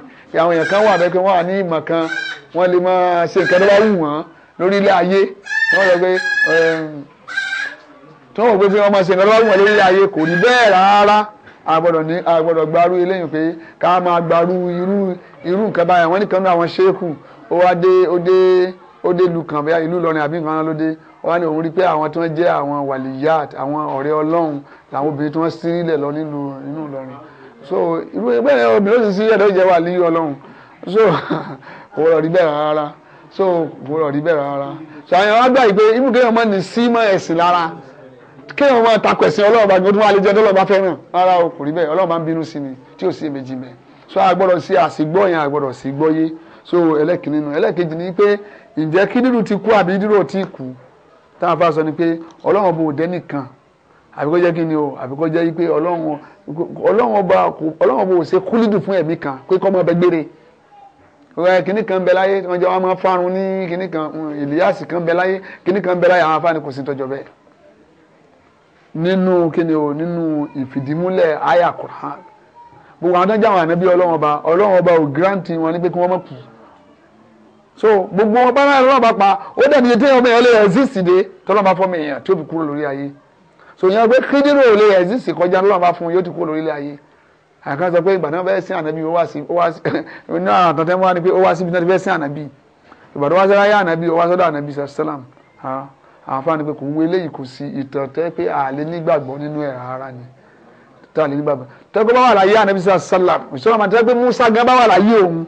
àwọn èèyàn kan wà bẹ́ẹ̀ pé wọ́n wà ní ìmọ̀ kan wọ́n lè máa ṣe nǹkan tó bá wù wọ́n lórí ilé ayé wọ́n sọ pé tí wọ́n wò pé wọ́n máa ṣe nǹkan tó bá wù wọ́n agbọ́dọ̀ ní agbọ́dọ̀ gbarú eléyìí pé ká máa gbarú irú irú nǹkan báyìí wọ́n nìkan ní àwọn ṣéèkù ó wá dé ó dé ó dé lu kàn bẹ́ẹ̀ ìlú Ìlọrin àbí nǹkan ló dé ó wá ní òun rí pé àwọn tí wọ́n jẹ́ àwọn wàlíyàt àwọn ọ̀rẹ́ Ọlọ́run làwọn obìnrin tí wọ́n sí nílẹ̀ lọ nílùú inú Ìlọrin so irú ẹgbẹ́ obìnrin ó sì sí ẹ̀dọ́ ìjẹ́ wàlíyù Ọlọ́run so kò rọ̀ rí rárá so kò rọ̀ rí bẹ́ẹ̀ rárá so àyàn wá gbà yìí pé ibùdó yẹn mọ́ ni sí lára kéèyàn máa takò ẹ̀sìn ọlọ́run bá gbé tó wà lè jẹ́ tó lọ́ba fẹ́ràn rárá o kò rí bẹ́ẹ̀ ọlọ́run bá ń bínú sí ni tí ò sí èméjì bẹ́ẹ̀ so àgbọ̀dọ̀ sí àsìgbọ́ yẹn àgbọ̀dọ̀ sí gbọ́yé so ẹlẹ́kìnrin nù ẹlẹ́kejì ni pé ǹjẹ́ kí dídùn ti kú àbí dídùn ò tí kú táwọn afá sọ ni pé ọlọ́run bò dé nìkan àbí kó jẹ́ kí ni o àbí kó jẹ́ pé ọlọ́run kìnnì kan bẹ láyé wọ́n jẹ́ wọ́n máa fárun ní kìnnì kan ìlíyàsì kan bẹ láyé kìnnì kan bẹ láyé àwọn afáàní kò sí tọ́jọ́ bẹ́ẹ̀ nínú kíni o nínú ìfìdímúlẹ̀ àyà Qur'an gbogbo àwọn adájà àwọn ànábí ọlọ́run ọba ọlọ́run ọba ò gírántì wọn ní pé kí wọ́n mọ̀ kú so gbogbo wọn bára ọlọ́run ọba pa ó dẹ̀bi tí ọmọ yẹn lè exist de tọ́lọ́ bá fọ́ọ̀mù èèyàn tí ó fi kúrò lórí ayé so yẹn pé kíndìnrín ò lè exist kọjá ọlọ́run bá fún yóò ti kúrò lórí ayé àyàká sọ pé ìgbà náà fẹ́ sin ànábì ó wá sí ó wá sí náà àtọ̀tẹ́ wọn ni pé wá síbi náà ti ó wá sọ́dọ̀ ànábì sàlám àwọn afáàní pé kò ń wo eléyìí kò sí ìtàn tẹ́ pé àlè nígbàgbọ́ nínú ẹ̀ rárá ni tá àlè nígbàgbọ́ tẹ́gbọ́ bá wà láyé ànábi sá sálàm ìṣọ́nà máa tẹ́ pé Musa gan bá wà láyé òun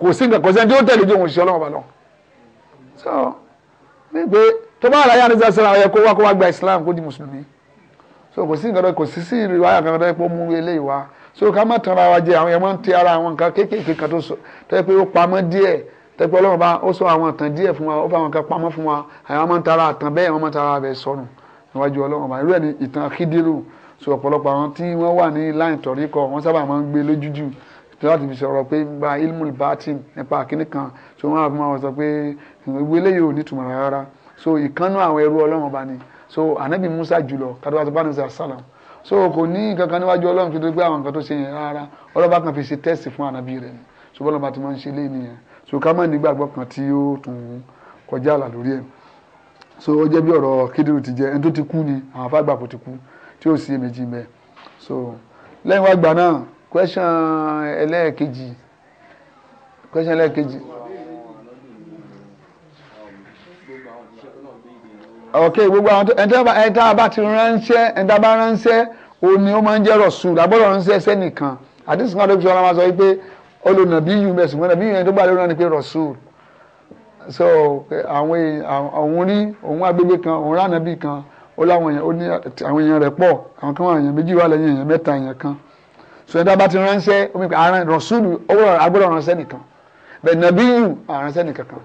kò sí nǹkan kọ́sẹ́ tí ó tẹ̀lé ju òun ṣe ọlọ́wọ́ lọ. sọ wípé tó bá wà láyé ànábi sá sálàm ẹ̀ kó wá kó wá gba Islam kó di mùsùlùmí so kò sí nǹkan kò sí sí ìrìwáyà kan tó yẹ kó mú eléyìí wá so ká má tanra wa jẹ àwọn yẹn máa ń tẹ ara tẹ́pẹ́ ọlọ́run bá ó sọ àwọn ìtàn díẹ̀ fún wa ó fà àwọn kan pamọ́ fún wa àwọn máa ń tara àtàn bẹ́ẹ̀ wọ́n máa ń tara abẹ sọnù níwájú ọlọ́run bá irú ẹ̀ ní ìtàn akídérò so ọ̀pọ̀lọpọ̀ àwọn tí wọ́n wà ní láì tọ̀ríkọ wọ́n sábà máa ń gbé lójújù láti fi sọ̀rọ̀ pé gba ilmul batin nípa àkíní kan so wọ́n á fi máa sọ pé ìwé eléyìí ní tùmọ̀ rárá so ìkánú àwọn ẹrú ọlọ́run bá ni so ànábì Musa jùlọ kátó àti bánisà sálàm so kò ní nǹkan kan níwájú ọlọ́run tó dé pé àwọn nǹkan tó ṣe yẹn rárá ọlọ́ba kan fi ṣe tẹ́sì fún ànábì rẹ̀ ni so bọ́lọ́ba ti máa ń ṣe lé nìyẹn so ká má nígbàgbọ́ kan tí ó tún kọjá àlà lórí ẹ̀ so ó jẹ́ bí ọ̀rọ̀ kídìrú ti jẹ́ ẹni tó ti kú ni àwọn afágbà kò ti kú tí ó sì èméjì mẹ́ so lẹ́yìn wá gbà náà question ẹlẹ́ẹ̀kejì question ẹlẹ́ẹ̀kejì. ok gbogbo àwọn ẹni tá a bá ti ránṣẹ́ ẹni tá a bá ránṣẹ́ òun ni ó máa ń jẹ́ rọ̀ṣù làbọ̀dọ̀ ránṣẹ́ sẹ́nìkan àdìsí tó fi ṣọlá máa sọ wípé olùnàbí yìí bẹ̀ ṣùgbọ́n nàbí yìí tó gbà lórí náà ni pé rasul so àwọn òun rí òun agbègbè kan òun ránàbí kan ó láwọn èèyàn ó ní àwọn èèyàn rẹ̀ pọ̀ àwọn kan wọ́n èèyàn méjì wà lẹ́yìn èèyàn mẹ́ta èèyàn kan so ẹ̀dá bá ti ránṣẹ́ omi pé àrùn rasul agbọ́dọ̀ ránṣẹ́ nìkan bẹ́ẹ̀ nàbí yìí àránṣẹ́ nìkan kan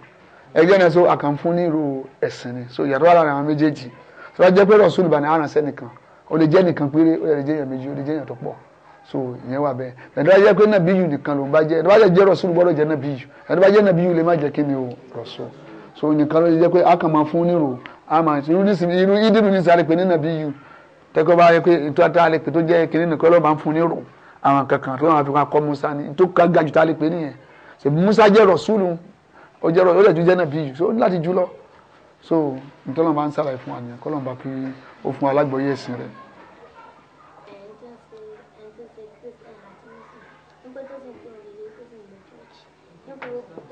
ẹgbẹ́ náà so àkànfún ní irú ẹ̀sìn ni so ìyàtọ̀ wà láàrin àwọn méjèèjì so wọ́n jẹ́ pé rasul bá ní àránṣẹ́ nìkan ó lè jẹ́ nìkan péré ó lè jẹ́ èèyàn so ìyẹn wà bẹ́ẹ̀ ẹni tó bá jẹ́ pé nàbí yù nìkan ló ń bá jẹ́ ẹni tó bá jẹ́ jẹ́ rọ̀sùn gbọ́dọ̀ jẹ́ nàbí yù ẹni tó bá jẹ́ nàbí yù lè má jẹ́ kí ni o rọ̀sùn so nìkan ló jẹ́ pé a kàn máa fún nírò a máa irú irú ìdírù ní sáré pé ní nàbí yù tẹ́kọ̀ bá yẹ pé ìtọ́ tá a lè tó jẹ́ kí ni nìkan ló máa ń fún nírò àwọn kankan tó máa fi kọ́ Musa ni tó ká ga jù tá a lè pè nìyẹn ṣe Musa jẹ́ rọ̀sùn ó jẹ́ so láti jù lọ so ntọ́lọ́mọba ń sàlàyé fún wa nìyẹn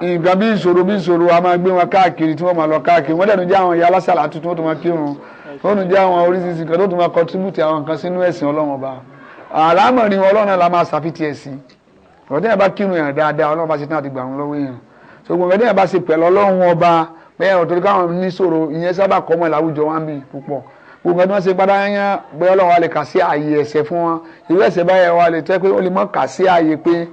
nǹkan bí ìṣòro bí ìṣòro a máa gbé wọn káàkiri tí wọ́n máa lọ káàkiri wọ́n dẹ̀nu jẹ́ àwọn ìyá alásàlá tuntun wọ́n tún máa kírun wọ́n tún jẹ́ àwọn oríṣiríṣi nǹkan tó tún máa kọtíbùtì àwọn nǹkan sínú ẹ̀sìn ọlọ́run ọba àlámọ̀rin ọlọ́run náà la máa ṣàfitì ẹ̀sìn ọ̀dẹ́ yẹn bá kírun yẹn dáadáa ọlọ́run bá ṣe tán àti gbà wọn lọ́wọ́ èèyàn ṣùgbọ́n ọ̀dẹ́ yẹn bá ṣe pẹ̀lú ọlọ́run ọba bẹ́ẹ̀ ọ̀tọ́ káwọn níṣòro ìyẹn sábà kọ́mọ́ gbogbo ẹni wọn ṣe padà yán wa lè kà sí ààyè ẹ̀ṣẹ̀ fún wọn ìwé ẹ̀ṣẹ̀ báyẹn wa lè tẹ́ pé ó lè mọ́ kà sí ààyè pé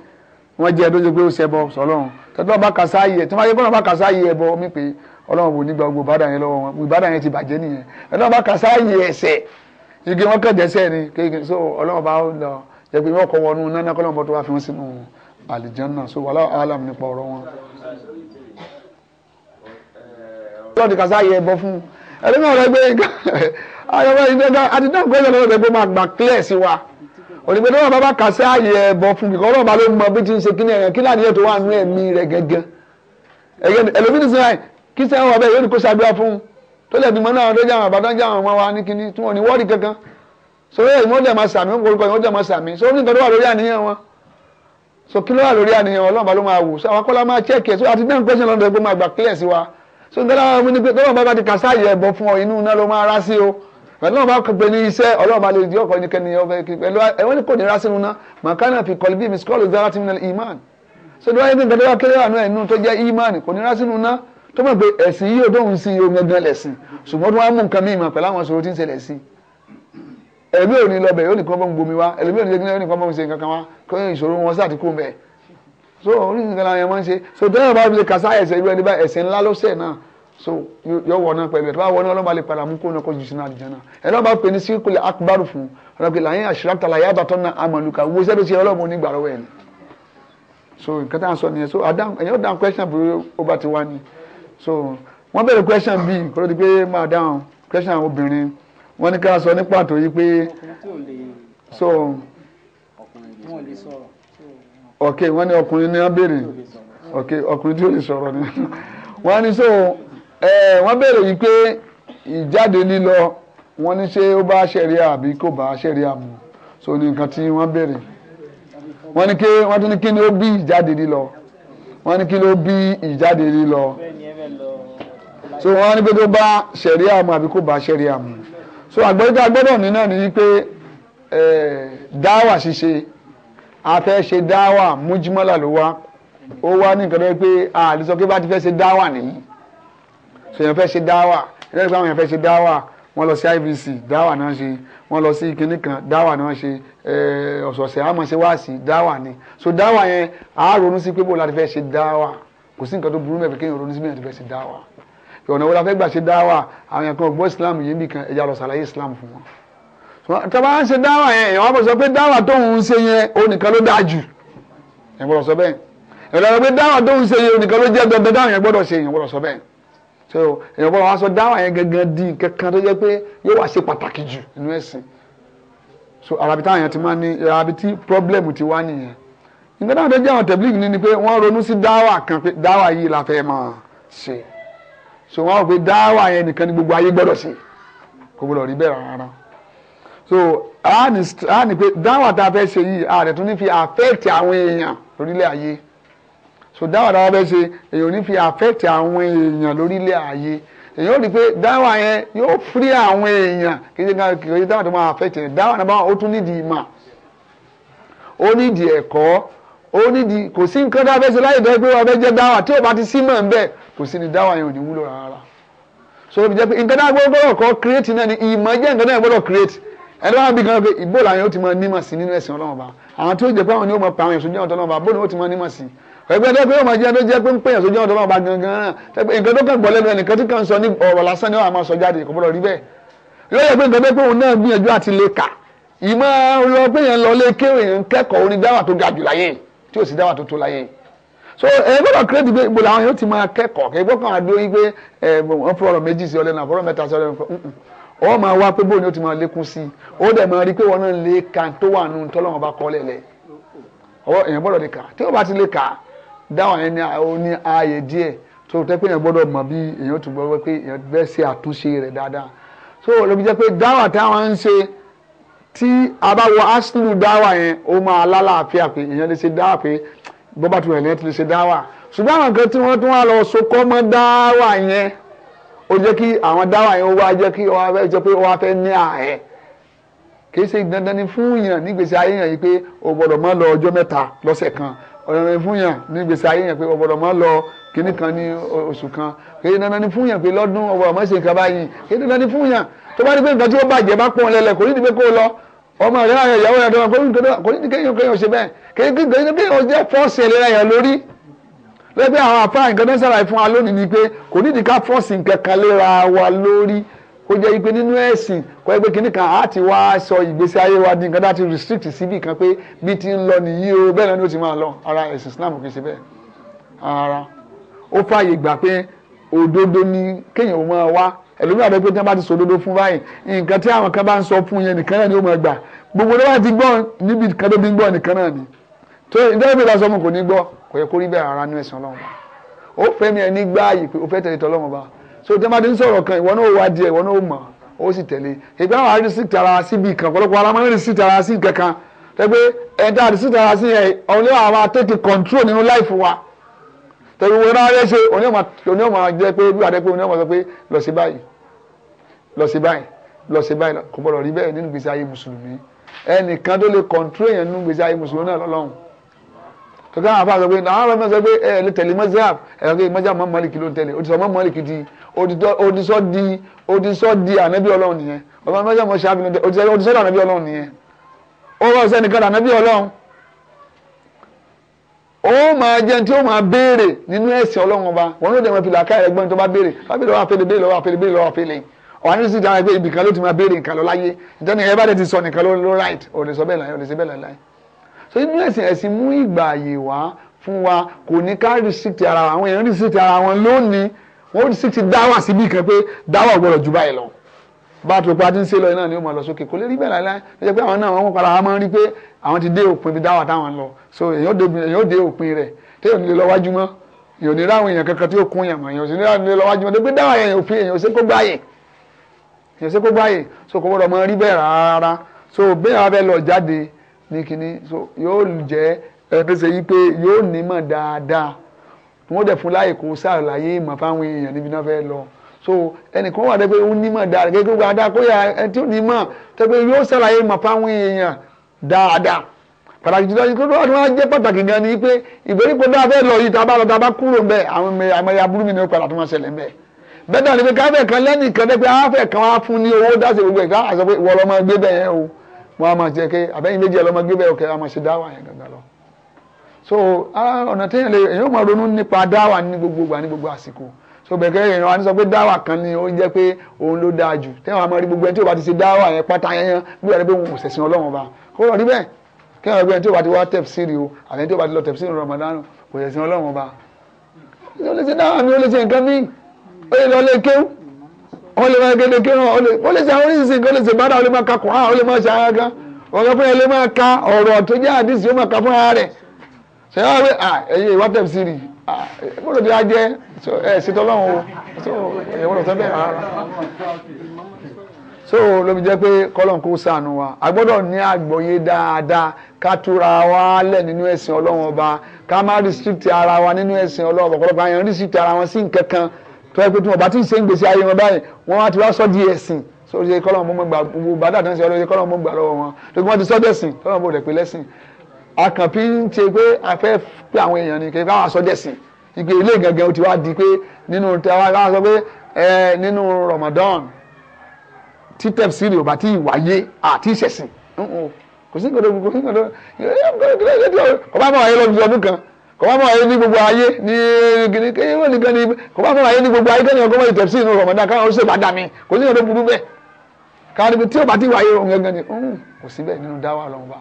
wọ́n jẹ́ ẹdójú pé ó ṣẹbọ sọlọ́run tọ́jú ọba kàṣá yẹ tí wọ́n yẹ kọ́nà ọba kàṣá yẹ ẹbọ mi pé ọlọ́run wò nígbà gbogbo ìbàdàn yẹn lọ́wọ́ wọn ìbàdàn yẹn ti bàjẹ́ nìyẹn tọ́jú ọba kàṣá yẹ ẹsẹ̀ igi wọn kẹ̀ dẹ́sẹ̀ ni kéèké so ọlọ́run bá lọ jẹ́ pé wọ́n kọ́ wọnú nánà kọ́nà ọba tó wá fi wọn sínú àlìjánná so wàhálà alam nípa ọ̀rọ̀ wọn. ọlọ́run kàṣá yẹ ẹbọ fún ẹlẹ́mọ̀ rẹ gbé nǹkan àyọ̀wọ̀ ìdẹ́gbẹ́ àti dáhùn wa òdìgbò tó wà bàbá kà sí ààyè ẹ̀bọ fún bìkọ́ ọlọ́ọ̀bá ló mọ bí ti ń ṣe kí ni ẹ̀yàn kí láàdìyẹ tó wà nínú ẹ̀mí rẹ̀ gẹ́gẹ́ ẹlòmíní sí láì kí sẹ́wọ̀n ọbẹ̀ yóò ní kó ṣàdúrà fún un tó lè bímọ náà tó jáwọn àbádán jáwọn ọmọ wa ní kíní tí wọn ní wọ́ọ̀rì kankan sórí ẹ̀yìn wọ́n dẹ̀ máa sàmì wọ́n kọ́ wọ́n sàmì sórí nǹkan tó wà so kí ló wà lórí àníyàn wọn ọlọ́ọ̀bá ló máa wù sáwọn akọ́lá máa chẹ́ẹ̀kì ẹ̀ so àti dẹ́n pẹ́sẹ̀ lọ́dọ̀ ẹgbẹ́ máa gbà kílẹ̀ sí wa so nígbà tó wà bá ti kàsáyè ẹ̀bọ fún ọ inú náà ló máa rá sí o ọlọ́run bá gbé ní iṣẹ́ ọlọ́run bá lè di ọkọ̀ ẹnikẹ́ni ọ̀fẹ́ pẹ̀lú ẹ̀wọ́n ní kò ní rásínú ná màkánà fi kọ̀lù bíi miskọ́ọ̀lù zara ti nílẹ̀ iman so ní wáyé ní gbẹdẹ́wà kéré àánú ẹ̀nu tó jẹ́ iman kò ní rásínú ná tó mọ̀ pé ẹ̀sìn yìí ò dóhùn sí omi ẹgbẹ́ lẹ̀sìn ṣùgbọ́n tó wá mú nǹkan mímọ̀ pẹ̀lú àwọn ìṣòro tí ń ṣẹlẹ̀ sí ẹ̀mí ò ní lọ bẹ̀ yóò nìkan bọ́ ń gbomi wá ẹ̀lẹ́mí ò ní lọ nìkan bọ́ ń ṣe nǹkan kan wá kó ìṣòro wọn sáà ti kó bẹ̀ so oríṣiríṣi nǹkan làwọn yẹn máa ń ṣe so tẹ́lẹ̀ bá fi lè kàṣá ẹ̀sẹ̀ irú ẹni bá ẹ̀sẹ̀ ńlá ló ṣẹ̀ so yọ wọ náà pẹ̀lú ẹ̀ tó bá wọ náà ọlọ́ba lè padà mú kó náà kó jù sínú àdìjẹ́ náà ẹ̀ lọ́ba pè ní síkùlì akbaru fún ọlọ́pẹ̀ láyé àṣírátà láyé àbátọ́ náà amaluka wo sẹ́dọ̀ sí ọlọ́mọ onígbàrọ̀ ẹ̀ ni so nǹkan tá à ń sọ nìyẹn so ẹ̀yọ́ dáhùn question bí ó bá ti wá ni so wọ́n bẹ̀rẹ̀ question bíi kó ló di pé máa dáhùn question àwọn obìnrin wọ́n ní ká sọ ní pàtó yìí pé so ok wọ́n ní ọkùnrin ní wọ́n béèrè ok ọkùnrin tí ó lè sọ̀rọ̀ ni wọ́n ní so wọ́n béèrè yìí pé ìjáde lílọ wọ́n ní ṣé ó bá ṣẹ̀ríà àbí kò bá ṣẹ̀ríà mu so ní nǹkan tí wọ́n béèrè wọ́n ní kí wọ́n tún ní kí ni ó bí ìjáde lílọ wọ́n ní kí ló bí ìjáde lílọ so wọ́n ní pé tó bá ṣẹ̀ríà mu àbí kò bá ṣẹ̀ríà mu so àgbẹ̀dá gbọ́dọ̀ ní náà ní pé dáwà ṣíṣe a fẹ́ ṣe dáwà mújímọ́là ló wá ó wá ní nǹkan tó yẹ pé àdìsọ́kẹ́ bá ti fẹ́ ṣe dáwà nìyí sèyàn fẹ́ ṣe dáwà ẹlẹ́rìí pé àwọn èèyàn fẹ́ ṣe dáwà wọ́n lọ sí IVC dáwà náà ṣe wọ́n lọ sí kinní kan dáwà náà ṣe ọ̀sọ̀ọ̀sẹ̀ àmọ́ ṣe wá sí dáwà ni so dáwà yẹn a ronú sí pé bó la ti fẹ́ ṣe dáwà kò sí nǹkan tó burú mẹ́fẹ́ kéèyàn ronú sí bẹ́ẹ̀ ti fẹ́ ṣe dáwà ọ̀nà wo la fẹ́ gbà ṣe dáwà àwọn èèyàn kan gbọ́ Islam yìí nìkan ẹ̀yà lọ sàlàyé Islam fún wọn tọ́ba ń ṣe dáwà yẹn èèyàn wọ́n bọ̀ sọ pé dáwà tóun ń ṣe yẹn onìkan ló dáa jù so èèyàn bọ́ wọn sọ dáwà yẹn gangan di kankan tó jẹ́ pé yóò wá ṣe pàtàkì jù nínú ẹ̀sìn so arabi táwọn èèyàn ti máa ní arabi tí problem ti wá nìyẹn nígbà táwọn tó jẹ́ àwọn tẹ̀blík ní ni pé wọ́n ronú sí dáwà kan pé dáwà yìí la fẹ́ máa ṣe so wọ́n rò pé dáwà yẹn nìkan ni gbogbo ayé gbọ́dọ̀ ṣe kò gbọ́dọ̀ rí bẹ́ẹ̀ rárá so a ní pé dáwà tá ṣe yìí so dáwà dáwà bẹ́ẹ̀ ṣe èyàn ò ní fi àfẹ́ẹ̀tì àwọn èèyàn lórílẹ̀ ayé èyàn ò rí i pé dáwà yẹn yóò fírí àwọn èèyàn kì í ṣe kan kì í ṣe dáwà tó máa àfẹ́ẹ̀tì yẹn dáwà náà ó tún nídìí ìmọ̀ ó nídìí ẹ̀kọ́ ó nídìí kò sí nǹkan dáwà bẹ́ẹ̀ ṣe láyé dẹ́ pé wọ́n fẹ́ jẹ́ dáwà tí ò bá ti sí mọ̀ ńbẹ́ kò sí ni dáwà yẹn ò ní wúlò rárá so lóbi jẹ́ pé nǹkan dáwà gbọ́dọ̀ kọ́ create náà ni ìmọ̀ jẹ́ nǹkan náà gbọ́dọ̀ create ẹni wọn bí gan pé ìbò làwọn yóò ti mọ nímọ̀ sí nínú ẹ̀sìn Ọlọ́run ọba àwọn tí ó jẹ pé àwọn ni ó mọ pa àwọn ẹ̀sùn jẹ́ ọ̀tọ̀ Ọlọ́run ọba bó ni ó ti mọ nímọ̀ sí ẹgbẹ́ tó pé ọmọ jẹ́ tó jẹ́ pé ń pèyàn sójú ọ̀dọ́ náà bá gangan nǹkan tó kàn gbọ́ lẹ́nu ẹnìkan tí kàn sọ ní ọ̀rọ̀ lásán ni wọ́n á máa sọ jáde kò gbọ́dọ̀ rí bẹ́ẹ̀ lọ́yẹ̀ pé nǹkan tó pé òun náà gbìyànjú àti lè kà ìmọ̀ lọ pé yẹn lọ lé kéwìn ń kẹ́kọ̀ọ́ orin dáwà tó ga jù láyé tí ò sì dáwà tó tó láyé so ẹ gbọ́dọ̀ kírèdì pé gbọ́dọ̀ àwọn yóò ti máa kẹ́kọ̀ọ́ kẹ gbọ́dọ̀ kàn àdó yín pé ẹ wọn fọ̀rọ̀ méjì sí ọlẹ́nu àfọ̀rọ̀ mẹ́ta sí ọlẹ́nu ọ máa wá pé bóun ni ó ti máa lékún sí i ó dẹ̀ máa rí pé wọn náà lè kà tó èèyàn gbọ́dọ̀ lè kà tí ó bá ti lè kà dáhùn yẹn ni ó ní ààyè díẹ̀ tó tẹ́ pé èèyàn gbọ́dọ̀ mọ̀ bí èèyàn tún gbọ́dọ̀ pé èèyàn bẹ́ẹ̀ ṣe àtúnṣe rẹ̀ dáadáa so olóbi jẹ́ pé dáwà táwọn ń ṣe tí a bá wọ asinu dáwà yẹn ó máa lálàáfíà pé èèyàn lè ṣe dáwà pé bọ́bá tún ẹ̀lẹ́ tún lè ṣe dáwà ṣùgbọ́n àwọn kan tí wọ́n tún wá lọ sokọ́ mọ́ dáwà yẹn ó jẹ́ kí àwọn dáwà yẹn ó wá jẹ́ kí wọ́n fẹ́ jẹ́ pé wọ́n fẹ́ ní ààyè kì í ṣe dandan ni fún yàn nígbèsè ayé yàn yìí pé o gbọ́dọ̀ mọ́ lọ ọjọ́ mẹ́ta lọ́sẹ̀ kan ọ̀rẹ́rẹ́ fún yàn ní gbèsè ayé yẹn pé ọ̀bọ̀dọ̀ máa lọ kíní kan ní oṣù kan kéde dandan ni fún yàn pé lọ́dún ọ̀bọ̀dọ̀ máa ṣe nǹkan báyìí kéde dandan ni fún yàn tó bá ní pé nǹkan tí ó bàjẹ́ bá pọ̀ lẹ́lẹ̀ kò ní ìdí pé kó lọ ọmọ rẹ àyà ìyàwó rẹ dọ́wọ́ kò ní ìdí kéèyàn kéèyàn ṣe bẹ́ẹ̀ kéèyàn jẹ́ fọ́ọ̀sì ìlera yẹn lórí lẹ́gbẹ́ àwọn àfáà nǹkan tó ń ṣàlàyé fún wa lónìí ni pé kò ní ìdí ká fọ́ọ̀sì nǹkan kan léra wa lórí kó jẹ́ ipe nínú ẹ̀sìn kọ́ ẹ pé kan á ti wá sọ ìgbésí ayé wa di nǹkan láti restrict síbi kan pé bí ti ń lọ nìyí o bẹ́ẹ̀ náà ni ó ti máa lọ ara ẹ̀sìn Islam kì í ṣe bẹ́ẹ̀ ara ó fààyè gbà pé òdodo ni kéèyàn ó máa wá ẹlòmíì àbẹ pé tí wọn bá ti sọ òdodo fún báyìí nǹkan tí àwọn kan bá ń sọ fún yẹn nìkan náà ni ó máa gbà gbogbo ló bá ti gbọ́ níbi kan tó ti gbọ́ nìkan náà ni tó ìdẹ́rẹ́bí bá sọ fún kò ní gbọ́ kò yẹ kó rí bẹ́ẹ̀ rárá nínú ẹ̀sìn Ọlọ́run ó fẹ́ mi ẹ̀ ní gbáàyè pé ó fẹ́ tẹ̀lé tọ́lọ́run so tí wọ́n bá ti ń sọ̀rọ̀ kan ìwọ náà wá díẹ̀ ìwọ náà mọ̀ ó sì tẹ̀lé ìgbà àwọn arísíìtì ara wa síbi kan ọ̀pọ̀lọpọ̀ ara máa ń arísíìtì ara sí kankan tẹ́gbẹ́ ẹ̀dá arísíìtì ara sí ẹ̀ ọ̀lẹ́ àwa tètè control nínú láìfù wa tẹ́gbẹ́ wọn náà rẹ́ ṣe òní ọ̀ma jẹ́ pé bí wàá dẹ́ pé òní ọ̀ma sọ pé lọ sí báyìí lọ sí báyìí lọ sí báyìí kò gbọdọ̀ rí bẹ́ẹ̀ nínú gbèsè ayé mùsùlùmí ẹnìkan tó lè control èèyàn nínú gbèsè ayé mùsùlùmí náà lọ́lọ́run kankan àfa sọ pé àwọn ọmọ sọ pé eh, ẹ lè tẹ̀lé mọ́sáàb ẹ̀rọ pé mọ́sáàb mọ́ mọ́lìkì ló ń tẹ̀lé òtítọ́ mọ́ mọ́lìkì di òtítọ́ di òtítọ́ di ànábì ọlọ́run nìyẹn ọmọ mọ́sáàb mọ́ sáàbì ló ń tẹ̀lé òtítọ́ di ànábì ọlọ́run nìyẹn ó rọ sẹ́nìkan ànábì ọlọ́run ó máa jẹ tí ó máa béèrè nínú ẹ̀sìn ọlọ́run ọba wọn ló dẹ̀ mọ́ fìlà káyọ̀ ẹgbọ́n tó bá béèrè lábẹ́rẹ́ wà fẹ́lẹ́ béèrè lọ́wọ́ fẹ́lẹ́ béèrè lọ́wọ́ fẹ́lẹ́ ọ̀hún ní sísè àwọn ẹgbẹ́ ibìkan ló ti máa béèrè nǹkan lọ láyé ìtọ́ni ẹ bá dẹ̀ ti sọ nǹkan ló right ò lè sọ bẹ́ẹ̀ láyé ò lè sọ bẹ́ẹ̀ láyé so inú ẹ̀sìn ẹ̀sìn mú ìgbà àyè wá fún wa kò ní ká rìsíìtì ara àwọn èèyàn rìsíìtì ara wọn lónìí wọn rìsíìtì dáwà síbí kan pé dáwà gbọ́dọ̀ jù báyìí lọ bá a tó pa ti ń ṣe lọ iná ni ó máa lọ sókè kò lè rí bẹ́ẹ̀ láíláí ló jẹ́ pé àwọn náà wọ́n padà wá máa ń rí pé àwọn ti dé òpin ibi dáwà táwọn lọ so èèyàn dé òpin rẹ̀ téèyàn lè lọ wájú mọ́ èèyàn ní ráwọn èèyàn kankan tí ó kún yàn mọ́ èèyàn sì ní ráwọn lè lọ wájú mọ́ dégbé so kò gbọ́dọ̀ máa rí so bẹ́ẹ̀ wá fẹ́ lọ ní kinní so yóò jẹ́ ẹ̀ẹ́dẹ́sẹ̀ yí pé yóò nímọ̀ dáadáa wọ́n dẹ̀ fún láyè kó ṣàlàyé ìmọ̀ fáwọn èèyàn níbi náà fẹ́ lọ so ẹnìkan wà dẹ́gbẹ́ ó nímọ̀ dáadáa gẹ́gẹ́ gbogbo adákóyà ẹni tí ó nímọ̀ tẹ́gbẹ́ yóò ṣàlàyé ìmọ̀ fáwọn èèyàn dáadáa pàtàkì jùlọ yìí tó lọ́wọ́ máa jẹ́ pàtàkì gan ni pé ìgbèríko dáa fẹ́ lọ yìí tá a bá lọ tá a bá kúrò ńbẹ àwọn àmọ́ya burú mi ni ó padà tó máa ṣẹlẹ̀ ńbẹ bẹ́ẹ̀ náà ni pé káfẹ́ kan lẹ́nìkan dẹ́gbẹ́ afẹ́ kan wá fún ní owó dáṣe gbogbo ìgbà àṣọ pé ìwọ gbé bẹ́ẹ̀ yẹn o wọ́n á máa jẹ́ pé àbẹ́yìn méjì ọlọ́mọ gbé bẹ́ẹ̀ ọ̀kẹ́ á máa ṣe dáwà yẹn gangan lọ. so ọ̀nà téèyàn lè èyàn máa ronú nípa dáwà ní gbogbo ìgbà ní gbogbo àsìkò so bẹ̀kẹ́ èèyàn wa ní sọ pé dáwà kan ni ó jẹ́ pé òun ló dáa jù téèyàn wa máa rí gbogbo ẹni tí ò bá ti ṣe dáwà yẹn pátá yẹn bí wàá rí pé òun ò ṣẹ̀sìn Ọlọ́run kó lọ rí bẹ́ẹ̀ kí gbé tí o àti tí ó bá ti lọ tẹ̀fsíìrì Ramadan kò yẹ sin ó lè máa gẹ́gẹ́ kí wọ́n ó lè ṣe àwọn oríṣiríṣi nǹkan ó lè ṣe bàdà ó lè máa ka kùrán ó lè máa ṣe ara gan ọ̀gá fún ẹ lè máa ka ọ̀rọ̀ tó jẹ́ àdìsí ó máa ka fún ara rẹ̀ ṣe wá wí ẹ̀yin ìwà tẹ̀ sí rí gbọ́dọ̀ bí a jẹ́ ẹ̀ ṣètò ọlọ́run o ẹ̀yin gbọ́dọ̀ sọ bẹ́ẹ̀ rárá so lóbi jẹ́ pé kọ́lọ́n kó sànù wa a gbọ́dọ̀ ní àgbọ́yé dáadáa ká túra wa lẹ̀ nínú ẹ̀sìn ọlọ́run ọba ká má restrict ara wa nínú ẹ̀sìn ọlọ́run ọ̀pọ̀lọpọ̀ àyàn restrict ara wọn sí nǹkan kan tó yẹ pé tí wọn bá ti ń ṣe ń gbèsè ayé wọn báyìí wọn wá ti wá sọ di ẹ̀sìn sórí kọ́lọ́n mọ́ gbà gbogbo bàdà tán ṣe ọlọ́yẹ kọ́lọ́n mọ́ gbà lọ́wọ́ wọn tó kí wọ́n ti sọ dẹ̀sìn kọ́lọ́n bò rẹ̀ pé lẹ́sìn akànpí ń ṣe pé a fẹ́ pé àwọn èèyàn ni kí wọ́n á sọ dẹ̀sìn ìgbé ilé gangan ó ti wá di pé nínú tẹwa ká sọ pé ẹ nínú Ramadan tí tẹ̀síìrì ò bá tí ì wáyé àti ìṣẹ̀sìn kò sí nǹkan tó kò sí nǹkan tó kò bá mọ̀ ayé ní gbogbo ayé ní gini kéyìn wọn nìkan ní kò bá mọ̀ ayé ní gbogbo ayé kẹ́ni ọgọ́mọ̀ ìtẹ̀sí inú rọ̀mọ̀dá káwọn ó ṣèbàdà mi kò sí ìyọ̀dọ̀ burú bẹ́ẹ̀ káwọn níbi tí ó bá ti wáyé òun gangan ni kò sí bẹ́ẹ̀ nínú dáwà lọ́wọ́ bá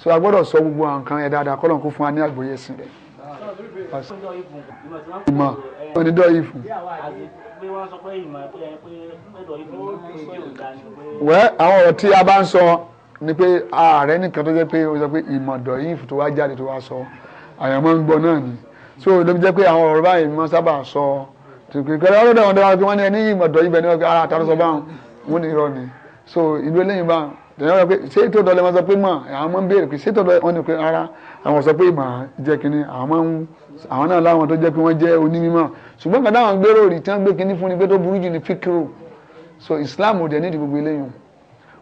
so a gbọ́dọ̀ sọ gbogbo àwọn nǹkan yẹn dáadáa kọ́lọ́n kó fún wa ní àgbóyè sí rẹ̀. ìmọ̀ onídọ́ ìfún. wẹ́ àwọn ọ̀rọ̀ tí a bá ń sọ ni pé ààrẹ nìkan tó jẹ́ pé ó sọ ìmọ̀ dọ̀ ìfún tó jáde tó wá sọ àyàn máa ń gbọ́ náà ni so ló fi jẹ́ pé àwọn ọ̀rọ̀ báyìí máa sábà sọ tìpínpínlẹ̀ ọlọ́dọ̀ àwọn dára pé wọ́n ní ẹni ìmọ̀dọ̀ ibẹ̀ ní ọgbà ara ah, àtàrọ̀ sọ báwọn ní irọ́ ni so ìlú eléyìí bá tẹ̀yìn ọ̀rọ̀ pé ṣé tó dọ̀lẹ́ wọn sọ pé mọ̀ àwọn máa ń béèrè pé ṣé tó dọ̀lẹ́ wọn ni pé ara àwọn sọ pé ìmọ̀ jẹ́ kínní àwọn náà láwọn tó jẹ́ pé wọ́n jẹ́ onímọ̀ ṣùgbọ́n kàdá àwọn gbèrò rí tí wọ́n gbé kínní fún ni pé tó burú jù ní fíkírò so Islam ò dẹ̀ nídìí gbogbo eléyìí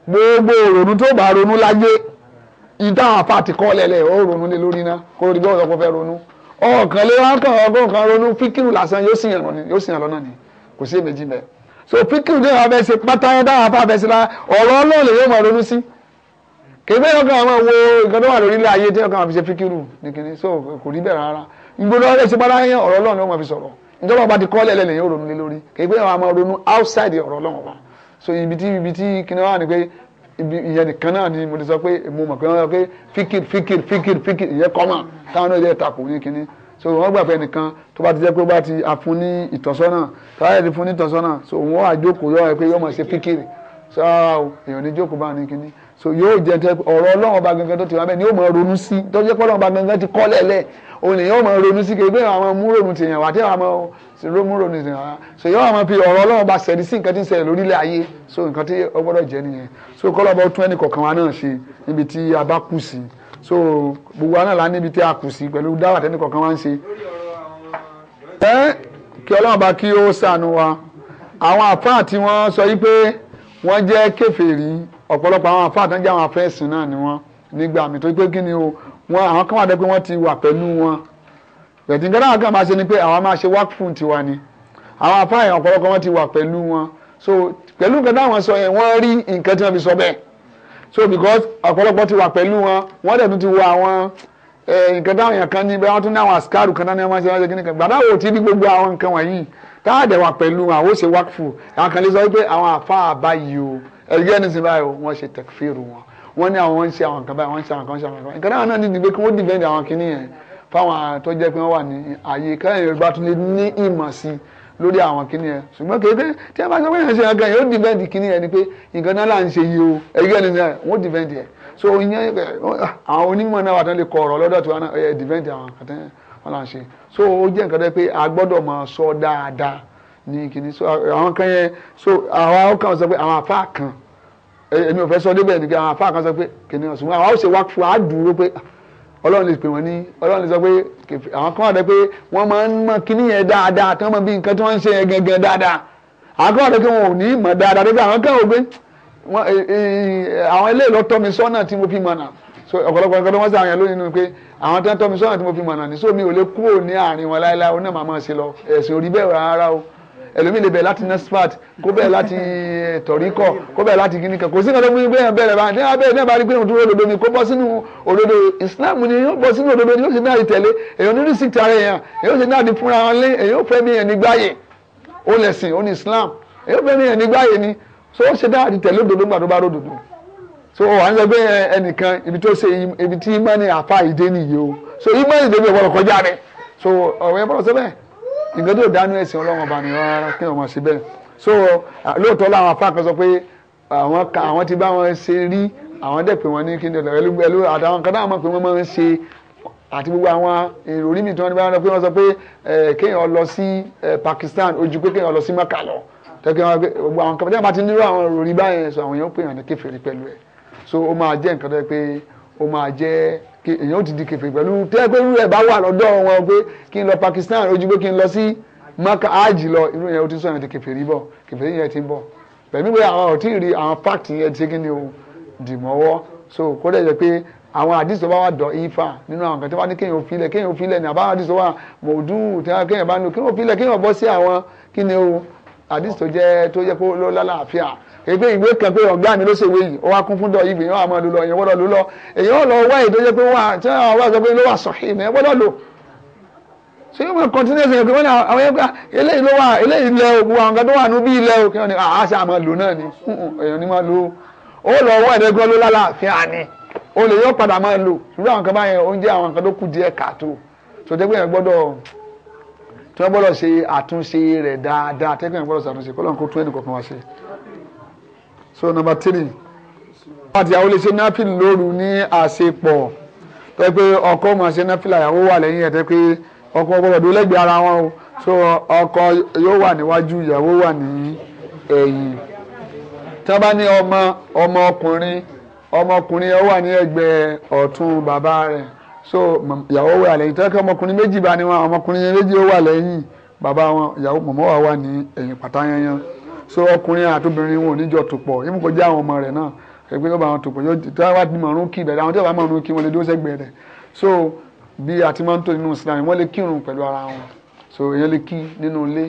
gbogbo òrònú tó bá ronú láyé ìdá àfa ti kọ́ lẹ́lẹ̀ ó ronú lé lórí ná kó lórí bí wọ́n sọ pé ó fẹ́ ronú ọkàn lé wọn kàn ọgbọ́n kan ronú fíkìrù lásán yóò sì yàn lọ́nà ni kò sí èméjì bẹ́ẹ̀ so fíkìrù dé àwọn abẹ́sẹ̀ pátá dá àwọn abẹ́sẹ̀ la ọ̀rọ̀ ọlọ́run lè yóò máa ronú sí kébé ọkàn àwọn wo nǹkan tó wà lórí ilé ayé tí ọkàn àwọn fi ṣe fíkìrù nìkíní so kò rí bẹ́ẹ̀ rárá ìgbóná ọlọ́run ṣe bára yẹn ọ̀rọ̀ ọlọ́run ló máa fi sọ̀rọ̀ outside ọ̀rọ̀ ọlọ́run wa so ibi tí ibi tí kíni wà ibi ìyẹn nìkan náà ni mo ti sọ pé mo mọ̀ pé wọ́n sọ pé fíkìr fíkìr fíkìr fíkìr ìyẹn kọ́mà táwọn náà yẹ takò ní kínní so wọ́n gbà pé nìkan tó bá ti jẹ́ pé ó bá ti afun ní ìtọ́sọ́nà táyà ti fún ní ìtọ́sọ́nà so wọ́n àjókòó yọ ẹ pé yọ mọ̀ ṣe fíkìr so èèyàn ní jókòó bá ní kínní so yóò jẹ tẹ ọ̀rọ̀ Ọlọ́run ọba gangan tó ti wá bẹ́ẹ̀ ni yóò máa ronú sí tó jẹ́ pé Ọlọ́run ọba gangan ti kọ́ lẹ́lẹ̀ òun lè yóò máa ronú sí kéde àwọn múrònú ti yàn wá tí àwọn múrònú ti yàn wá so yóò máa fi ọ̀rọ̀ Ọlọ́run ọba sẹ̀rí sí nǹkan tí ń ṣẹlẹ̀ ayé so nǹkan tí ó gbọ́dọ̀ jẹ́ nìyẹn so kọ́lọ́bọ̀ tún ẹnì kọ̀ọ̀kan wa náà ṣe níbi tí a bá kù sí so gbogbo wa náà lá níbi tí a kù sí pẹ̀lú dáwà tẹ́nì kọ̀ọ̀kan wa ń ṣe. ẹ kí Ọlọ́run ọba kí wọ́n jẹ́ kèfèrí ọ̀pọ̀lọpọ̀ àwọn àfáà tán jẹ́ àwọn afẹ́sìn náà ni wọ́n nígbà mi torí pé kí ni o wọn àwọn kan wà dẹ́ pé wọ́n ti wà pẹ̀lú wọn bẹ̀tì nǹkan táwọn kan máa ṣe ni pé àwọn máa ṣe wákùn tiwa ni àwọn àfáà ọ̀pọ̀lọpọ̀ wọn ti wà pẹ̀lú wọn so pẹ̀lú nǹkan táwọn sọ yẹn wọ́n rí nǹkan tí wọ́n fi sọ bẹ́ẹ̀ so because ọ̀pọ̀lọpọ̀ ti wà pẹ̀lú wọn wọ́n dẹ̀ tún ti wọ àwọn nǹkan táwọn yẹn kan ní bẹ́ẹ̀ wọ́n tún ní àwọn àsìkáàrù kan náà ní wọ́n máa ṣe wọ́n ṣe kí nìkan gbàdá ẹ̀jẹ̀ ní sinmi báyìí wọ́n ṣe tẹ̀kfíìrù wọn wọ́n ní àwọn ṣe àwọn kan báyìí wọ́n ṣe àwọn kan ṣe àwọn kan ìkànnì àwọn náà ní pé kí wọ́n dìbẹ́ndì àwọn kìíní yẹn fáwọn tó jẹ́ pé wọ́n wà ní àyè kẹ́hìn yorùbá tún lè ní ìmọ̀ sí lórí àwọn kìíní yẹn ṣùgbọ́n kéde tí a bá sọ pé yẹn ṣe àgàn yóò dìbẹ́ndì kìíní yẹn ni pé nǹkan náà là ń ṣe yìí o ẹ̀jẹ̀ ní sinmi so ìyẹn àwọn onímọ̀ náà wà tán lè kọ ọ̀rọ̀ lọ́dọ̀ tí wọ́n so ó jẹ́ nǹkan tó yẹ pé a gbọ́dọ̀ ní kìíní so àwọn kan yẹn so àwọn kan sọ pé àwọn afá kan èmi ò fẹ́ sọ débẹ̀ ni pé àwọn afá kan sọ pé kìíní ọ̀sùn àwọn ó ṣe wá fún wa dúró pé ah, ọlọ́run lè pè wọ́n ní ọlọ́run lè sọ pé àwọn kan wà dé pé wọ́n máa ń mọ kìíní yẹn dáadáa tí wọ́n mọ bí nǹkan tí wọ́n ń ṣe yẹn gangan dáadáa àwọn kan wà dé pé wọn ò ní mọ̀ dáadáa dé àwọn kan ò gbé àwọn ilé ìlọ́tọ́ mi sọ́nà tí mo fi mọ̀ náà so ọ̀pọ̀lọpọ̀ nǹkan tó wọ́n sí àwọn yẹn lónìí nínú pé àwọn tó ń tọ́ mi sọ́nà tí mo fi mọ̀ náà ní so mi ò lè kúrò ní àárín wọn láéláé ó náà màá ẹlòmíì le bẹ̀rẹ̀ láti nurspart kó bẹ̀rẹ̀ láti eh, tọ̀ríkọ̀ kó bẹ̀rẹ̀ láti gíní kan kò sí nǹkan tó fún bẹ́ẹ̀ bẹ̀rẹ̀ bá ní abẹ́rẹ́ náà bá rí pé òun dúró òdodo ni kó bọ́ sínú òdodo Islam ni yóò bọ́ sínú òdodo ni yóò ṣe náà di tẹ̀lé èyàn nínú sí tara èèyàn èyàn ṣe náà di fúnra wọn lé èyàn fẹ́ mi yẹn nígbàyè ó lẹ̀sìn ó ní Islam èyàn fẹ́ mi yẹn nígbàyè ni so ó ṣe náà di tẹ̀lé òdodo gbàdó bá ródòdó so wà ń sọ pé eh, ẹnìkan ibi tó ṣe ibi tí imani àfa ìdé nìyí o so imani ìdé mi ò gbọdọ̀ kọjá rẹ̀ so ọ̀rọ̀ yẹn bọ̀rọ̀ nǹkan tó dánú ẹ̀sìn ọlọ́run ọba ni rárá kí wọ́n máa ṣe bẹ́ẹ̀ so lóòótọ́ làwọn afá kan sọ pé àwọn ka àwọn ti bá wọn ṣe rí àwọn dẹ̀ pé wọ́n ní kí ni ọ̀dọ̀ ẹlú àtàwọn kan náà mọ̀ pé wọ́n máa ń ṣe àti gbogbo àwọn èrò orí mi tí wọ́n ti bá wọn pé wọ́n sọ pé kéèyàn lọ sí Pakistan ojú pé kéèyàn lọ sí Mecca lọ tẹ́kẹ́ wọn gbogbo àwọn kan tẹ́kẹ́ bá ti nírú àwọn èrò orí báyẹn so àwọn èèyàn pè hàn kí èyàn ó ti di kẹfẹ pẹ̀lú tẹ́ pé irú ẹ̀ bá wà lọ́dọ̀ wọn pé kí n lọ Pakistan ojú pé kí n lọ sí Maka áàjì lọ irú yẹn ó ti sọ yẹn ti kẹfẹ rí bọ̀ kẹfẹ yẹn ti bọ̀ pẹ̀lú pé àwọn ò tí ì rí àwọn fact yẹn ti kí ni o dì mọ́wọ́ so kó dẹ̀ jẹ́ pé àwọn àdìsọ bá wà dọ̀ ifá nínú àwọn kan tí wọ́n ní kéèyàn òfilẹ̀ kéèyàn òfilẹ̀ ní àbáwọn àdìsọ wà mọ̀ọ́dù kéèyàn bá nù kéèyàn òfilẹ̀ kéèyàn bọ́ sí àwọn kí ni o àdìsọ jẹ́ tó jẹ́ kó lọ́lá àfíà ègbé ìwé kan pé ọ̀gá mi ló ṣèwé yìí ó wá kún fún dọ̀ ibì yẹn wà máa lò lọ èèyàn gbọ́dọ̀ lò lọ èèyàn lọ wá èyí tó jẹ́ pé wà tí wọ́n wá sọ pé ló wà sọ̀hìn èèyàn gbọ́dọ̀ lò ṣé wọ́n kọ́ntínẹ́ sẹ́yìn pé wọ́n ní àwọn ẹgbẹ́ ah, eléyìí ló wà eléyìí lẹ ogun àwọn kan tó wà níbí ilẹ̀ o kí wọ́n ní àṣà ah, àmọ́ lò náà ni èèyàn ní máa lò ó lọ wá ẹ̀dẹ́gbọ́n ló lálàáfíà ni o lè yọ padà máa lò ṣùgbọ́n àwọn kan báyẹn oúnjẹ àwọn kan tó kù díẹ̀ kàtó tó jẹ́ pé yẹn gbọ́dọ̀ tó gbọ́dọ̀ ṣe àtúnṣe rẹ̀ dáadáa tẹ́gbẹ́ yẹn gbọ́dọ̀ ṣàtúnṣe kọ́lọ́n so number three àti àwọn olùṣe nápì lóru ní àṣepọ̀ tẹ́ pé ọkọ ọmọ ṣe nápì làyàwó wà lẹ́yìn ẹ̀ tẹ́ pé ọkọ ọgbọ́dọ̀ dúró lẹ́gbẹ̀ẹ́ ara wọn o so ọkọ yóò wà níwájú ìyàwó wà ní ẹ̀yìn tá bá ní ọmọ ọmọ ọkùnrin ọmọkùnrin yẹn wà ní ẹ̀gbẹ́ ọ̀tún bàbá rẹ̀ so ìyàwó wà lẹ́yìn tẹ́ pé ọmọkùnrin méjì bá ní wọn ọmọkùnrin yẹn méjì ó wà lẹ́yìn bàbá wọn ìyàwó mọ̀mọ́ wà wà ní ẹ̀yìn pàtàyányán so ọkùnrin àtobìnrin wọn ò ní jọ tò pọ̀ yìí kò já àwọn ọmọ rẹ̀ náà ẹgbẹ́ yóò bá wọn tò pọ̀ yóò tí wọ́n bá ti mọ̀ọ́rún kí ìbẹ̀rẹ̀ àwọn tí wọ́n bá mọ̀ọ́rún kí wọ́n lè dúró sẹ́gbẹ̀ẹ́ rẹ̀ so bí a ti máa ń tò nínú Islam wọ́n lè kírun pẹ̀lú ara wọn so èèyàn lè kí nínú ilé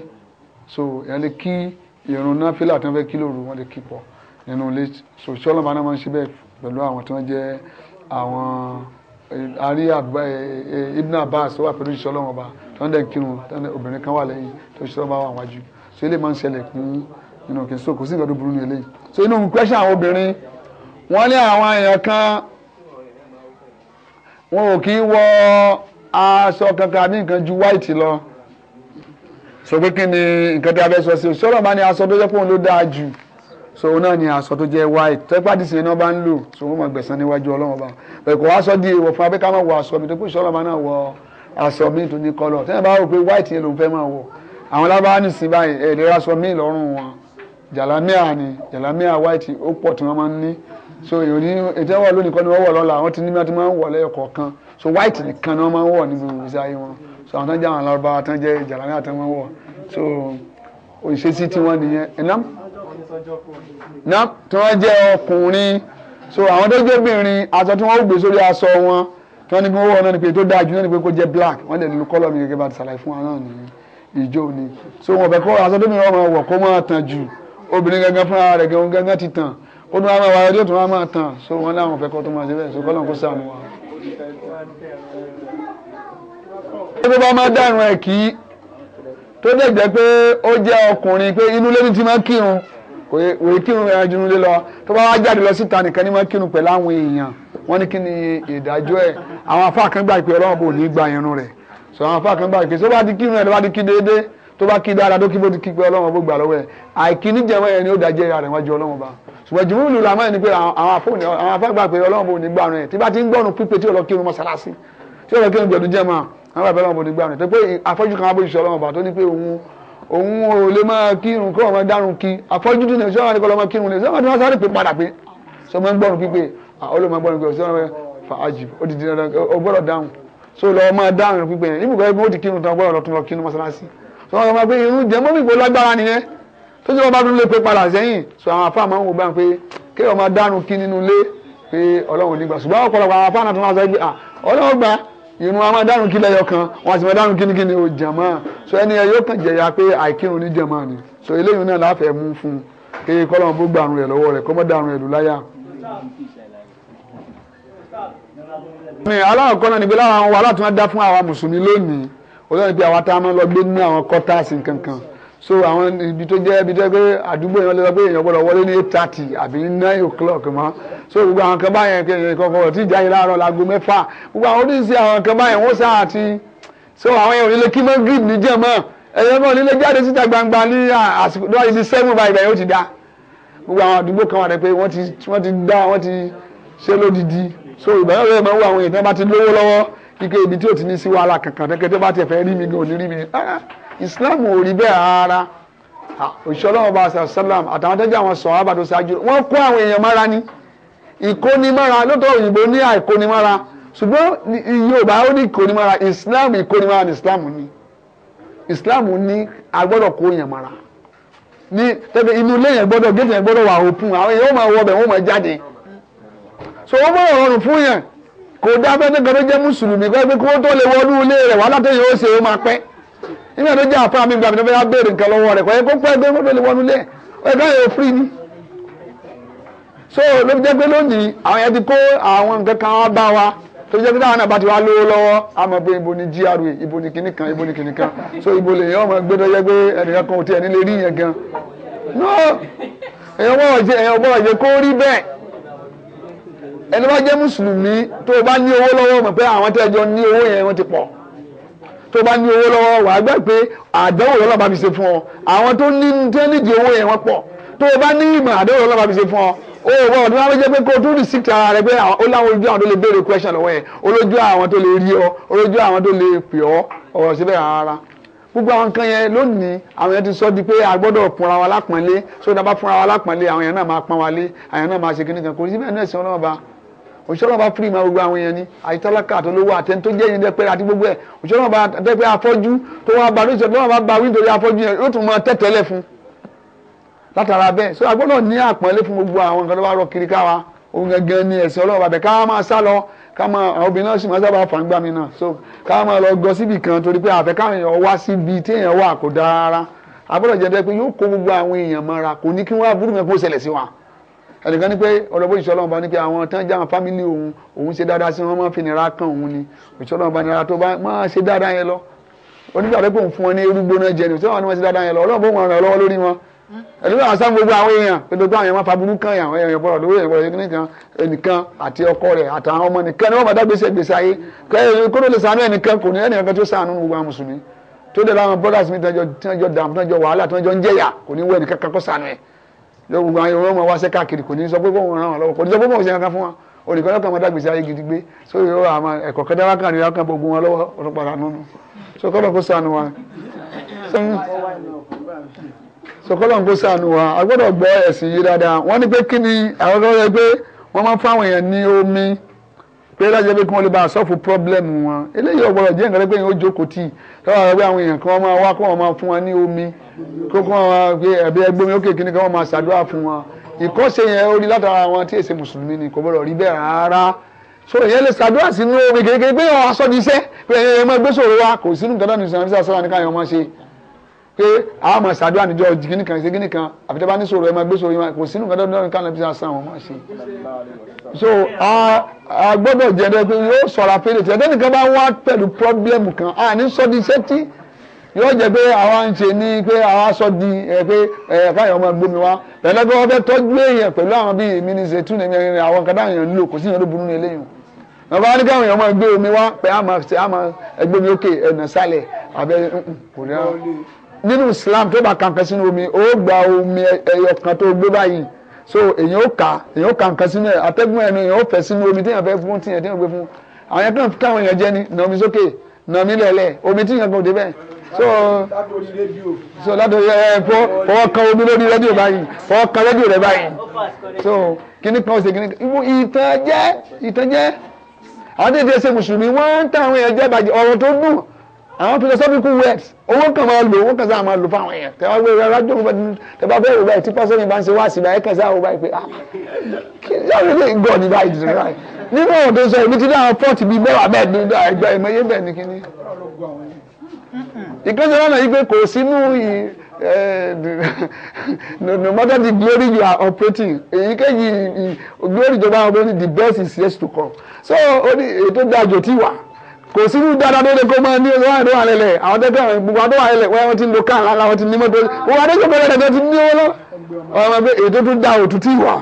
so èèyàn lè kí ìrun náà fílà tí wọ́n fẹ́ kí lóru wọ́n lè kí pọ̀ nínú ilé so sọ́lọ́mọ náà máa ń ṣe bẹ́ẹ̀ pẹ̀lú àwọn tí wọ́n jẹ́ àwọn àrí Ibn Abbas wà pẹ̀lú ìṣọ́lọ́mọba tí wọ́n dẹ̀ kírun obìnrin kan wà lẹ́yìn tó ṣọ́lọ́mọba wà wájú so ilé máa ń ṣẹlẹ̀ fún nínú òkè so kò sí nǹkan tó burú ní eléyìí so inú question àwọn obìnrin wọ́n ní àwọn èèyàn kan wọn ò kí wọ aṣọ kankan àbí nǹkan ju white lọ sọ pé kí ni nǹkan tí a fẹ́ sọ sí sọ́dọ̀ bá ní aṣọ tó jẹ́ pé òun ló dáa jù so òun náà ni aṣọ tó jẹ́ white tẹ́ pàdísì iná bá ń lò so wọ́n máa gbẹ̀sán níwájú ọlọ́run ọba bẹ̀rẹ̀ kò aṣọ di èèwọ̀ fún abẹ́ká máa wọ aṣọ mi tó pé sọ́dọ̀ bá náà wọ aṣọ mi tó ní kọ́lọ̀ tẹ́lẹ̀ bá rò pé white yẹn lòun fẹ́ máa wọ àwọn lábáwá nìsín báyìí ẹ̀ẹ́dẹ́rẹ́ aṣọ mi lọ́rùn wọn jàlámíà ni jàlámíà white ó pọ̀ tí wọ́n máa ń ní so ìròyìn ètò ẹ̀wọ̀ lónìí kan ni wọ́n wọ̀ lọ́la àwọn ti ní máa ti máa ń wọ̀ lẹ́yọ̀ kọ̀ọ̀kan so white nìkan ni wọ́n máa ń wọ̀ nínú ìgbésí ayé wọn so àwọn tó ń jẹ́ àwọn alárúbáwá tó ń jẹ́ jàlámíà tó ń wọ̀ so òṣèṣì tí wọ́n nìyẹn ẹ̀nà nap tí wọ́n jẹ́ ọkùnrin so àwọn tó jẹ́ obìnrin aṣọ tí wọ́n gbé sórí aṣọ wọn tí wọ́n ní kí wọ́n ni pé tó dáa jù náà ni pé kó jẹ́ black wọ́n lè lu kọ́lọ̀ mi gẹ́gẹ́ bá ti ṣàlàyé fún wa náà nìyẹn ìjó ni so wọn bẹ̀ kó aṣọ tó mìíràn wọn wọ̀ kó máa tàn jù obìnrin gangan fúnra rẹ̀ gẹ̀hún gangan ti tàn ó tún wá máa wáyé yóò máa tàn so wọn láwọn fẹ́ tó máa ṣe bẹ́ẹ̀ so kọ́ lọ́n kó sànù wa. ó tó bá máa dànù ẹ̀ kí tó dẹ̀ jẹ́ pé ó jẹ́ ọkùnrin pé inú lé ní ti máa kírun òye kírun ẹ̀ ajínú lé lọ tó bá wá jáde lọ síta nìkan ní máa kírun pẹ̀lú àwọn èèyàn wọ́n ní kí ni ìdájọ́ ẹ̀ àwọn afáàkàn gbà pé ọlọ́run bò ní gba irun rẹ̀ so àwọn afáàkàn gbà pé tó bá ti kírun ẹ̀ ló bá ti kí déédéé tó bá kí dára tó kí bó ti kí pé ọlọ́run bó gbà lọ́wọ́ ẹ̀ àìkíní jẹ́wọ́ ẹ̀ ni ó dájẹ́ ara rẹ̀ wọ́n ju ọlọ́run bá ṣùgbọ́n jùmọ̀ lùlù àmọ́ ẹni pé àwọn afọ́ni àwọn afọ́gbà pé ọlọ́run bò ní gbà rẹ̀ tí bá ti ń gbọ́run pípé tí ọlọ́kí irun mọ́sálásí tí ọlọ́kí irun gbẹ̀dún jẹ́mọ́ àwọn àbẹ̀ ọlọ́run bò ní gbà rẹ̀ tó pé afọ́jú kan abójúṣe ọlọ́run bá tó ní pé òun òun ò lè máa kírun kọ́ ọmọ dárun kí afọ́jú dùn ní ṣé wọn kọ́ lọ́mọ kírun ní ṣé wọn ti wá sáré pé padà pé ṣé wọn gbọ́run pípé ọlọ́run gbọ́run pípé ṣé wọn fa àjì ó ti di dandan ó gbọ́dọ̀ dáhùn so lọ́ọ́ máa dáhùn pípé yẹn ibùkọ́ ẹgbẹ́ ó ti kírun tán gbọ́dọ̀ lọ́tún lọ kírun mọ́sálásí tó wọn máa gbé irú jẹmọ́mì gbó lágbára nìyẹn tó jẹ́ wọn bá dúró lé pé padà sẹ́yìn sọ àwọn afá máa ń wò bá ń pé kí wọn máa kí nínú ilé pé ọlọ́run nígbà ṣùgbọ́n ọ̀pọ̀lọpọ̀ àwọn afá náà tó máa sọ pé ọlọ́run gbà irun a máa dánú kí lẹ́yọ kan wọn àti máa dánú kí ni kí ni o jàmá so ẹni ẹ yóò kàn jẹ̀yà pé àìkírun ní jàmá ni so eléyìí náà láfẹ̀ẹ́ mú fún un pé kọ́lọ́run bó gbàrún rẹ̀ lọ́wọ́ rẹ̀ kó mọ́ dàrún rẹ̀ lù láyà ní aláwọ̀kọ́ náà níbi lára àwọn alátúndá dá fún àwa mùsùlùmí lónìí olóyìn bí àwọn táwọn lọ gbé ní àwọn kọ́tàsì kankan so àwọn ibi tó jẹ́ ibi tó jẹ́ pé àdúgbò yẹn lọ pé èèyàn gbọ́dọ̀ wọlé ní eight thirty àbí nine o'clock mọ́ so gbogbo àwọn kan báyẹn kéèyàn kọ̀ọ̀kan tí ìjà yìí láàárọ̀ láago mẹ́fà gbogbo àwọn oníṣẹ́ àwọn kan báyẹn wọ́n sáà ti so àwọn yẹn ò nílé kí mọ́ gírídì níjẹ̀ mọ́ ẹ̀yẹ́ mọ́ nílé jáde síta gbangba ní àsìkò lọ́wọ́ ibi seven báyìí báyìí ó ti da gbogbo àwọn àdúgbò kan wà rẹ pé wọ́n ti dá wọ́n ti ṣe lódìdí so ìbẹ̀rẹ̀ rẹ̀ mọ́ wọ àwọn èèyàn tí wọ́n bá ti lówó lọ́wọ́ ike ibi tí o ti ní sí wàhálà kankan tẹ́kẹ́ tó bá ti fẹ́ rí mi gan òní rí mi ni ah, Islam ò rí bẹ́ẹ̀ rárá òṣìṣẹ́ ọlọ́run bá sàlám àtàwọn tẹ́jú àwọn sọ̀rọ̀ àbàdàn ṣáájú wọ́n kó àwọn èèyàn mára ni ìkónimára lọ́tọ̀ òyìnbó ní àìkónimára ṣùgbọ́n Yorùbá ó ní ìkónimára Islam ìkónimára ni Islam ni Islam ní agbọ́dọ̀ kó èèyàn mára ní tẹ́lẹ̀ inú ilé yẹn gbọ́dọ̀ géètì yẹn gbọ́dọ̀ wà òpin àwọn èèyàn ó máa wọ ọbẹ̀ wọ́n máa jáde so ó gbọ́dọ̀ rọrùn kò dá fẹ́ẹ́ kan tó jẹ́ mùsùlùmí kọ́ pé kí wọ́n tó lè wọnú ilé rẹ̀ wàhálà tó yẹ ó ṣe é máa pẹ́ nígbà tó jẹ́ àfáà mi gbàgbé tó fẹ́ẹ́ béèrè nǹkan lọ́wọ́ rẹ̀ kọ́ yẹ kó pẹ́ pé wọ́n tó lè wọnú ilé ẹ̀ ká yóò firi ni. so ló fi jẹ́ pé lónìí àwọn yẹn ti kó àwọn nǹkan kan wá bá wa tó jẹ́ pé táwọn náà bá ti wá lówó lọ́wọ́ a mọ̀ pé ibo ni GRA ibo ni kinní kan ibo ni kinní kan so ibo lè yẹn ọmọ gbé tó jẹ́ pé ẹnìkan kan ò tiẹ̀ nílé rí yẹn gan. no èèyàn bọ̀ ọ̀jẹ̀ kó rí bẹ́ẹ̀ ẹni bá jẹ́ mùsùlùmí tó o bá ní owó lọ́wọ́ mọ̀ pé àwọn tẹ́jọ ní owó yẹn wọ́n ti pọ̀ tó o bá ní owó lọ́wọ́ wàá gbà pé àdánwò lọ́la bá mi ṣe fún ọ àwọn tó ní tẹ́nìdì owó yẹn wọ́n pọ̀ tó o bá ní ìmọ̀ àdánwò lọ́la bá mi ṣe fún ọ o ò bọ̀ ọ̀dún wa jẹ́ pé kó o tún rìsíkì ara rẹ pé ó láwọn ojú àwọn tó lè béèrè question lọ́wọ́ yẹn olójú àwọn tó lè rí ọ olójú àwọn tó lè pè ọ ọ̀rọ̀ síbẹ̀ rárá gbogbo àwọn nǹkan yẹn lónìí àwọn yẹn ti sọ di pé a gbọ́dọ̀ fúnra wa lápọ̀nlé sódà bá fúnra wa lápọ̀nlé àwọn yẹn náà máa pọ́n wa lé àwọn yẹn náà máa ṣe kíní kan kò sí bẹ́ẹ̀ náà sí òṣìṣẹ́ ọba firi ma gbogbo àwọn èèyàn ni àyítálákà tó lówó àtẹni tó jẹ́ ìyẹn dẹ́pẹ́ àti gbogbo ẹ̀ òṣìṣẹ́ ọba dẹ́pẹ́ afọ́jú tó wá ba lóṣìṣẹ́ tó bá ba wíńdò afọ́jú yẹn yóò tún máa tẹ̀tẹ̀lẹ̀ fún látara bẹ́ẹ̀ so agbọ́dọ̀ ní àpọ́nlé fún gbogbo àwọn nǹkan tó bá rọ kiri káwa òun gangan ni ẹ̀sìn ọlọ́run bàbẹ̀ ká máa sá lọ ká máa obìnrin náà sì máa sábà fà ń gbà mí náà so ká máa lọ gọ síbì kan torí pé àfẹ́ káwọn èèyàn wá síbi tí èèyàn wà kò dára agbọ́dọ̀ jẹ́ pé yóò kó gbogbo àwọn èèyàn mọ́ra kò ní kí wọ́n á burú mẹ́kún ṣẹlẹ̀ sí wa ẹnìkan ní pé ọlọ́bó ìṣọ́ ọlọ́run bá ní pé àwọn tán jáwọn fámìlì òun òun ṣe dáadáa sí wọn máa ń fi nira kàn òun ni ìṣọ́ ọlọ́run bá nira tó bá máa ṣe dáadáa yẹn lọ onígbàgbé kò ń fún wọn ní erúgbó náà jẹ ní òṣèlú àwọn ni wọ́n ṣe dáadáa yẹn lọ ọlọ́run bó wọn ràn lọ́wọ́ lórí wọn ẹlòmíràn àwọn sáwọn gbogbo àwọn èèyàn gbogbo àwọn èèyàn máa fa burú kan àwọn èèyàn bọ̀rọ̀ lórí èèyàn bọ̀rọ̀ nìkan ẹnìkan àti ọkọ rẹ̀ àtàwọn ọmọ nìkan ni wọ́n bá dágbèsè gbèsè ayé kódó lè sànú ẹnìkan kò ní ẹnìkan kan tó sànú gbogbo àwọn mùsùlùmí tó dẹ̀ láwọn brothers mi tí wọ́n jọ dààmú tí wọ́n jọ wàhálà tí wọ́n jọ ń jẹ̀yà kò ní wọ ẹnìkan kan kó sànú ẹ̀ yóò gbogbo àwọn ìwé ọmọ wáṣẹ́ káàkiri kò ní sọ pé bóun ràn wọn lọ́wọ́ kò ní sọ pé bóun ṣe kankan fún wọn olùkọ́ lọ́kàn máa dàgbèsè ayé gidi gbé so yóò àmà ẹ̀kọ́ kẹta wákàn ní wákàn gbogbo wọn lọ́wọ́ ọlọ́pàá nínú so kọ́lọ̀ kó sànù wa so kọ́lọ̀ kó sànù wa a gbọ́dọ̀ gbọ́ ẹ̀sìn yìí dáadáa wọ́n ní pé kí ni àwọn ọlọ́rẹ́ pé wọ́n máa fáwọn èèyàn ní omi pé lọ́jọ́ pé kí wọ́n lè bá a sọ́ọ̀fù pọ́blẹ́mù wọn eléyìí ọ̀gbọ́dọ̀ jẹ́ nǹkan pé yẹn ó jókòó tì tọ́wọ́ àwọn ẹgbẹ́ àwọn èèyàn kan máa wá kó wọn máa fún wọn ní omi kó kó wọn máa gbé ẹ̀bí ẹgbẹ́ omi ó kékeré kí wọ́n máa ṣàdúrà fún wọn ìkọ́ṣe yẹn ó rí látara àwọn tí èsè mùsùlùmí ni kò gbọ́dọ̀ rí bẹ́ẹ̀ rárá so ìyẹn lè ṣàdúrà sínú omi kékeré pé wọn aṣọ pé a máa ṣàdúrà níjọ́ jìgínì kan ṣégínì kan àfi tẹ́ bá ní sọ̀rọ̀ ẹ máa gbé sọ̀rọ̀ yẹn kò sínú kẹtọ́ dọ́rin káàlẹ́ bíi àṣà wọn máa ṣe. so a gbọ́dọ̀ jẹ́ dẹ́ pé yóò sọ̀rọ̀ àpèrè tí ẹ̀dẹ́ nìkan bá wá pẹ̀lú pọ́blẹ́mù kan a ní sọ di iṣẹ́ tí yóò jẹ́ pé àwa ń ṣe ní pé àwa sọ di ẹ pé ẹ káyọ̀ ọmọ gbómi wá pẹ̀lẹ́gbẹ́ wọn fẹ́ tọ́jú èèyàn pẹ̀lú àwọn bíi èmi ní ṣètún ẹ̀mí ẹ̀rin àwọn nǹkan táwọn èèyàn ń lò kò sí ìyẹn ló burú ní eléyìí bàbá ní káwọn èèyàn máa gbé omi wá pé àmọ́ ẹgbẹ́ mi ókè ẹ̀nà sálẹ̀ àbẹ́ kò ní àwọn nínú Islam tó bá ka nǹkan sínú omi ó gba omi ẹyọ kan tó gbé báyìí so èyàn ó kà èyàn ó kà nǹkan sínú ẹ atẹ́gùn ẹnu èyàn ó fẹ́ sínú omi téèyàn fẹ́ fún tíyàn téèyàn gbé fún àwọn yẹn kàn káwọn èèyàn jẹ ni nà omi sókè nà omi lẹ̀lẹ̀ omi tíyàn kò débẹ̀ so so látòrí ẹ fọ fọwọ́ kan omi lórí rédíò báyìí fọwọ́ kan rédíò rẹ báyìí so kíní kan ṣe kíní kan ìtànjẹ ìtànjẹ àwọn tètè ṣe mùsùlùmí wọ́n ń tàwọn èèyàn jẹ́ bàjẹ́ ọ̀rọ̀ tó dùn àwọn philosophical words owó kan máa lò owó kan sáà máa lò fáwọn èèyàn tẹ wá gbé rárá jọ fún tẹ bá bẹ́ẹ̀ wò báyìí tí pásítọ̀ yìí bá ń ṣe wá sí báyìí kan sáà wò báyìí pé ah kí ni yàrá ilé ìgọ̀ ní báyìí dùn báyìí nínú ọ̀rọ̀ tó sọ èmi ti dá àwọn pọ́ọ̀tì bíi mẹ́wàá bẹ́ẹ̀ ní ìgbà ìmọ̀ yé bẹ́ẹ̀ ní kíní. ìkànnì lọ́nà yìí pé kò sínú eh, no matter the glory you are operating èyíkéyìí glory ìjọba ọ̀gbẹ́ni the best is yet to come so ètò dájò tí wà kò sí ní dáadáa déédéé kó máa ní owó àdó àrẹ lẹ àwọn tẹ́tẹ́ àwọn gbogbo àdó àrẹ lẹ wọ́n ti lo káà lára wọ́n ti ní mọ́tò wọ́n adé tó bẹ̀rẹ̀ lẹ́tọ́ ti ní owó lọ. ọmọ bẹ ètò tó da òtútù ìwà.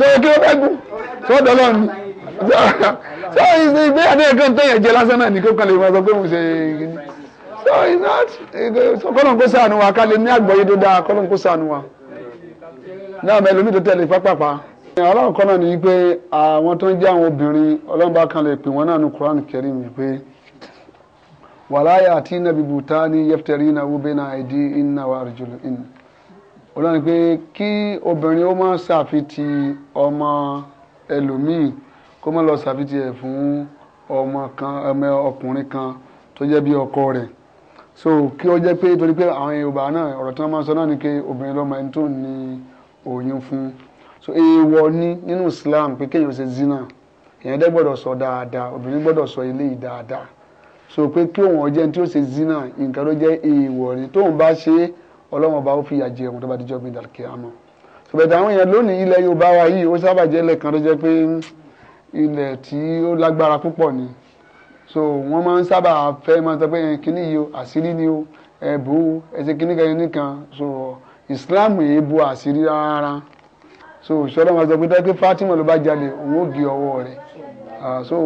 ṣé kí ló fẹ́ gùn ṣé ọ̀dọ́ lọ́run ni. ṣé ìgbé àdé kan tẹ̀yẹ̀ jẹ lásán náà ní kó kan lè máa sọ pé mo ṣe kíní. so it's not kọ́nọ̀n kó sànù wa ká lè ní àgbọ̀yé tó dáa kọ́nọ̀n kó sànù wa. náà mẹ́lòmí tó tẹ̀lé ọlọ́run kan náà ni pé àwọn tó ń jẹ́ àwọn obìnrin ọlọ́run bá kan lè pè wọ́n náà ní Quran Karim pé wàláyà àti nàbí bùtá ní yẹ́fẹ̀rí iná wúbẹ́ náà ìdí iná wà àrùjùlù iná olórin pé kí obìnrin ó má ṣàfitì ọmọ ẹlòmíì kó má lọ ṣàfitì ẹ̀ fún ọmọ ọkùnrin kan tó jẹ́ bí ọkọ rẹ̀ so kí ó jẹ́ pé torí pé àwọn Yorùbá náà ọ̀rọ̀ tí wọ́n máa ń sọ náà ni pé obìnrin lọ́mọ ẹni tó ní oyún fún un so èèwọ̀ ni nínú Islam pé kéèyàn ṣe zina èèyàn dẹ́ gbọ́dọ̀ sọ dáadáa obìnrin gbọ́dọ̀ sọ eléyìí dáadáa so pé kí òun ọjẹ́ tí ó ṣe zina nǹkan ló jẹ́ èèwọ̀ ni tóun bá ṣe é ọlọ́wọ́n ọba ó fi ìyà jẹ òun tó bá dijọ́ bí dàkẹ́ àmọ́ ṣùgbọ́n àwọn èèyàn lónìí ilẹ̀ Yorùbá wa yìí ó sábà jẹ́ ilẹ̀ kan tó jẹ́ pé hmm, ilẹ̀ tí ó lágbára púpọ̀ ni so wọ́n máa ń sábà fẹ́ máa sọ pé kíní yìí o àṣírí ni o ẹ̀bù ẹ̀ṣẹ̀ kíní kan nìkan so Islam èébù àṣírí rárá so ìṣọ́lá máa sọ pé dẹ́gbẹ́ Fatima ló bá jalè òun ò gé ọwọ́ rẹ̀ so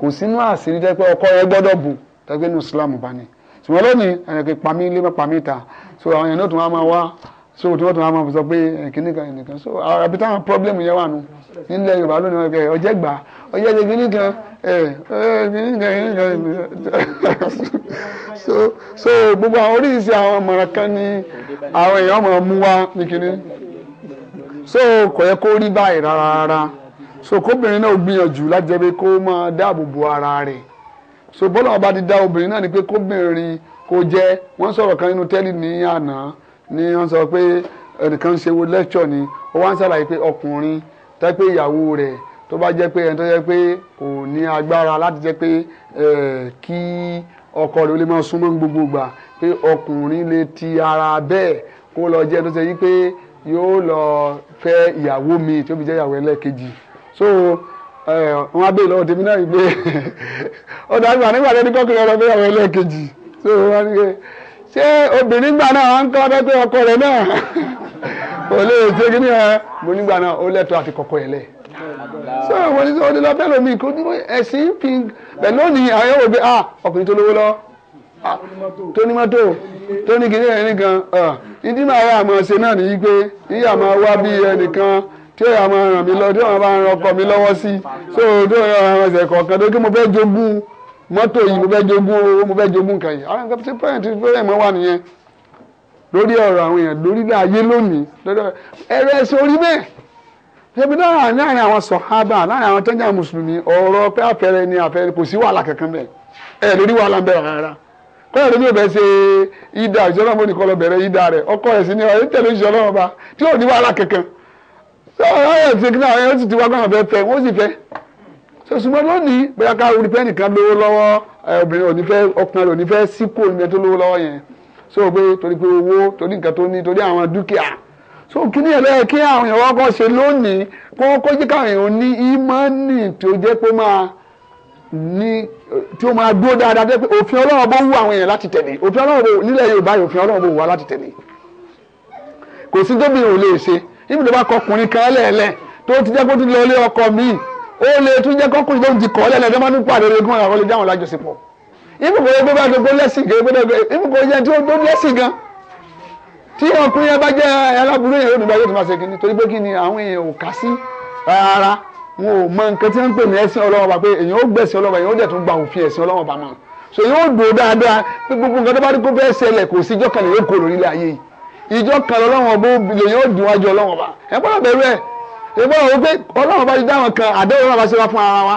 kò sínú àṣírí tẹ́ pé ọkọ rẹ̀ gbọ́dọ̀ bù tẹ́gbẹ́ ní Islam bá ní ṣùgbọ́n lónìí ẹ̀rẹ̀kẹ́ pàmí ilé má pàmí ìta so àwọn èèyàn náà tún wá máa wá so tí wọ́n tún wá máa sọ pé kìnnì kan ẹnìkan so àbí táwọn problem yẹn wà nù nílẹ̀ Yorùbá lónìí ọ̀kẹ́ ọjẹ́ gbà ọjẹ́ ṣe kìnnì kan kìnnì kan kìnnì kan so so gbogbo àwọn oríṣiríṣi àwọn ọmọ kan ní àwọn èèyàn máa mú wá ní kìnnì so kò yẹ kó rí báyìí rárá rárá so kóbìnrin náà gbìyànjú láti jẹ́ pé kó máa dáàbò bo ara rẹ̀ so bọ́lá ọba ti dá obìnrin náà ni pé kóbìnrin kó jẹ́ wọ́n sọ̀rọ̀ kan nínú tẹ́lì ní àná ni wọ́n sọ pé ẹnìkan ṣe wo lecture ni ó wá ń ṣàlàyé pé ọkùnrin tẹ́ pé ìyàwó rẹ̀ tó bá jẹ́ pé ẹni tó jẹ́ pé kò ní agbára láti jẹ́ pé kí ọkọ rẹ̀ ó lè máa súnmọ́ gbogbo gbà pé ọkùnrin lè ti ara bẹ́ẹ̀ kó lọ jẹ́ tó ṣe yí pé yóò lọ fẹ́ ìyàwó mi tí ó fi jẹ́ ìyàwó ẹlẹ́ẹ̀kejì so wọn á béèrè lọ́wọ́ tèmi náà yìí pé ọ̀dà àgbà nígbà tó ní kọ́kùnrin ọ̀rọ̀ fẹ́ ìyàwó so wọn ni ṣé obìnrin gbà náà wọn ń kọ́ pé ọkọ rẹ̀ náà kò lè ṣe kí so wọn sọ ọdún lọ bẹ́ẹ̀ lómi ẹ̀sìn fi lónìí Ah, tó ah, ní mọ́tò tó ní kìnìún ẹni kan ìdí máa yà máa ṣe náà nìyí pé yíyà máa wá bí ẹnìkan tí ó yà máa ràn mí lọ tí ó máa ràn ọkọ mi lọ́wọ́ sí so tó yà máa ràn ẹsẹ̀ kọ̀ọ̀kan tó kí mo fẹ́ jogún mọ́tò yìí mo fẹ́ jogún owó mo fẹ́ jogún nǹkan yìí àwọn nǹkan tí pẹ́ẹ́ntì fẹ́rẹ̀ mọ́ wà nìyẹn lórí ọ̀rọ̀ àwọn èèyàn lórílẹ̀ ayé lónìí ẹ̀rọ ẹ̀sìn orí bẹ́ẹ̀ ṣebí náà láàrin àwọn sọ̀hábà láàrin àwọn tẹ́jà mùsùlùmí ọ̀rọ̀ pé àfẹ́rẹ́ ni àfẹ́rẹ́ kò sí wàhálà kankan bẹ́ẹ̀ ẹ̀ lórí wàhálà bẹ́ẹ̀ rárá kọ́nà ló bí òbẹ̀ ṣe ida òṣìṣẹ́ ọlọ́run bóni kọ́ lọ bẹ̀rẹ̀ ida rẹ̀ ọkọ rẹ̀ sí ni ọ̀rẹ́ tẹ̀lé òṣìṣẹ́ ọlọ́run ọba tí ò ní wàhálà kankan ọ̀rẹ́ ti kí náà ó sì ti wá gbọ́n fẹ́ fẹ́ wọ́n sì fẹ́ so ṣùgbọ́n lónìí bóyá ká orí pẹ́ nìkan lówó lọ́wọ́ obìnrin òní fẹ́ ọkùnrin òní fẹ́ síkò nìyẹn tó lówó lọ́wọ́ yẹn so pé torí pé owó torí nǹkan tó ní torí àwọn dúkìá so kíní ẹ̀ lẹ́yìn kí àwọn èèyàn wọ́n kọ́ ṣe lónìí kó kó jẹ́ káwọn èèyàn ní ímánì tó jẹ́ pé máa ní tí ó máa dúró dáadáa dé pé òfin ọlọ́run bó wù àwọn èèyàn láti tẹ̀lé òfin ọlọ́run bó nílẹ̀ yorùbá yìí òfin ọlọ́run bó wù wá láti tẹ̀lé kò sí tóbi ò lè ṣe níbi tó bá kọ ọkùnrin kan ẹlẹ́ẹ̀lẹ́ tó ti jẹ́ kó tún lọ ilé ọkọ míì ó lè tún jẹ́ kó kùnrin tó ti kọ́ ẹlẹ́ẹ̀lẹ́ tó máa tún pàdé ogun àwọn ọlọ́jà wọn lájọṣepọ̀ ibùkún yẹn gbọ́dọ̀ gan ibùkún yẹn tí ó gbọ́dọ̀ lẹ́sìn gan tí ọkùnrin yẹn bá jẹ́ aláburú yẹn yóò dùn bá yóò tún máa ṣe kínní torí pé kínní wọn ò mọ nǹkan tí wọ́n ń pè ní ẹ̀sìn Ọlọ́run bá pé èyàn ó gbẹ̀sìn Ọlọ́run èyàn ó dẹ̀ tún gba òfin ẹ̀sìn Ọlọ́run bá mọ̀ so yóò dò dáadáa pé gbogbo nǹkan tó bá rí kó fẹ́ ṣẹlẹ̀ kò sí ìjọ kan lè yóò kó lórí ilé ayé yìí ìjọ kan Ọlọ́run ọba lèyàn ó dùn wájú Ọlọ́run ọba ẹ gbọ́dọ̀ bẹ̀rù ẹ̀ ẹ gbọ́dọ̀ wọ́n pé Ọlọ́run ọba ti dáhùn kan àdéhùn Ọlọ́run ọba ṣe wá fún ara wa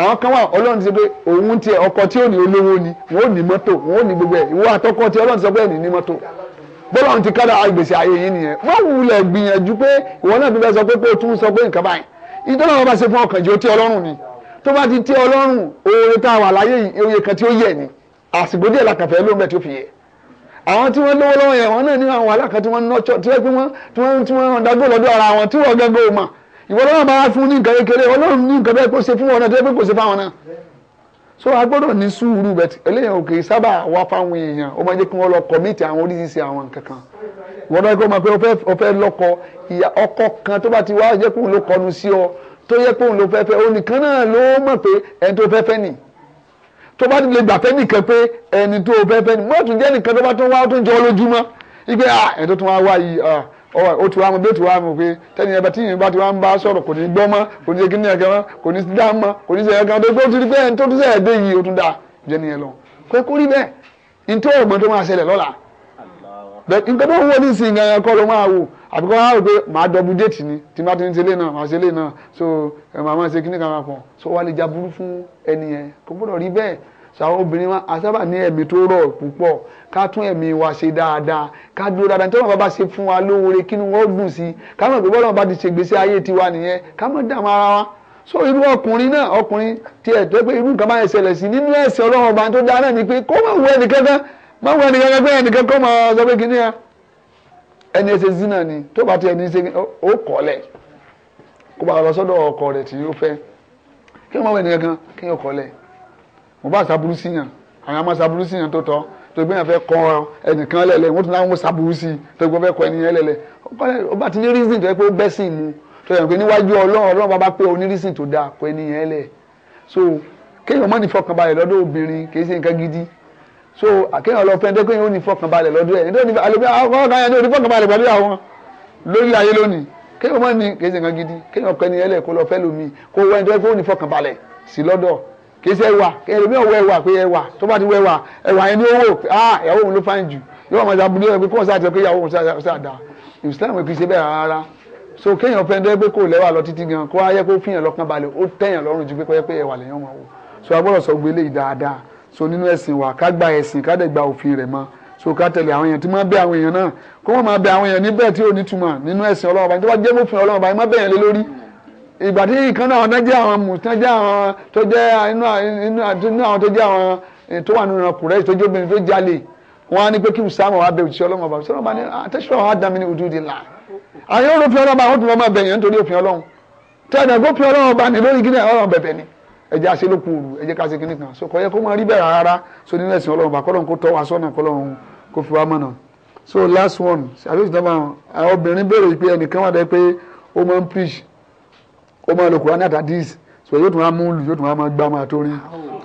àwọn kan wà Ọlọ́run ti sọ pé òun ti ọkọ tí ò ní olówó ni wọn ò ní mọ́tò wọn ò ní gbogbo ẹ̀ ìwọ àtọkọ tí Ọlọ́run ti sọ pé ẹ̀ ní ní mọ́tò bọ́lá ti kára àgbèsè ayé yìí nìyẹn wọ́n wulẹ̀ gbìyànjú pé ìwọ náà fi fẹ́ sọ pé pé o tún sọ pé nǹkan báyìí ìdọ́nà wọn bá ṣe fún ọkàn jẹ́ ó tẹ́ ọlọ́run ni tó bá ti tẹ́ ọlọ́run oore tá a wà láyé yìí oye kan tí ó yẹ ni àsìkò díẹ̀ làkàfẹ́ ló ń bẹ tó fi yẹ àwọn tí wọ́n lówó lọ́wọ́ yẹn wọ́n náà ní àwọn alákan tí wọ́n ń nọ́tsọ́ tí wọ́n tí wọ́n tí wọ́n dágbò lọ́dọ̀ ara wọn tí wọ́n gẹ́gẹ́ o mà ìwọ lọ́wọ́ bá fún ní nǹkan kékeré ọlọ́run ní nǹkan bẹ́ẹ̀ kó ṣe fún wọn náà tó yẹ pé kó ṣe fáwọn náà so a gbọ́dọ̀ ní sùúrù bẹ́ẹ̀ tí eléyàn òkè sábà wá fáwọn èèyàn ó máa jẹ́ kí wọ́n lọ kọ̀míìtì àwọn oríṣiríṣi àwọn nǹkan kan wọ́n dọ́ pé ó máa pé ó fẹ́ lọ́kọ ìyá ọkọ kan tó bá ti wá jẹ́ kóun ló kọnu sí ọ tó yẹ kóun ló fẹ́ fẹ́ onìkan náà ló mọ̀ pé ẹni tó fẹ́ fẹ́ nì tó bá ti lè gbà fẹ́ nìkan pé ẹni tó fẹ́ fẹ́ nì mọ́tò jẹ́ nìkan tó bá tún wá tó jọ lójúmọ́ ìgbé ah, ẹni tó tún wá wá yìí ah, ọwọ o ti wá mu bí o ti wá mu pé tẹ́ni ẹ bá tí yìnyín bá ti wá ń bá sọ̀rọ̀ kò ní gbọ́ mọ́ kò ní ṣe kíní ẹ̀kan mọ́ kò ní dá mọ́ kò ní ṣe ẹ̀kan tó tó ti pé ẹni tó tún sẹ̀ dé yìí o tún dá jẹ́ nìyẹn lọ. pé kó rí bẹ́ẹ̀ ní tó ọ̀gbọ́n tó máa ṣẹlẹ̀ lọ́la nǹkan tó ń wọ ní ìsìn gan kọ́ ló máa wò àbíkọ́ máa rò pé màá dọ́bù déètì ni tí má ti ń ṣẹlẹ̀ náà màá ṣẹlẹ̀ náà so màá máa ṣe kíní kan papọ̀ so wà lè jaburú fún ẹni yẹn kò gbọ́dọ̀ rí bẹ́ẹ̀ sàwọn obìnrin wa àsábà ní ẹ̀mí tó rọ̀ púpọ̀ ká tún ẹ̀mí wa ṣe dáadáa ká dúró dáadáa nítorí wọn bá ṣe fún wa lóore kí ni wọn dùn sí i ká mọ̀ pé bọ́lá wọn bá ti ṣe gbèsè ayé tiwa nìyẹn ká mọ̀ dààmú ara wa so irú ọkùnrin náà ọkùnrin tiẹ̀ tó pé irú nǹkan máa ṣẹlẹ̀ sí nínú ẹ̀sìn ọlọ́run ọba tó dáa náà ni pé kó má wọ ẹnìkan kan má wọ ẹnìkan kan pé ẹnìkan kọ́ máa sọ pé ni tó bá ti ẹni ṣe ó kọ́lẹ̀ kó bá lọ sọ́dọ̀ ọkọ kí mo bá ṣàbúrú sí yàn àwọn ọmọ ṣàbúrú sí yàn tó tọ́ tó gbé yàn fẹ́ kọ ẹnìkan lẹ́lẹ̀ wọ́n tún láwọn ṣàbúrú sí tó gbé fẹ́ kọ ẹnìyàn lẹ́lẹ̀ ó bá ti ní reason tó yẹ pé ó bẹ́ sí mu tó yẹ pé níwájú ọlọ́run ọlọ́run bá bá pé oní reason tó dáa kọ ẹnìyàn lẹ̀ so kéèyàn mọ́ ní fọkànbalẹ̀ lọ́dọ̀ obìnrin kì í ṣe nǹkan gidi so kéèyàn lọ fẹ́ dẹ́kun yóò ní fọkànbalẹ̀ lọ́dọ̀ ẹ̀ nítorí àlọ́ kéèyàn mọ́ ní kéèyàn kọ ẹnìyàn lẹ̀ kó lọ fẹ́ lómi kó wẹ́n dẹ́kun yóò ní fọkànbalẹ̀ sí lọ́dọ̀ kì í ṣe ẹwà ẹlòmí ọwọ ẹwà pé ẹwà tó bá ti wọ ẹwà ẹwà yẹn ní owó ah ìyàwó òun ló fáyìn jù yóò máa ṣàbùdó ẹ pé kó sáà ti sọ pé ìyàwó òun sáà dá ìsìláàmù kì í ṣe bẹ́ẹ̀ rárá so kéèyàn fẹ́ dẹ́ pé kò lẹ́wà lọ títí gan kó ayẹ́ kó fìyàn lọ́kàn balẹ̀ ó tẹ̀yàn lọ́rùn ju pé kó yẹ pé ẹwà lẹ́yìn ọmọ wò so a gbọ́dọ̀ sọ gbélé yìí dáadáa so nínú ẹ̀sìn wa ká gba ẹ̀sìn so ká tẹ̀lé àwọn èèyàn tí máa bẹ àwọn èèyàn náà kó wọ́n máa bẹ àwọn èèyàn níbẹ̀ tí ò ní túmọ̀ nínú ẹ̀sìn ọlọ́run báyìí tó bá jẹ́ mọ́fin ọlọ́run báyìí má bẹ̀yàn lé lórí ìgbà tí ìkan náà tán jẹ́ àwọn mùsùlùmí jẹ́ àwọn tó jẹ́ inú àwọn tó jẹ́ àwọn eh, tó wà nínú ọkùnrin tó jẹ́ obìnrin tó jalè wọ́n á ní pé kí Usama wá bẹ òṣìṣẹ́ ọlọ́run ọba òṣìṣẹ́ ọlọ́run ọba ní àtẹ́sí ah, ọ̀hún àdámi ní ojú di là àyè olófin ọlọ́run ọba àwọn tó lọ́ máa bẹ̀yẹn nítorí òfin ọlọ́run tẹ́lẹ̀ gófin ọlọ́run ọba ní lórí gíní ọlọ́run bẹ̀bẹ̀ ni ẹ̀jẹ̀ àṣẹ ló kú òru ẹ̀jẹ̀ ká ṣe kíní kan so kò yẹ kó máa rí bẹ́ẹ̀ rárá so nínú ẹ̀sìn ọlọ́run ọba kọ́lọ́run kó tọ́ wa sọ́nà kọ́lọ́run kó fi wá mọ̀nà so last one àbí òṣìṣẹ́ ọba obìnrin béèrè pé ẹnìkan wà dẹ́ pé ó máa ń preach ó máa lo kùránì àtàdís so yóò tún wá mú lù yóò tún wá máa gbá máa torí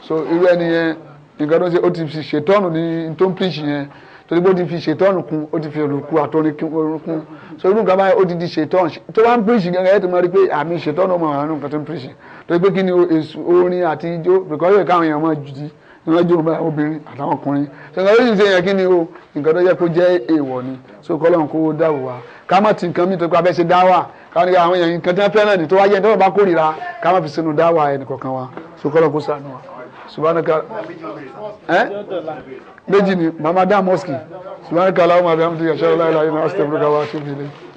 so irú ẹni yẹn nǹkan tó ń ṣe ó ti fi ṣètọ́nù ní tó ń píìsì yẹn torí bó ti fi ṣètọ́nù kún ó ti fi olùkú àtọ́ni kún so irú nǹkan báyìí ó ti di ṣètọ́nù tó bá ń píìsì gẹ́gẹ́ ẹ̀ tó máa rí pé àmì ṣètọ́nù ọmọ àwọn nǹkan tó ń píìsì torí pé kí ni orin àti ijó bìkọ́lù ìkáwọn èèyàn máa jùdí ìrìnàjò ọba obìnrin ni o nǹkan tó yẹ kó jẹ́ èèwọ̀ so kọ́lọ́n kó dáwò wa ká má ti nǹkan mi káwọn ní àwọn èèyàn nǹkan tí wọ́n fẹ́ràn ní tó wáyé ní tọ́wọ́ bá kórìíra káwọn fi sínú dáwà ẹnì kọ̀ọ̀kan wa sokolo kó sànù wa subhanaka ẹ méjì ni mama dá mọ́sìkì subhanaka aláwọ̀ máa bí wọ́n ti yàtọ̀ láyé láyé náà ọ̀sẹ̀ tó ń lọ́ka